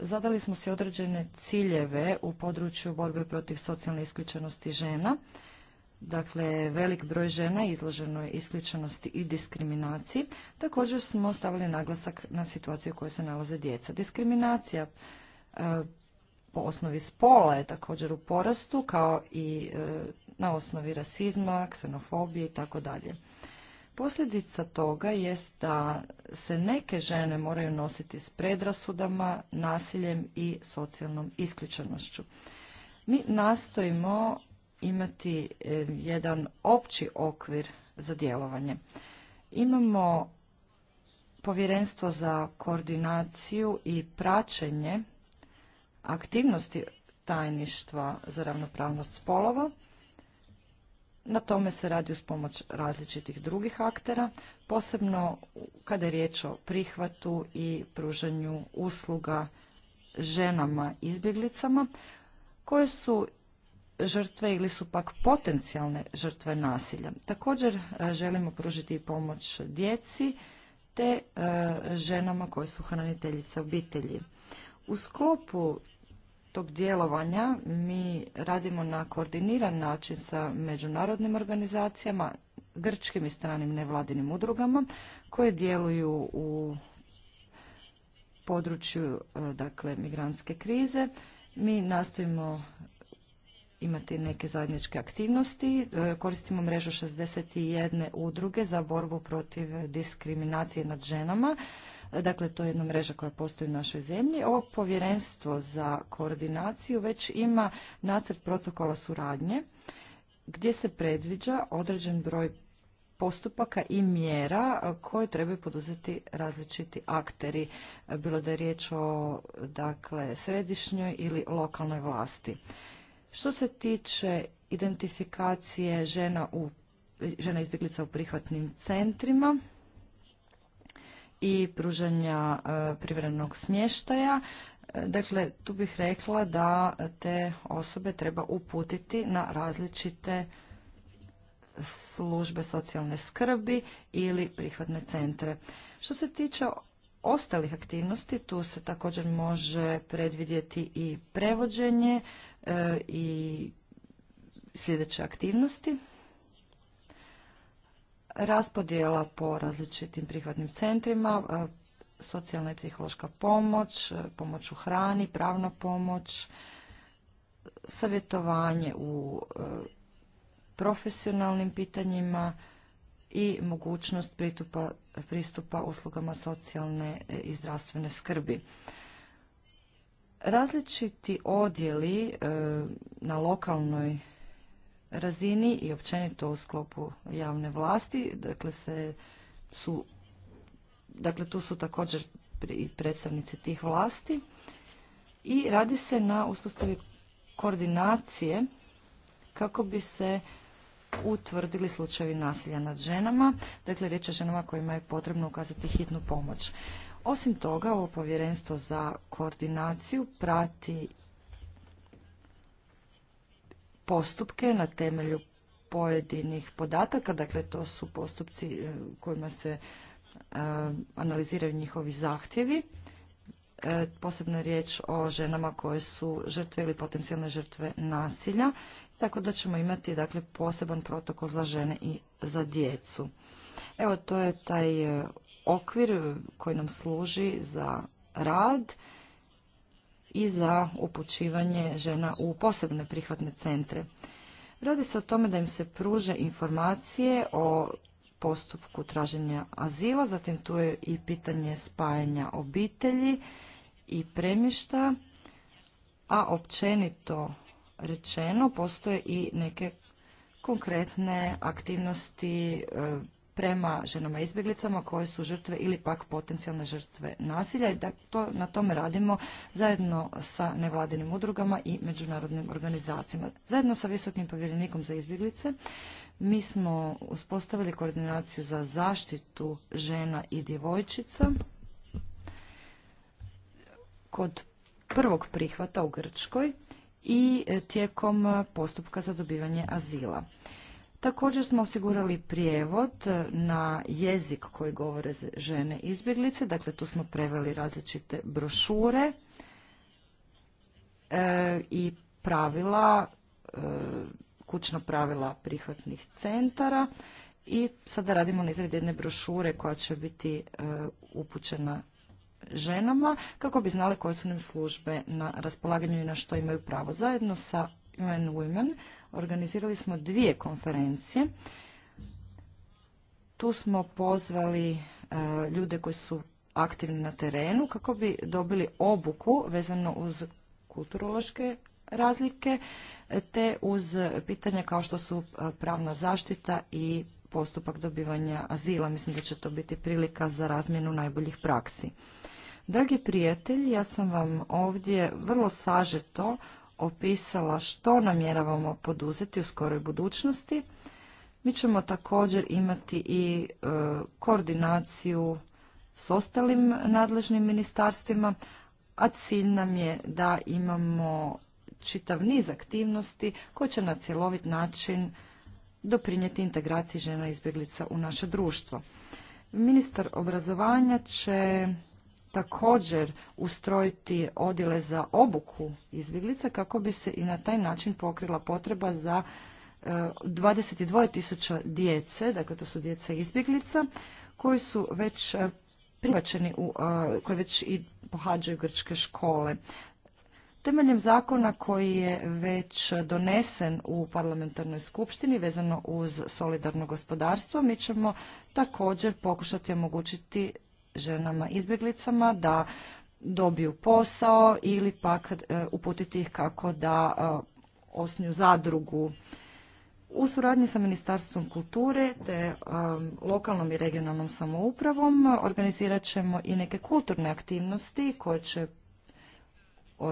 zadali smo se određene ciljeve u području borbe protiv socijalne isključenosti žena. Dakle, velik broj žena izloženo je isključenosti i diskriminaciji. Također smo stavili naglasak na situaciju u kojoj se nalaze djeca. Diskriminacija E, po osnovi spola je također u porastu, kao i e, na osnovi rasizma, ksenofobije i tako dalje. Posljedica toga jest da se neke žene moraju nositi s predrasudama, nasiljem i socijalnom isključenošću. Mi nastojimo imati e, jedan opći okvir za djelovanje. Imamo povjerenstvo za koordinaciju i praćenje aktivnosti tajništva za ravnopravnost spolova. Na tome se radi uz pomoć različitih drugih aktera, posebno kada je riječ o prihvatu i pružanju usluga ženama izbjeglicama, koje su žrtve ili su pak potencijalne žrtve nasilja. Također e, želimo pružiti i pomoć djeci te e, ženama koje su hraniteljice obitelji. U sklopu tog djelovanja mi radimo na koordiniran način sa međunarodnim organizacijama, grčkim i stranim nevladinim udrugama koje djeluju u području e, dakle migrantske krize. Mi nastojimo imati neke zajedničke aktivnosti. E, koristimo mrežu 61 udruge za borbu protiv diskriminacije nad ženama. Dakle, to je jedna mreža koja postoji u našoj zemlji. Ovo povjerenstvo za koordinaciju već ima nacrt protokola suradnje gdje se predviđa određen broj postupaka i mjera koje trebaju poduzeti različiti akteri, bilo da je riječ o dakle, središnjoj ili lokalnoj vlasti. Što se tiče identifikacije žena u žena izbjeglica u prihvatnim centrima, i pružanja e, privremenog smještaja. E, dakle, tu bih rekla da te osobe treba uputiti na različite službe socijalne skrbi ili prihvatne centre. Što se tiče ostalih aktivnosti, tu se također može predvidjeti i prevođenje e, i sljedeće aktivnosti raspodjela po različitim prihvatnim centrima, e, socijalna i psihološka pomoć, e, pomoć u hrani, pravna pomoć, savjetovanje u e, profesionalnim pitanjima i mogućnost pritupa, pristupa uslugama socijalne i zdravstvene skrbi. Različiti odjeli na lokalnoj razini i općenito u sklopu javne vlasti. Dakle, se su, dakle tu su također i predstavnici tih vlasti i radi se na uspostavi koordinacije kako bi se utvrdili slučajevi nasilja nad ženama, dakle riječ je ženama kojima je potrebno ukazati hitnu pomoć. Osim toga, ovo povjerenstvo za koordinaciju prati postupke na temelju pojedinih podataka, dakle to su postupci e, kojima se e, analiziraju njihovi zahtjevi. E, posebno je riječ o ženama koje su žrtve ili potencijalne žrtve nasilja, tako da ćemo imati dakle poseban protokol za žene i za djecu. Evo to je taj okvir koji nam služi za rad i za upućivanje žena u posebne prihvatne centre. Radi se o tome da im se pruže informacije o postupku traženja azila, zatim tu je i pitanje spajanja obitelji i premišta, a općenito rečeno postoje i neke konkretne aktivnosti e, prema ženama izbjeglicama koje su žrtve ili pak potencijalne žrtve nasilja i da to, na tome radimo zajedno sa nevladinim udrugama i međunarodnim organizacijama. Zajedno sa visokim povjerenikom za izbjeglice mi smo uspostavili koordinaciju za zaštitu žena i djevojčica kod prvog prihvata u Grčkoj i tijekom postupka za dobivanje azila. Također smo osigurali prijevod na jezik koji govore žene izbjeglice, dakle tu smo preveli različite brošure e, i pravila, e, kućna pravila prihvatnih centara i sada radimo na izradi jedne brošure koja će biti e, upućena ženama kako bi znali koje su nam službe na raspolaganju i na što imaju pravo. Zajedno sa UN Women organizirali smo dvije konferencije. Tu smo pozvali e, ljude koji su aktivni na terenu kako bi dobili obuku vezano uz kulturološke razlike te uz pitanja kao što su e, pravna zaštita i postupak dobivanja azila. Mislim da će to biti prilika za razmjenu najboljih praksi. Dragi prijatelji, ja sam vam ovdje vrlo sažeto opisala što namjeravamo poduzeti u skoroj budućnosti. Mi ćemo također imati i e, koordinaciju s ostalim nadležnim ministarstvima, a cilj nam je da imamo čitav niz aktivnosti koje će na cjelovit način doprinijeti integraciji žena izbjeglica u naše društvo. Ministar obrazovanja će također ustrojiti odjele za obuku izbjeglica kako bi se i na taj način pokrila potreba za 22 e, tisuća djece, dakle to su djeca izbjeglica, koji su već e, privačeni, koje koji već i pohađaju grčke škole. Temeljem zakona koji je već donesen u parlamentarnoj skupštini vezano uz solidarno gospodarstvo, mi ćemo također pokušati omogućiti ženama izbjeglicama da dobiju posao ili pak e, uputiti ih kako da e, osnuju zadrugu. U suradnji sa Ministarstvom kulture te e, lokalnom i regionalnom samoupravom organizirat ćemo i neke kulturne aktivnosti koje će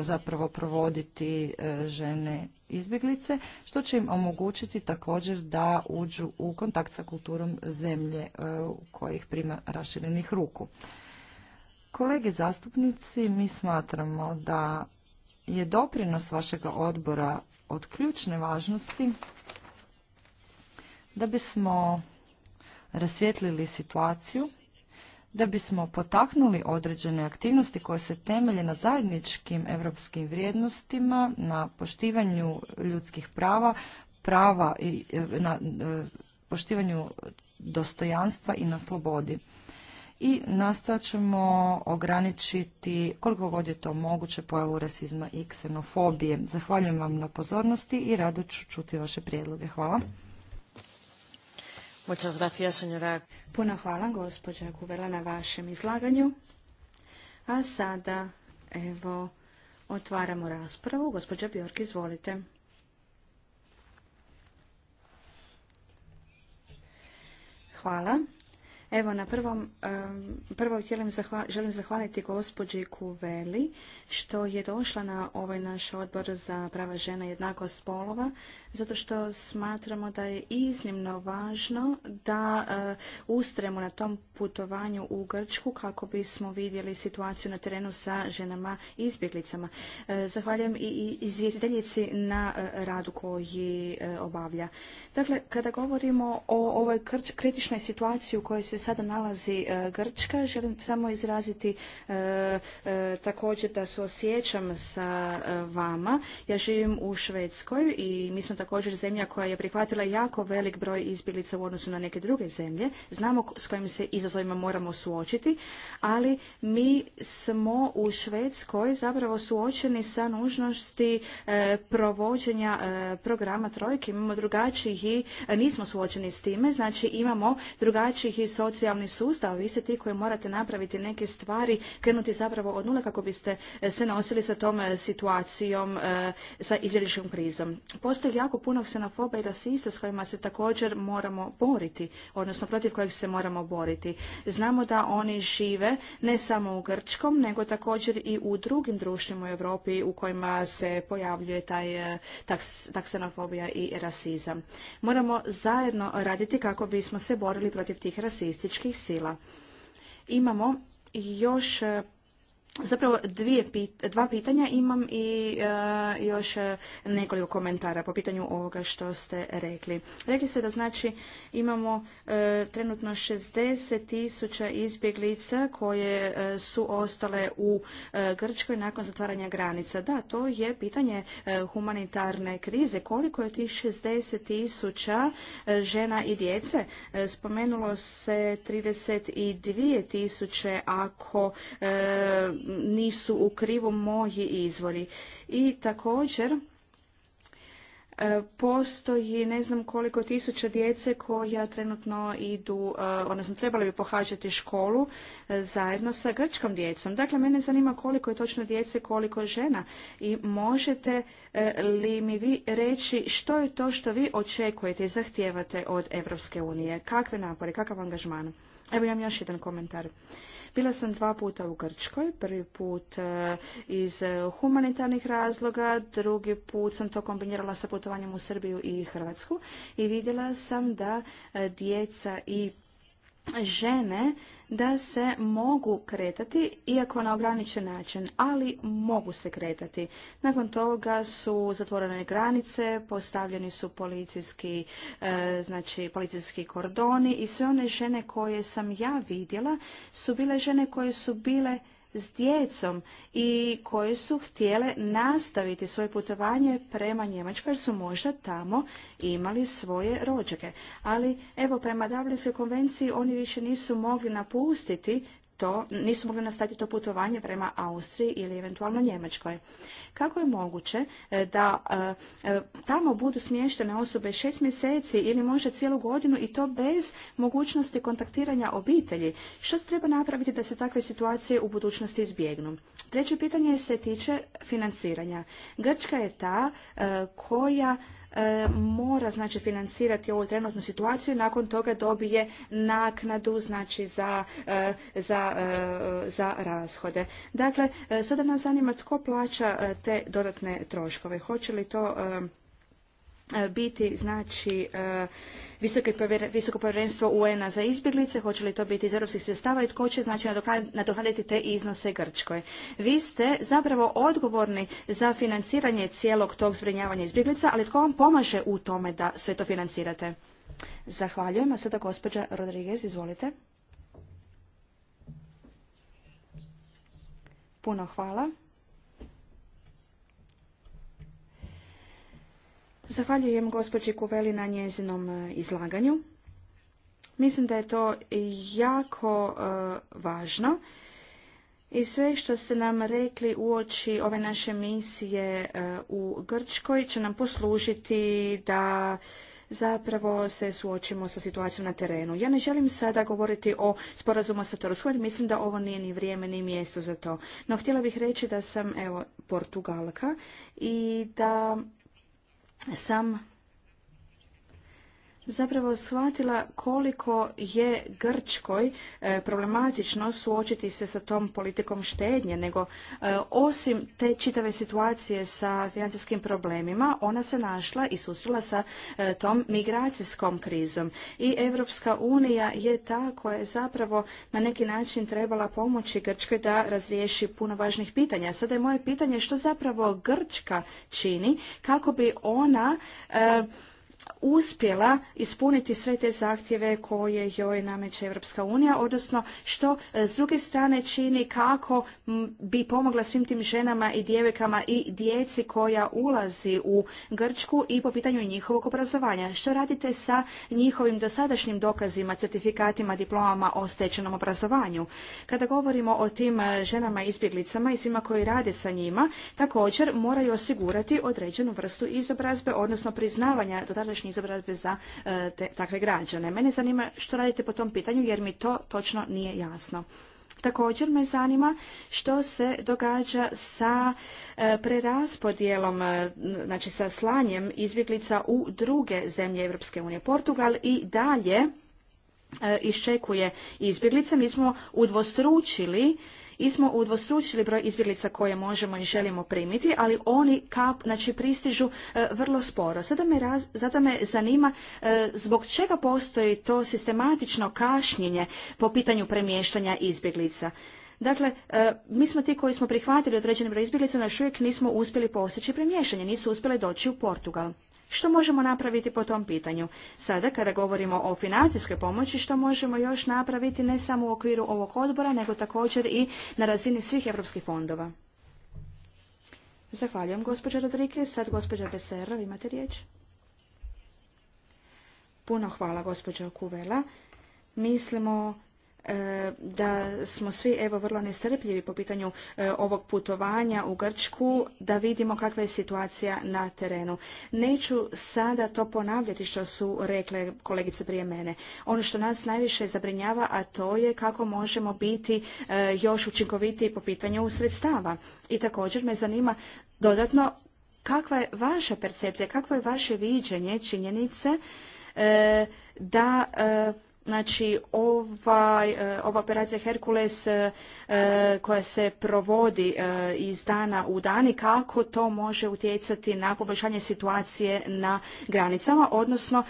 zapravo provoditi žene izbjeglice, što će im omogućiti također da uđu u kontakt sa kulturom zemlje e, u kojih prima raširenih ruku. Kolege zastupnici, mi smatramo da je doprinos vašega odbora od ključne važnosti da bismo rasvjetlili situaciju da bismo potaknuli određene aktivnosti koje se temelje na zajedničkim europskim vrijednostima, na poštivanju ljudskih prava, prava i e, na e, poštivanju dostojanstva i na slobodi. I nastojat ćemo ograničiti koliko god je to moguće pojavu rasizma i ksenofobije. Zahvaljujem vam na pozornosti i rado ću čuti vaše prijedloge. Hvala. Puno hvala gospođa Guvela na vašem izlaganju. A sada, evo, otvaramo raspravu. Gospođa Bjork, izvolite. Hvala. Evo, na prvom, prvo želim zahvaliti gospođi Kuveli što je došla na ovaj naš odbor za prava žena i jednakost spolova, zato što smatramo da je iznimno važno da ustremo na tom putovanju u Grčku kako bismo vidjeli situaciju na terenu sa ženama e, i izbjeglicama. Zahvaljujem i izvjestiteljici na e, radu koji e, obavlja. Dakle, kada govorimo o ovoj kritičnoj situaciji u kojoj se sada nalazi e, Grčka. Želim samo izraziti e, e, također da se osjećam sa vama. Ja živim u Švedskoj i mi smo također zemlja koja je prihvatila jako velik broj izbjeglica u odnosu na neke druge zemlje. Znamo s kojim se izazovima moramo suočiti, ali mi smo u Švedskoj zapravo suočeni sa nužnosti provođenja programa trojke. Imamo drugačijih i nismo suočeni s time, znači imamo drugačijih i socijalni sustav, vi ste ti koji morate napraviti neke stvari, krenuti zapravo od nule kako biste e, se nosili sa tom e, situacijom, e, sa izvješćom krizom. Postoji jako puno ksenofoba i rasista s kojima se također moramo boriti, odnosno protiv kojih se moramo boriti. Znamo da oni žive ne samo u Grčkom, nego također i u drugim društvima u Europi u kojima se pojavljuje taj taksenofobija i rasizam. Moramo zajedno raditi kako bismo se borili protiv tih rasista terorističkih sila. Imamo još Zapravo dvije, dva pitanja imam i e, još nekoliko komentara po pitanju ovoga što ste rekli. Rekli ste da znači imamo e, trenutno 60 tisuća izbjeglica koje e, su ostale u Grčkoj nakon zatvaranja granica. Da, to je pitanje humanitarne krize. Koliko je tih 60 tisuća žena i djece? Spomenulo se 32 tisuće ako nisu u krivu moji izvori. I također e, postoji ne znam koliko tisuća djece koja trenutno idu, e, odnosno trebali bi pohađati školu e, zajedno sa grčkom djecom. Dakle, mene zanima koliko je točno djece, koliko žena i možete li mi vi reći što je to što vi očekujete i zahtijevate od Europske unije? Kakve napore, kakav angažman? Evo imam još jedan komentar. Bila sam dva puta u Grčkoj, prvi put e, iz humanitarnih razloga, drugi put sam to kombinirala sa putovanjem u Srbiju i Hrvatsku i vidjela sam da e, djeca i žene da se mogu kretati, iako na ograničen način, ali mogu se kretati. Nakon toga su zatvorene granice, postavljeni su policijski, e, znači, policijski kordoni i sve one žene koje sam ja vidjela su bile žene koje su bile s djecom i koje su htjele nastaviti svoje putovanje prema Njemačkoj jer su možda tamo imali svoje rođake. Ali evo prema Dublinskoj konvenciji oni više nisu mogli napustiti to, nisu mogli nastaviti to putovanje prema Austriji ili eventualno Njemačkoj. Kako je moguće e, da e, e, tamo budu smještene osobe šest mjeseci ili možda cijelu godinu i to bez mogućnosti kontaktiranja obitelji? Što se treba napraviti da se takve situacije u budućnosti izbjegnu? Treće pitanje se tiče financiranja. Grčka je ta koja E, mora znači financirati ovu trenutnu situaciju i nakon toga dobije naknadu znači za, e, za, e, za rashode. Dakle, sada nas zanima tko plaća te dodatne troškove. Hoće li to biti znači visoko povjerenstvo UN-a za izbjeglice, hoće li to biti iz europskih sredstava i tko će znači nadoknaditi te iznose Grčkoj. Vi ste zapravo odgovorni za financiranje cijelog tog zbrinjavanja izbjeglica, ali tko vam pomaže u tome da sve to financirate? Zahvaljujem, a sada gospođa Rodriguez, izvolite. Puno hvala. Zahvaljujem gospođi Kuveli na njezinom e, izlaganju. Mislim da je to jako e, važno i sve što ste nam rekli oči ove naše misije e, u Grčkoj će nam poslužiti da zapravo se suočimo sa situacijom na terenu. Ja ne želim sada govoriti o sporazumu sa Turskom, mislim da ovo nije ni vrijeme ni mjesto za to. No htjela bih reći da sam evo Portugalka i da sam zapravo shvatila koliko je Grčkoj e, problematično suočiti se sa tom politikom štednje, nego e, osim te čitave situacije sa financijskim problemima, ona se našla i susrela sa e, tom migracijskom krizom. I Evropska unija je ta koja je zapravo na neki način trebala pomoći Grčkoj da razriješi puno važnih pitanja. Sada je moje pitanje što zapravo Grčka čini kako bi ona uspjela ispuniti sve te zahtjeve koje joj nameće Europska unija, odnosno što e, s druge strane čini kako bi pomogla svim tim ženama i djevekama i djeci koja ulazi u Grčku i po pitanju njihovog obrazovanja. Što radite sa njihovim dosadašnjim dokazima, certifikatima, diplomama o stečenom obrazovanju? Kada govorimo o tim e, ženama izbjeglicama i svima koji rade sa njima, također moraju osigurati određenu vrstu izobrazbe, odnosno priznavanja do izobrazbe za e, te, takve građane. Mene zanima što radite po tom pitanju jer mi to točno nije jasno. Također me zanima što se događa sa e, preraspodjelom, e, znači sa slanjem izbjeglica u druge zemlje EU, Portugal i dalje iščekuje izbjeglice. Mi smo udvostručili i smo udvostručili broj izbjeglica koje možemo i želimo primiti, ali oni kap, znači pristižu e, vrlo sporo. Sada me, zanima e, zbog čega postoji to sistematično kašnjenje po pitanju premještanja izbjeglica. Dakle, e, mi smo ti koji smo prihvatili određeni broj izbjeglica, još uvijek nismo uspjeli postići premješanje, nisu uspjeli doći u Portugal. Što možemo napraviti po tom pitanju? Sada kada govorimo o financijskoj pomoći, što možemo još napraviti ne samo u okviru ovog odbora, nego također i na razini svih europskih fondova? Zahvaljujem, gospođa Rodrike. Sad, gospođa Becerra, imate riječ? Puno hvala, gospođa Kuvela. Mislimo E, da smo svi evo vrlo nestrpljivi po pitanju e, ovog putovanja u Grčku da vidimo kakva je situacija na terenu. Neću sada to ponavljati što su rekle kolegice prije mene. Ono što nas najviše zabrinjava, a to je kako možemo biti e, još učinkovitiji po pitanju sredstava. I također me zanima dodatno kakva je vaša percepcija, kakvo je vaše viđenje činjenice da Znači, ovaj, e, ova operacija Herkules e, e, koja se provodi iz dana u dan i kako to može utjecati na poboljšanje situacije na granicama, odnosno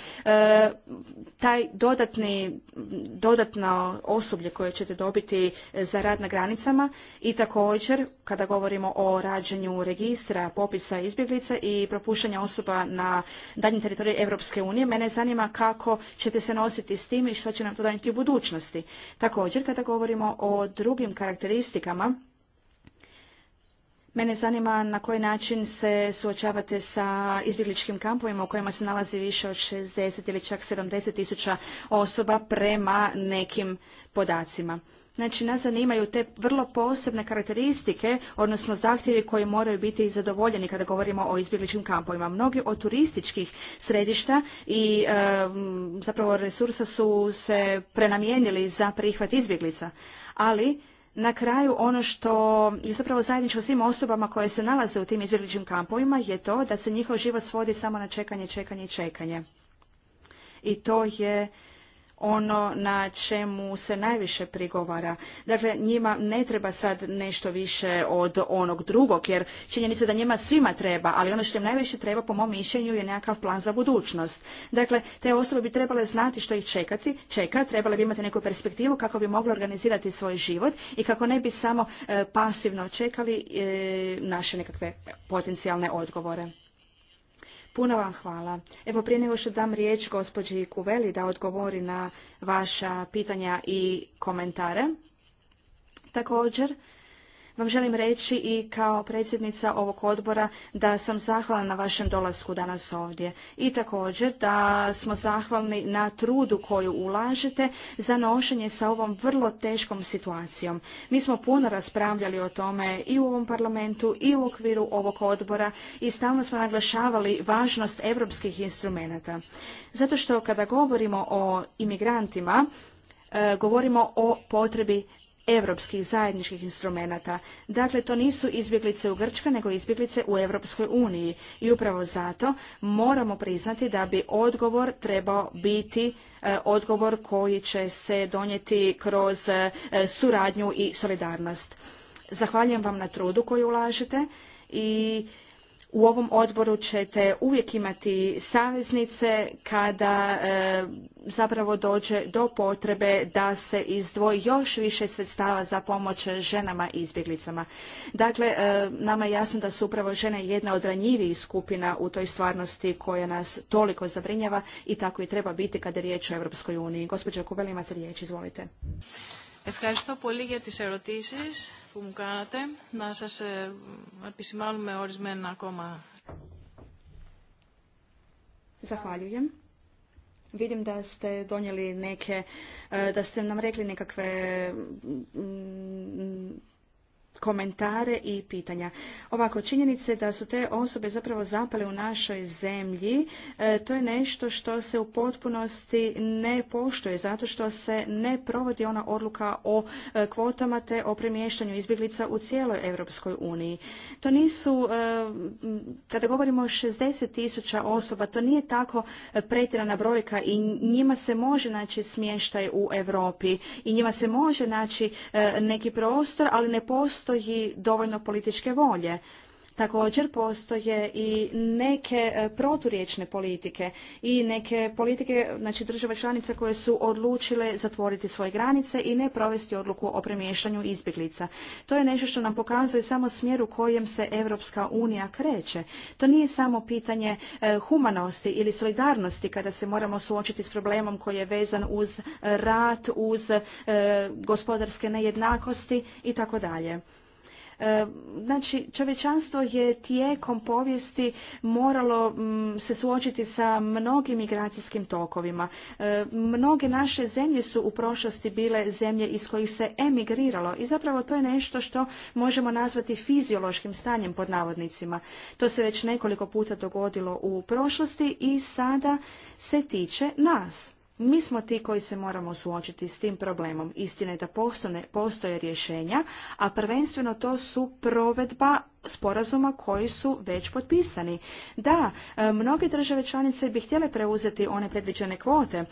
taj dodatni, dodatno osoblje koje ćete dobiti za rad na granicama i također kada govorimo o rađenju registra popisa izbjeglica i propuštanja osoba na danjem teritoriju Europske unije, mene zanima kako ćete se nositi s tim i što što će nam to u budućnosti. Također, kada govorimo o drugim karakteristikama, Mene zanima na koji način se suočavate sa izbjegličkim kampovima u kojima se nalazi više od 60 ili čak 70 tisuća osoba prema nekim podacima. Znači, nas zanimaju te vrlo posebne karakteristike, odnosno zahtjevi koji moraju biti zadovoljeni kada govorimo o izbjegličkim kampovima. Mnogi od turističkih središta i zapravo resursa su se prenamijenili za prihvat izbjeglica, ali na kraju ono što je zapravo zajedničko svim osobama koje se nalaze u tim izbjegličkim kampovima je to da se njihov život svodi samo na čekanje, čekanje i čekanje. I to je ono na čemu se najviše prigovara. Dakle, njima ne treba sad nešto više od onog drugog, jer činjenica da njima svima treba, ali ono što im najviše treba, po mom mišljenju, je nekakav plan za budućnost. Dakle, te osobe bi trebale znati što ih čekati, čeka, trebale bi imati neku perspektivu kako bi mogli organizirati svoj život i kako ne bi samo e, pasivno čekali e, naše nekakve potencijalne odgovore. Puno vam hvala. Evo prije nego što dam riječ gospođi Kuveli da odgovori na vaša pitanja i komentare. Također vam želim reći i kao predsjednica ovog odbora da sam zahvalna na vašem dolasku danas ovdje i također da smo zahvalni na trudu koju ulažete za nošenje sa ovom vrlo teškom situacijom. Mi smo puno raspravljali o tome i u ovom parlamentu i u okviru ovog odbora i stalno smo naglašavali važnost europskih instrumenata. Zato što kada govorimo o imigrantima, e, govorimo o potrebi europskih zajedničkih instrumenata. Dakle, to nisu izbjeglice u Grčkoj, nego izbjeglice u Europskoj uniji. I upravo zato moramo priznati da bi odgovor trebao biti e, odgovor koji će se donijeti kroz e, suradnju i solidarnost. Zahvaljujem vam na trudu koji ulažete i u ovom odboru ćete uvijek imati saveznice kada e, zapravo dođe do potrebe da se izdvoji još više sredstava za pomoć ženama i izbjeglicama. Dakle, e, nama je jasno da su upravo žene jedna od ranjivijih skupina u toj stvarnosti koja nas toliko zabrinjava i tako i treba biti kada je riječ o Europskoj uniji. Gospođo Kubel, imate riječ, izvolite. Ευχαριστώ πολύ για τις ερωτήσεις που μου κάνατε. Να σας επισημάνουμε ορισμένα ακόμα. Zahvaljujem. Vidim da ste donijeli neke, da ste nam rekli nekakve komentare i pitanja. Ovako, činjenice da su te osobe zapravo zapale u našoj zemlji, e, to je nešto što se u potpunosti ne poštuje, zato što se ne provodi ona odluka o e, kvotama te o premještanju izbjeglica u cijeloj Europskoj uniji. To nisu, e, kada govorimo o 60 tisuća osoba, to nije tako pretjerana brojka i njima se može naći smještaj u Europi i njima se može naći neki prostor, ali ne postoji postoji dovoljno političke volje. Također postoje i neke e, proturječne politike i neke politike znači država članica koje su odlučile zatvoriti svoje granice i ne provesti odluku o premještanju izbjeglica. To je nešto što nam pokazuje samo smjer u kojem se Europska unija kreće. To nije samo pitanje e, humanosti ili solidarnosti kada se moramo suočiti s problemom koji je vezan uz rat, uz e, gospodarske nejednakosti i tako dalje. E, znači, čovječanstvo je tijekom povijesti moralo mm, se suočiti sa mnogim migracijskim tokovima. E, mnoge naše zemlje su u prošlosti bile zemlje iz kojih se emigriralo i zapravo to je nešto što možemo nazvati fiziološkim stanjem pod navodnicima. To se već nekoliko puta dogodilo u prošlosti i sada se tiče nas. Mi smo ti koji se moramo suočiti s tim problemom. Istina je da postoje rješenja, a prvenstveno to su provedba sporazuma koji su već potpisani. Da, e, mnoge države članice bi htjele preuzeti one predviđene kvote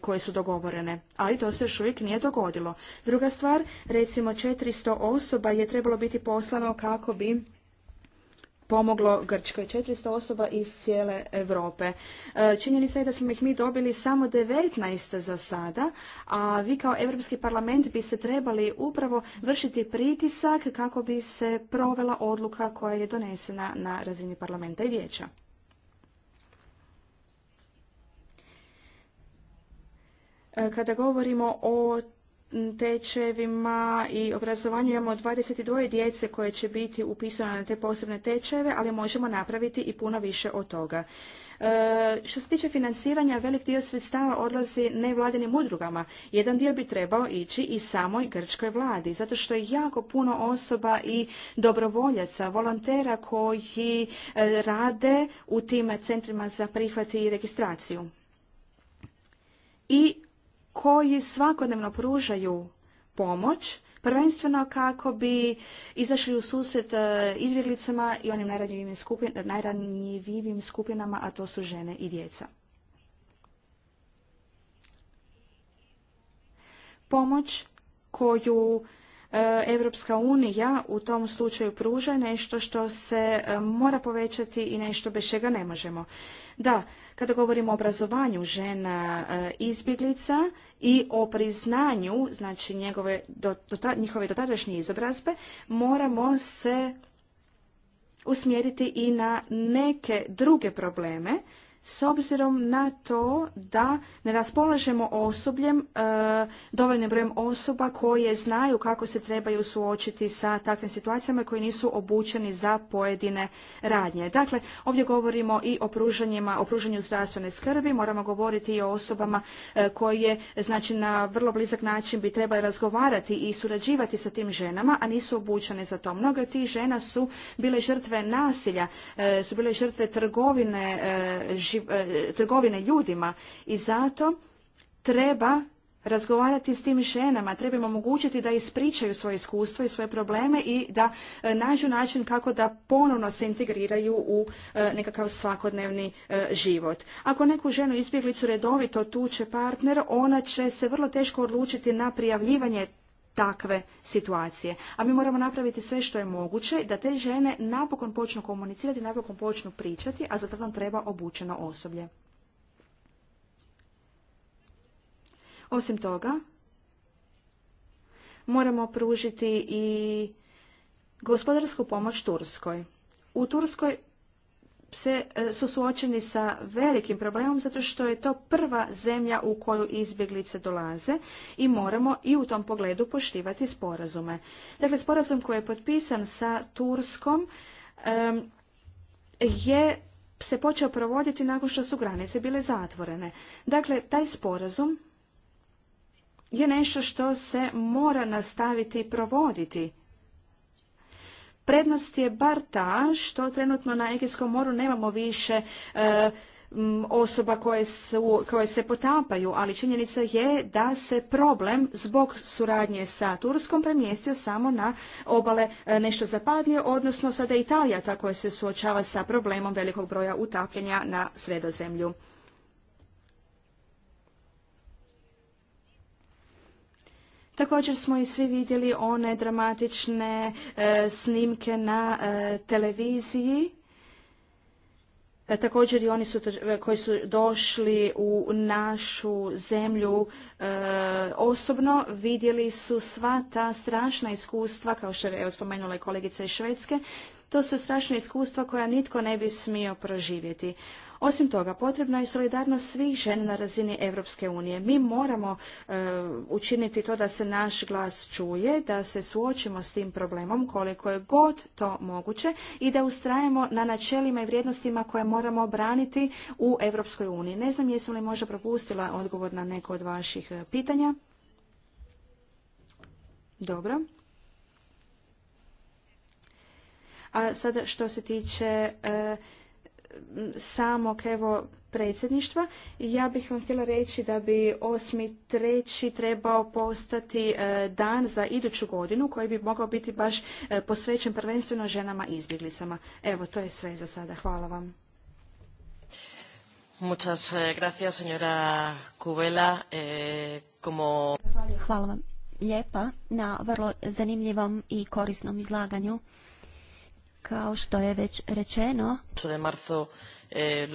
koje su dogovorene, ali to se još uvijek nije dogodilo. Druga stvar, recimo 400 osoba je trebalo biti poslano kako bi pomoglo Grčkoj. 400 osoba iz cijele Europe. E, činjenica je da smo ih mi dobili samo 19 za sada, a vi kao Europski parlament bi se trebali upravo vršiti pritisak kako bi se provela odluka koja je donesena na razini parlamenta i vijeća. E, kada govorimo o tečajevima i obrazovanju imamo 22 djece koje će biti upisane na te posebne tečajeve, ali možemo napraviti i puno više od toga. E, što se tiče financiranja, velik dio sredstava odlazi nevladinim udrugama. Jedan dio bi trebao ići i samoj grčkoj vladi, zato što je jako puno osoba i dobrovoljaca, volontera koji e, rade u tim centrima za prihvat i registraciju. I koji svakodnevno pružaju pomoć, prvenstveno kako bi izašli u susret e, izbjeglicama i onim najranjivijim, skupin, najranjivim skupinama, a to su žene i djeca. Pomoć koju e, Evropska unija u tom slučaju pruža nešto što se e, mora povećati i nešto bez čega ne možemo. Da, kada govorimo o obrazovanju žena e, izbjeglica i o priznanju, znači njegove, do, do, njihove dotadašnje izobrazbe, moramo se usmjeriti i na neke druge probleme s obzirom na to da ne raspolažemo osobljem, e, dovoljnim brojem osoba koje znaju kako se trebaju suočiti sa takvim situacijama koji nisu obučeni za pojedine radnje. Dakle, ovdje govorimo i o pružanjima, o pružanju zdravstvene skrbi, moramo govoriti i o osobama e, koje znači na vrlo blizak način bi trebali razgovarati i surađivati sa tim ženama, a nisu obučene za to. Mnoge od tih žena su bile žrtve nasilja, e, su bile žrtve trgovine Znači, e, trgovine ljudima i zato treba razgovarati s tim ženama, treba im omogućiti da ispričaju svoje iskustvo i svoje probleme i da e, nađu način kako da ponovno se integriraju u e, nekakav svakodnevni život. Ako neku ženu izbjeglicu redovito tuče partner, ona će se vrlo teško odlučiti na prijavljivanje takve situacije. A mi moramo napraviti sve što je moguće da te žene napokon počnu komunicirati, napokon počnu pričati, a za to nam treba obučeno osoblje. Osim toga, moramo pružiti i gospodarsku pomoć Turskoj. U Turskoj se, e, su suočeni sa velikim problemom zato što je to prva zemlja u koju izbjeglice dolaze i moramo i u tom pogledu poštivati sporazume. Dakle, sporazum koji je potpisan sa Turskom je se počeo provoditi nakon što su granice bile zatvorene. Dakle, taj sporazum je nešto što se mora nastaviti provoditi Prednost je bar ta što trenutno na Egejskom moru nemamo više e, osoba koje, koje se potapaju, ali činjenica je da se problem zbog suradnje sa Turskom premjestio samo na obale e, nešto zapadnije, odnosno sada Italija tako se suočava sa problemom velikog broja utapljenja na sredozemlju. Također smo i svi vidjeli one dramatične e, snimke na e, televiziji. E, također i oni su, koji su došli u našu zemlju osobno vidjeli su sva ta strašna iskustva, kao što je spomenula i kolegica iz Švedske, to su strašna iskustva koja nitko ne bi smio proživjeti. Osim toga, potrebna je solidarnost svih žena na razini Europske unije. Mi moramo e, učiniti to da se naš glas čuje, da se suočimo s tim problemom koliko je god to moguće i da ustrajemo na načelima i vrijednostima koje moramo obraniti u Europskoj uniji. Ne znam jesam li možda propustila odgovor na neko od vaših e, pitanja. Dobro. A sada što se tiče e, samog evo predsjedništva. Ja bih vam htjela reći da bi 8.3. trebao postati e, dan za iduću godinu koji bi mogao biti baš e, posvećen prvenstveno ženama i izbjeglicama. Evo, to je sve za sada. Hvala vam. Muchas e, gracias, señora Cubela. Hvala vam lijepa na vrlo zanimljivom i korisnom izlaganju. Kao što je već rečeno, eh,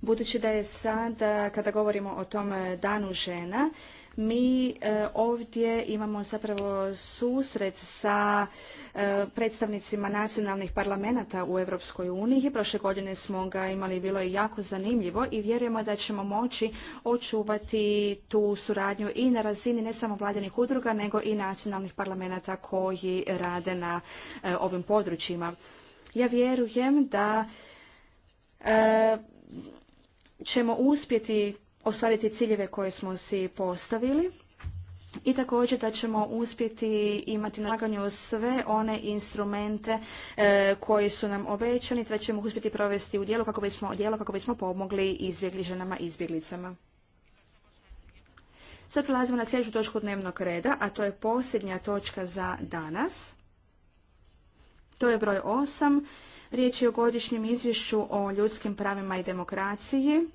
budući da je sada, kada govorimo o tom danu žena, mi e, ovdje imamo zapravo susret sa e, predstavnicima nacionalnih parlamenta u Europskoj uniji. Prošle godine smo ga imali, bilo je jako zanimljivo i vjerujemo da ćemo moći očuvati tu suradnju i na razini ne samo vladinih udruga, nego i nacionalnih parlamenta koji rade na e, ovim područjima. Ja vjerujem da ćemo uspjeti ostvariti ciljeve koje smo si postavili i također da ćemo uspjeti imati na laganju sve one instrumente e, koji su nam obećani, da ćemo uspjeti provesti u dijelu kako bismo, kako bismo pomogli izbjegli ženama i izbjeglicama. Sad prelazimo na sljedeću točku dnevnog reda, a to je posljednja točka za danas. To je broj osam. Riječ je o godišnjem izvješću o ljudskim pravima i demokraciji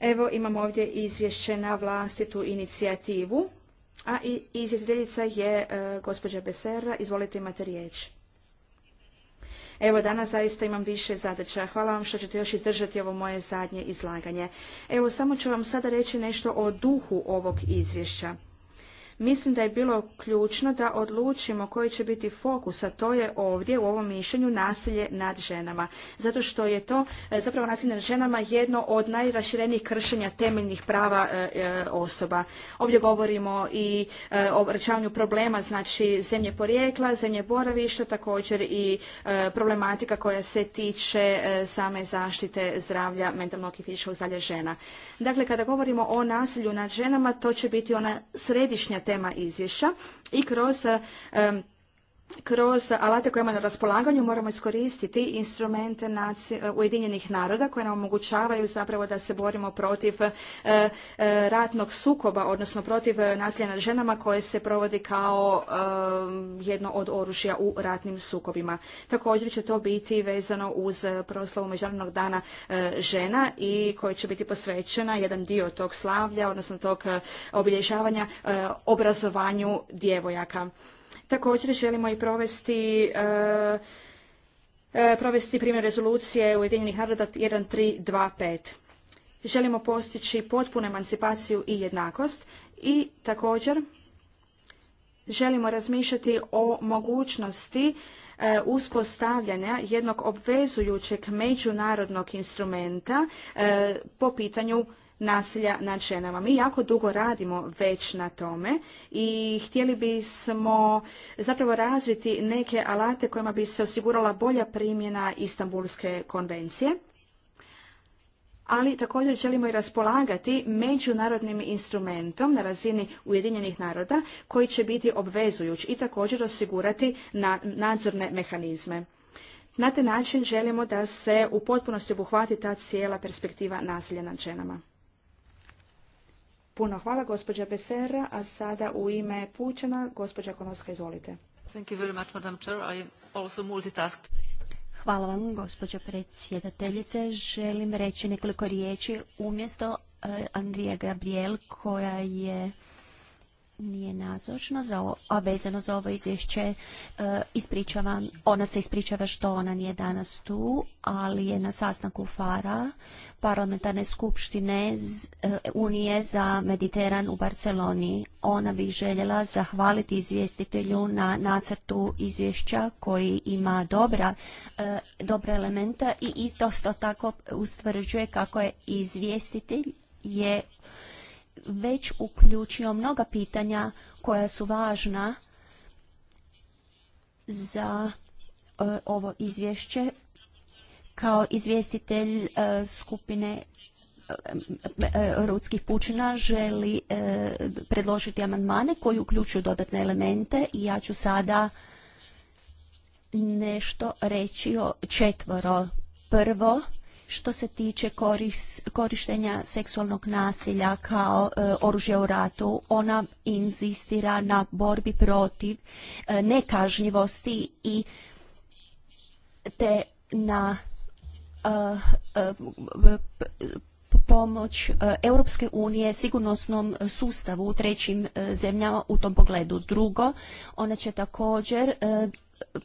Evo imam ovdje izvješće na vlastitu inicijativu, a izvjestiteljica je e, gospođa Besera. Izvolite imate riječ. Evo danas zaista imam više zadaća. Hvala vam što ćete još izdržati ovo moje zadnje izlaganje. Evo samo ću vam sada reći nešto o duhu ovog izvješća. Mislim da je bilo ključno da odlučimo koji će biti fokus, a to je ovdje u ovom mišljenju nasilje nad ženama. Zato što je to e, zapravo nasilje nad ženama jedno od najraširenijih kršenja temeljnih prava e, e, osoba. Ovdje govorimo i o rečavanju problema, znači zemlje porijekla, zemlje boravišta, također i problematika koja se tiče same zaštite zdravlja, mentalnog i fizičkog zdravlja žena. Dakle, kada govorimo o nasilju nad ženama, to će biti ona središnja tema izvješća i kroz kroz alate koje imamo na raspolaganju moramo iskoristiti instrumente e, Ujedinjenih naroda koje nam omogućavaju zapravo da se borimo protiv e, e, ratnog sukoba, odnosno protiv nasilja nad ženama koje se provodi kao jedno od oružja u ratnim sukobima. Također će to biti vezano uz proslavu Međunarodnog dana žena i koje će biti posvećena jedan dio tog slavlja, odnosno tog obilježavanja obrazovanju djevojaka. Također želimo i provesti e, e, provesti primjer rezolucije Ujedinjenih naroda 1325. Želimo postići potpunu emancipaciju i jednakost i također želimo razmišljati o mogućnosti e, uspostavljanja jednog obvezujućeg međunarodnog instrumenta po pitanju nasilja nad ženama. Mi jako dugo radimo već na tome i htjeli bismo zapravo razviti neke alate kojima bi se osigurala bolja primjena Istanbulske konvencije ali također želimo i raspolagati međunarodnim instrumentom na razini Ujedinjenih naroda koji će biti obvezujući i također osigurati nadzorne mehanizme. Na taj način želimo da se u potpunosti obuhvati ta cijela perspektiva nasilja nad ženama. Puno hvala, gospođa Becerra, a sada u ime Pučana, gospođa Konoska, izvolite. Thank you very much, Hvala vam, gospođo predsjedateljice. Želim reći nekoliko riječi umjesto eh, Andrije Gabriel, koja je nije nazočna, za, a vezano za ovo izvješće e, ispričavam, ona se ispričava što ona nije danas tu, ali je na sastanku FARA, parlamentarne skupštine e, Unije za Mediteran u Barceloni. Ona bi željela zahvaliti izvjestitelju na nacrtu izvješća koji ima dobra, e, dobra elementa i isto tako ustvrđuje kako je izvjestitelj je već uključio mnoga pitanja koja su važna za e, ovo izvješće kao izvjestitelj e, skupine e, rudskih pučina želi predložiti amandmane koji uključuju dodatne elemente i ja ću sada nešto reći o četvoro. Prvo, što se tiče korištenja seksualnog nasilja kao e, oružja u ratu. Ona inzistira na borbi protiv e, nekažnjivosti i te na e, e, pomoć Europske unije sigurnosnom sustavu u trećim zemljama u tom pogledu. Drugo, ona će također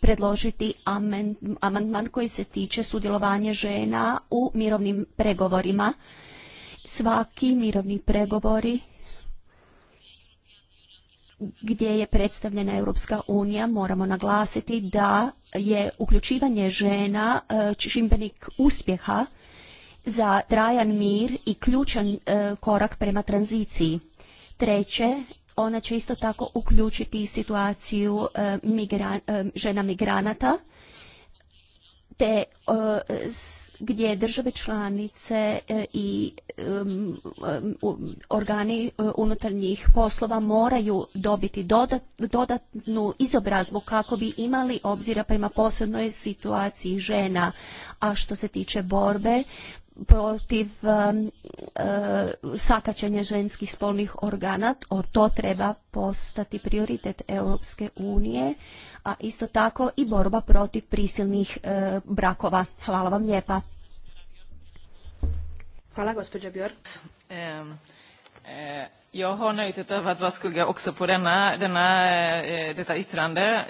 predložiti amandman koji se tiče sudjelovanja žena u mirovnim pregovorima. Svaki mirovni pregovori gdje je predstavljena Europska unija, moramo naglasiti da je uključivanje žena e, čimbenik uspjeha za trajan mir i ključan e, korak prema tranziciji. Treće, ona će isto tako uključiti situaciju e, e, žena migranata te e, gdje države članice i organi unutarnjih poslova moraju dobiti dodatnu izobrazbu kako bi imali obzira prema posebnoj situaciji žena. A što se tiče borbe protiv um, uh, sakaćenja ženskih spolnih organa. O to treba postati prioritet Europske unije, a isto tako i borba protiv prisilnih uh, brakova. Hvala vam lijepa. Hvala, gospođa Bjork. E, jag har nöjtet av att vara skugga också på denna, denna, e, detta yttrande.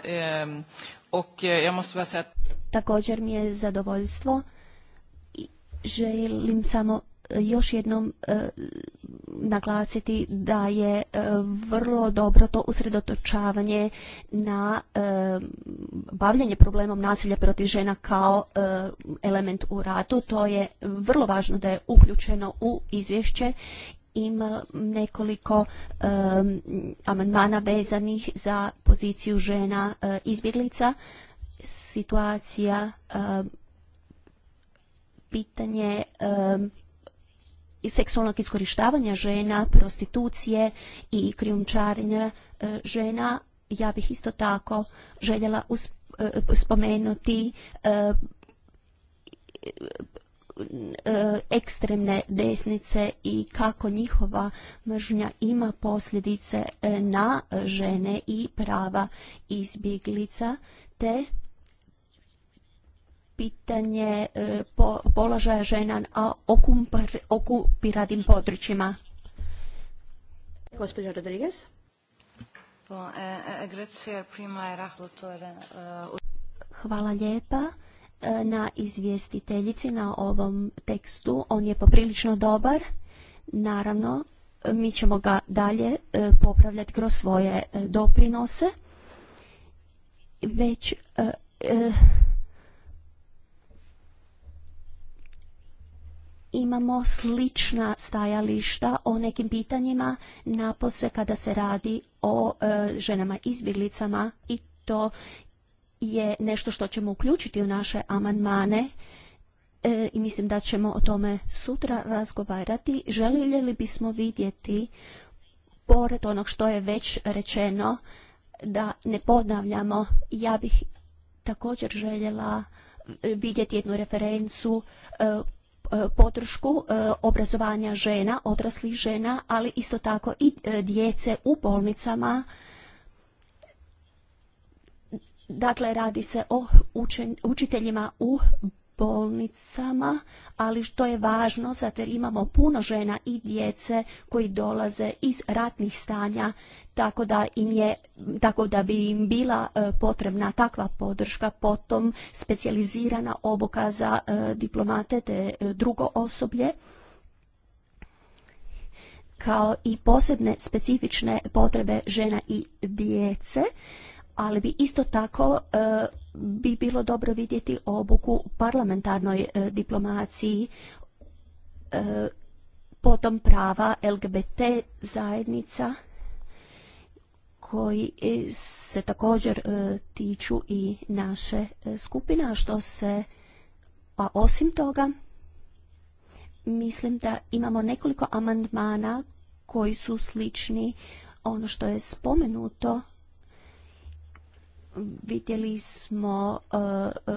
Och e, jag måste bara säga att... Također mi je zadovoljstvo želim samo e, još jednom e, naglasiti da je e, vrlo dobro to usredotočavanje na bavljenje bavljanje problemom nasilja protiv žena kao element u ratu. To je vrlo važno da je uključeno u izvješće ima nekoliko amandmana vezanih za poziciju žena izbjeglica. Situacija pitanje seksualnog iskorištavanja žena, prostitucije i krijumčarenja e, žena, ja bih isto tako željela e, spomenuti e, ekstremne desnice i kako njihova mržnja ima posljedice na žene i prava izbjeglica te pitanje e, po, položaja žena na okupiranim područjima. Gospođa Rodriguez. Hvala e, e, lijepa na izvjestiteljici na ovom tekstu. On je poprilično dobar. Naravno, mi ćemo ga dalje popravljati kroz svoje doprinose. Već imamo slična stajališta o nekim pitanjima napose kada se radi o e, ženama izbjeglicama i to je nešto što ćemo uključiti u naše amandmane e, i mislim da ćemo o tome sutra razgovarati. Željeli bismo vidjeti, pored onog što je već rečeno, da ne ponavljamo, ja bih također željela e, vidjeti jednu referencu E, podršku e, obrazovanja žena, odraslih žena, ali isto tako i e, djece u bolnicama. Dakle, radi se o učiteljima u bolnicama, ali što je važno zato jer imamo puno žena i djece koji dolaze iz ratnih stanja tako da im je tako da bi im bila e, potrebna takva podrška potom specijalizirana obuka za e, diplomate te e, drugo osoblje kao i posebne specifične potrebe žena i djece ali bi isto tako e, bi bilo dobro vidjeti obuku parlamentarnoj e, diplomaciji e, potom prava LGBT zajednica koji se također tiču i naše skupina što se a osim toga mislim da imamo nekoliko amandmana koji su slični ono što je spomenuto vidjeli smo e,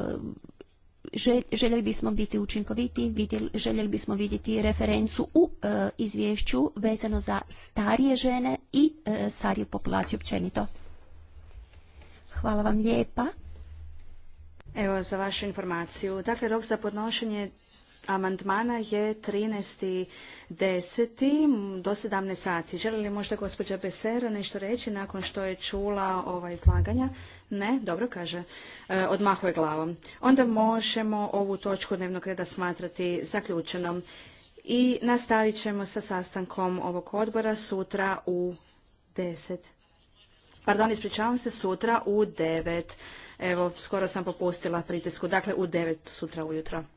e, željeli bismo biti učinkoviti, željeli bismo vidjeti referencu u e, izvješću vezano za starije žene i stariju populaciju općenito. Hvala vam lijepa. Evo za vašu informaciju. Dakle, rok za podnošenje amandmana je 13.10. do 17 sati. Želi li možda gospođa Besera nešto reći nakon što je čula ova izlaganja? Ne, dobro kaže. E, odmahuje glavom. Onda možemo ovu točku dnevnog reda smatrati zaključenom. I nastavit ćemo sa sastankom ovog odbora sutra u 10. Pardon, ispričavam se, sutra u 9. Evo, skoro sam popustila pritisku. Dakle, u 9 sutra ujutro.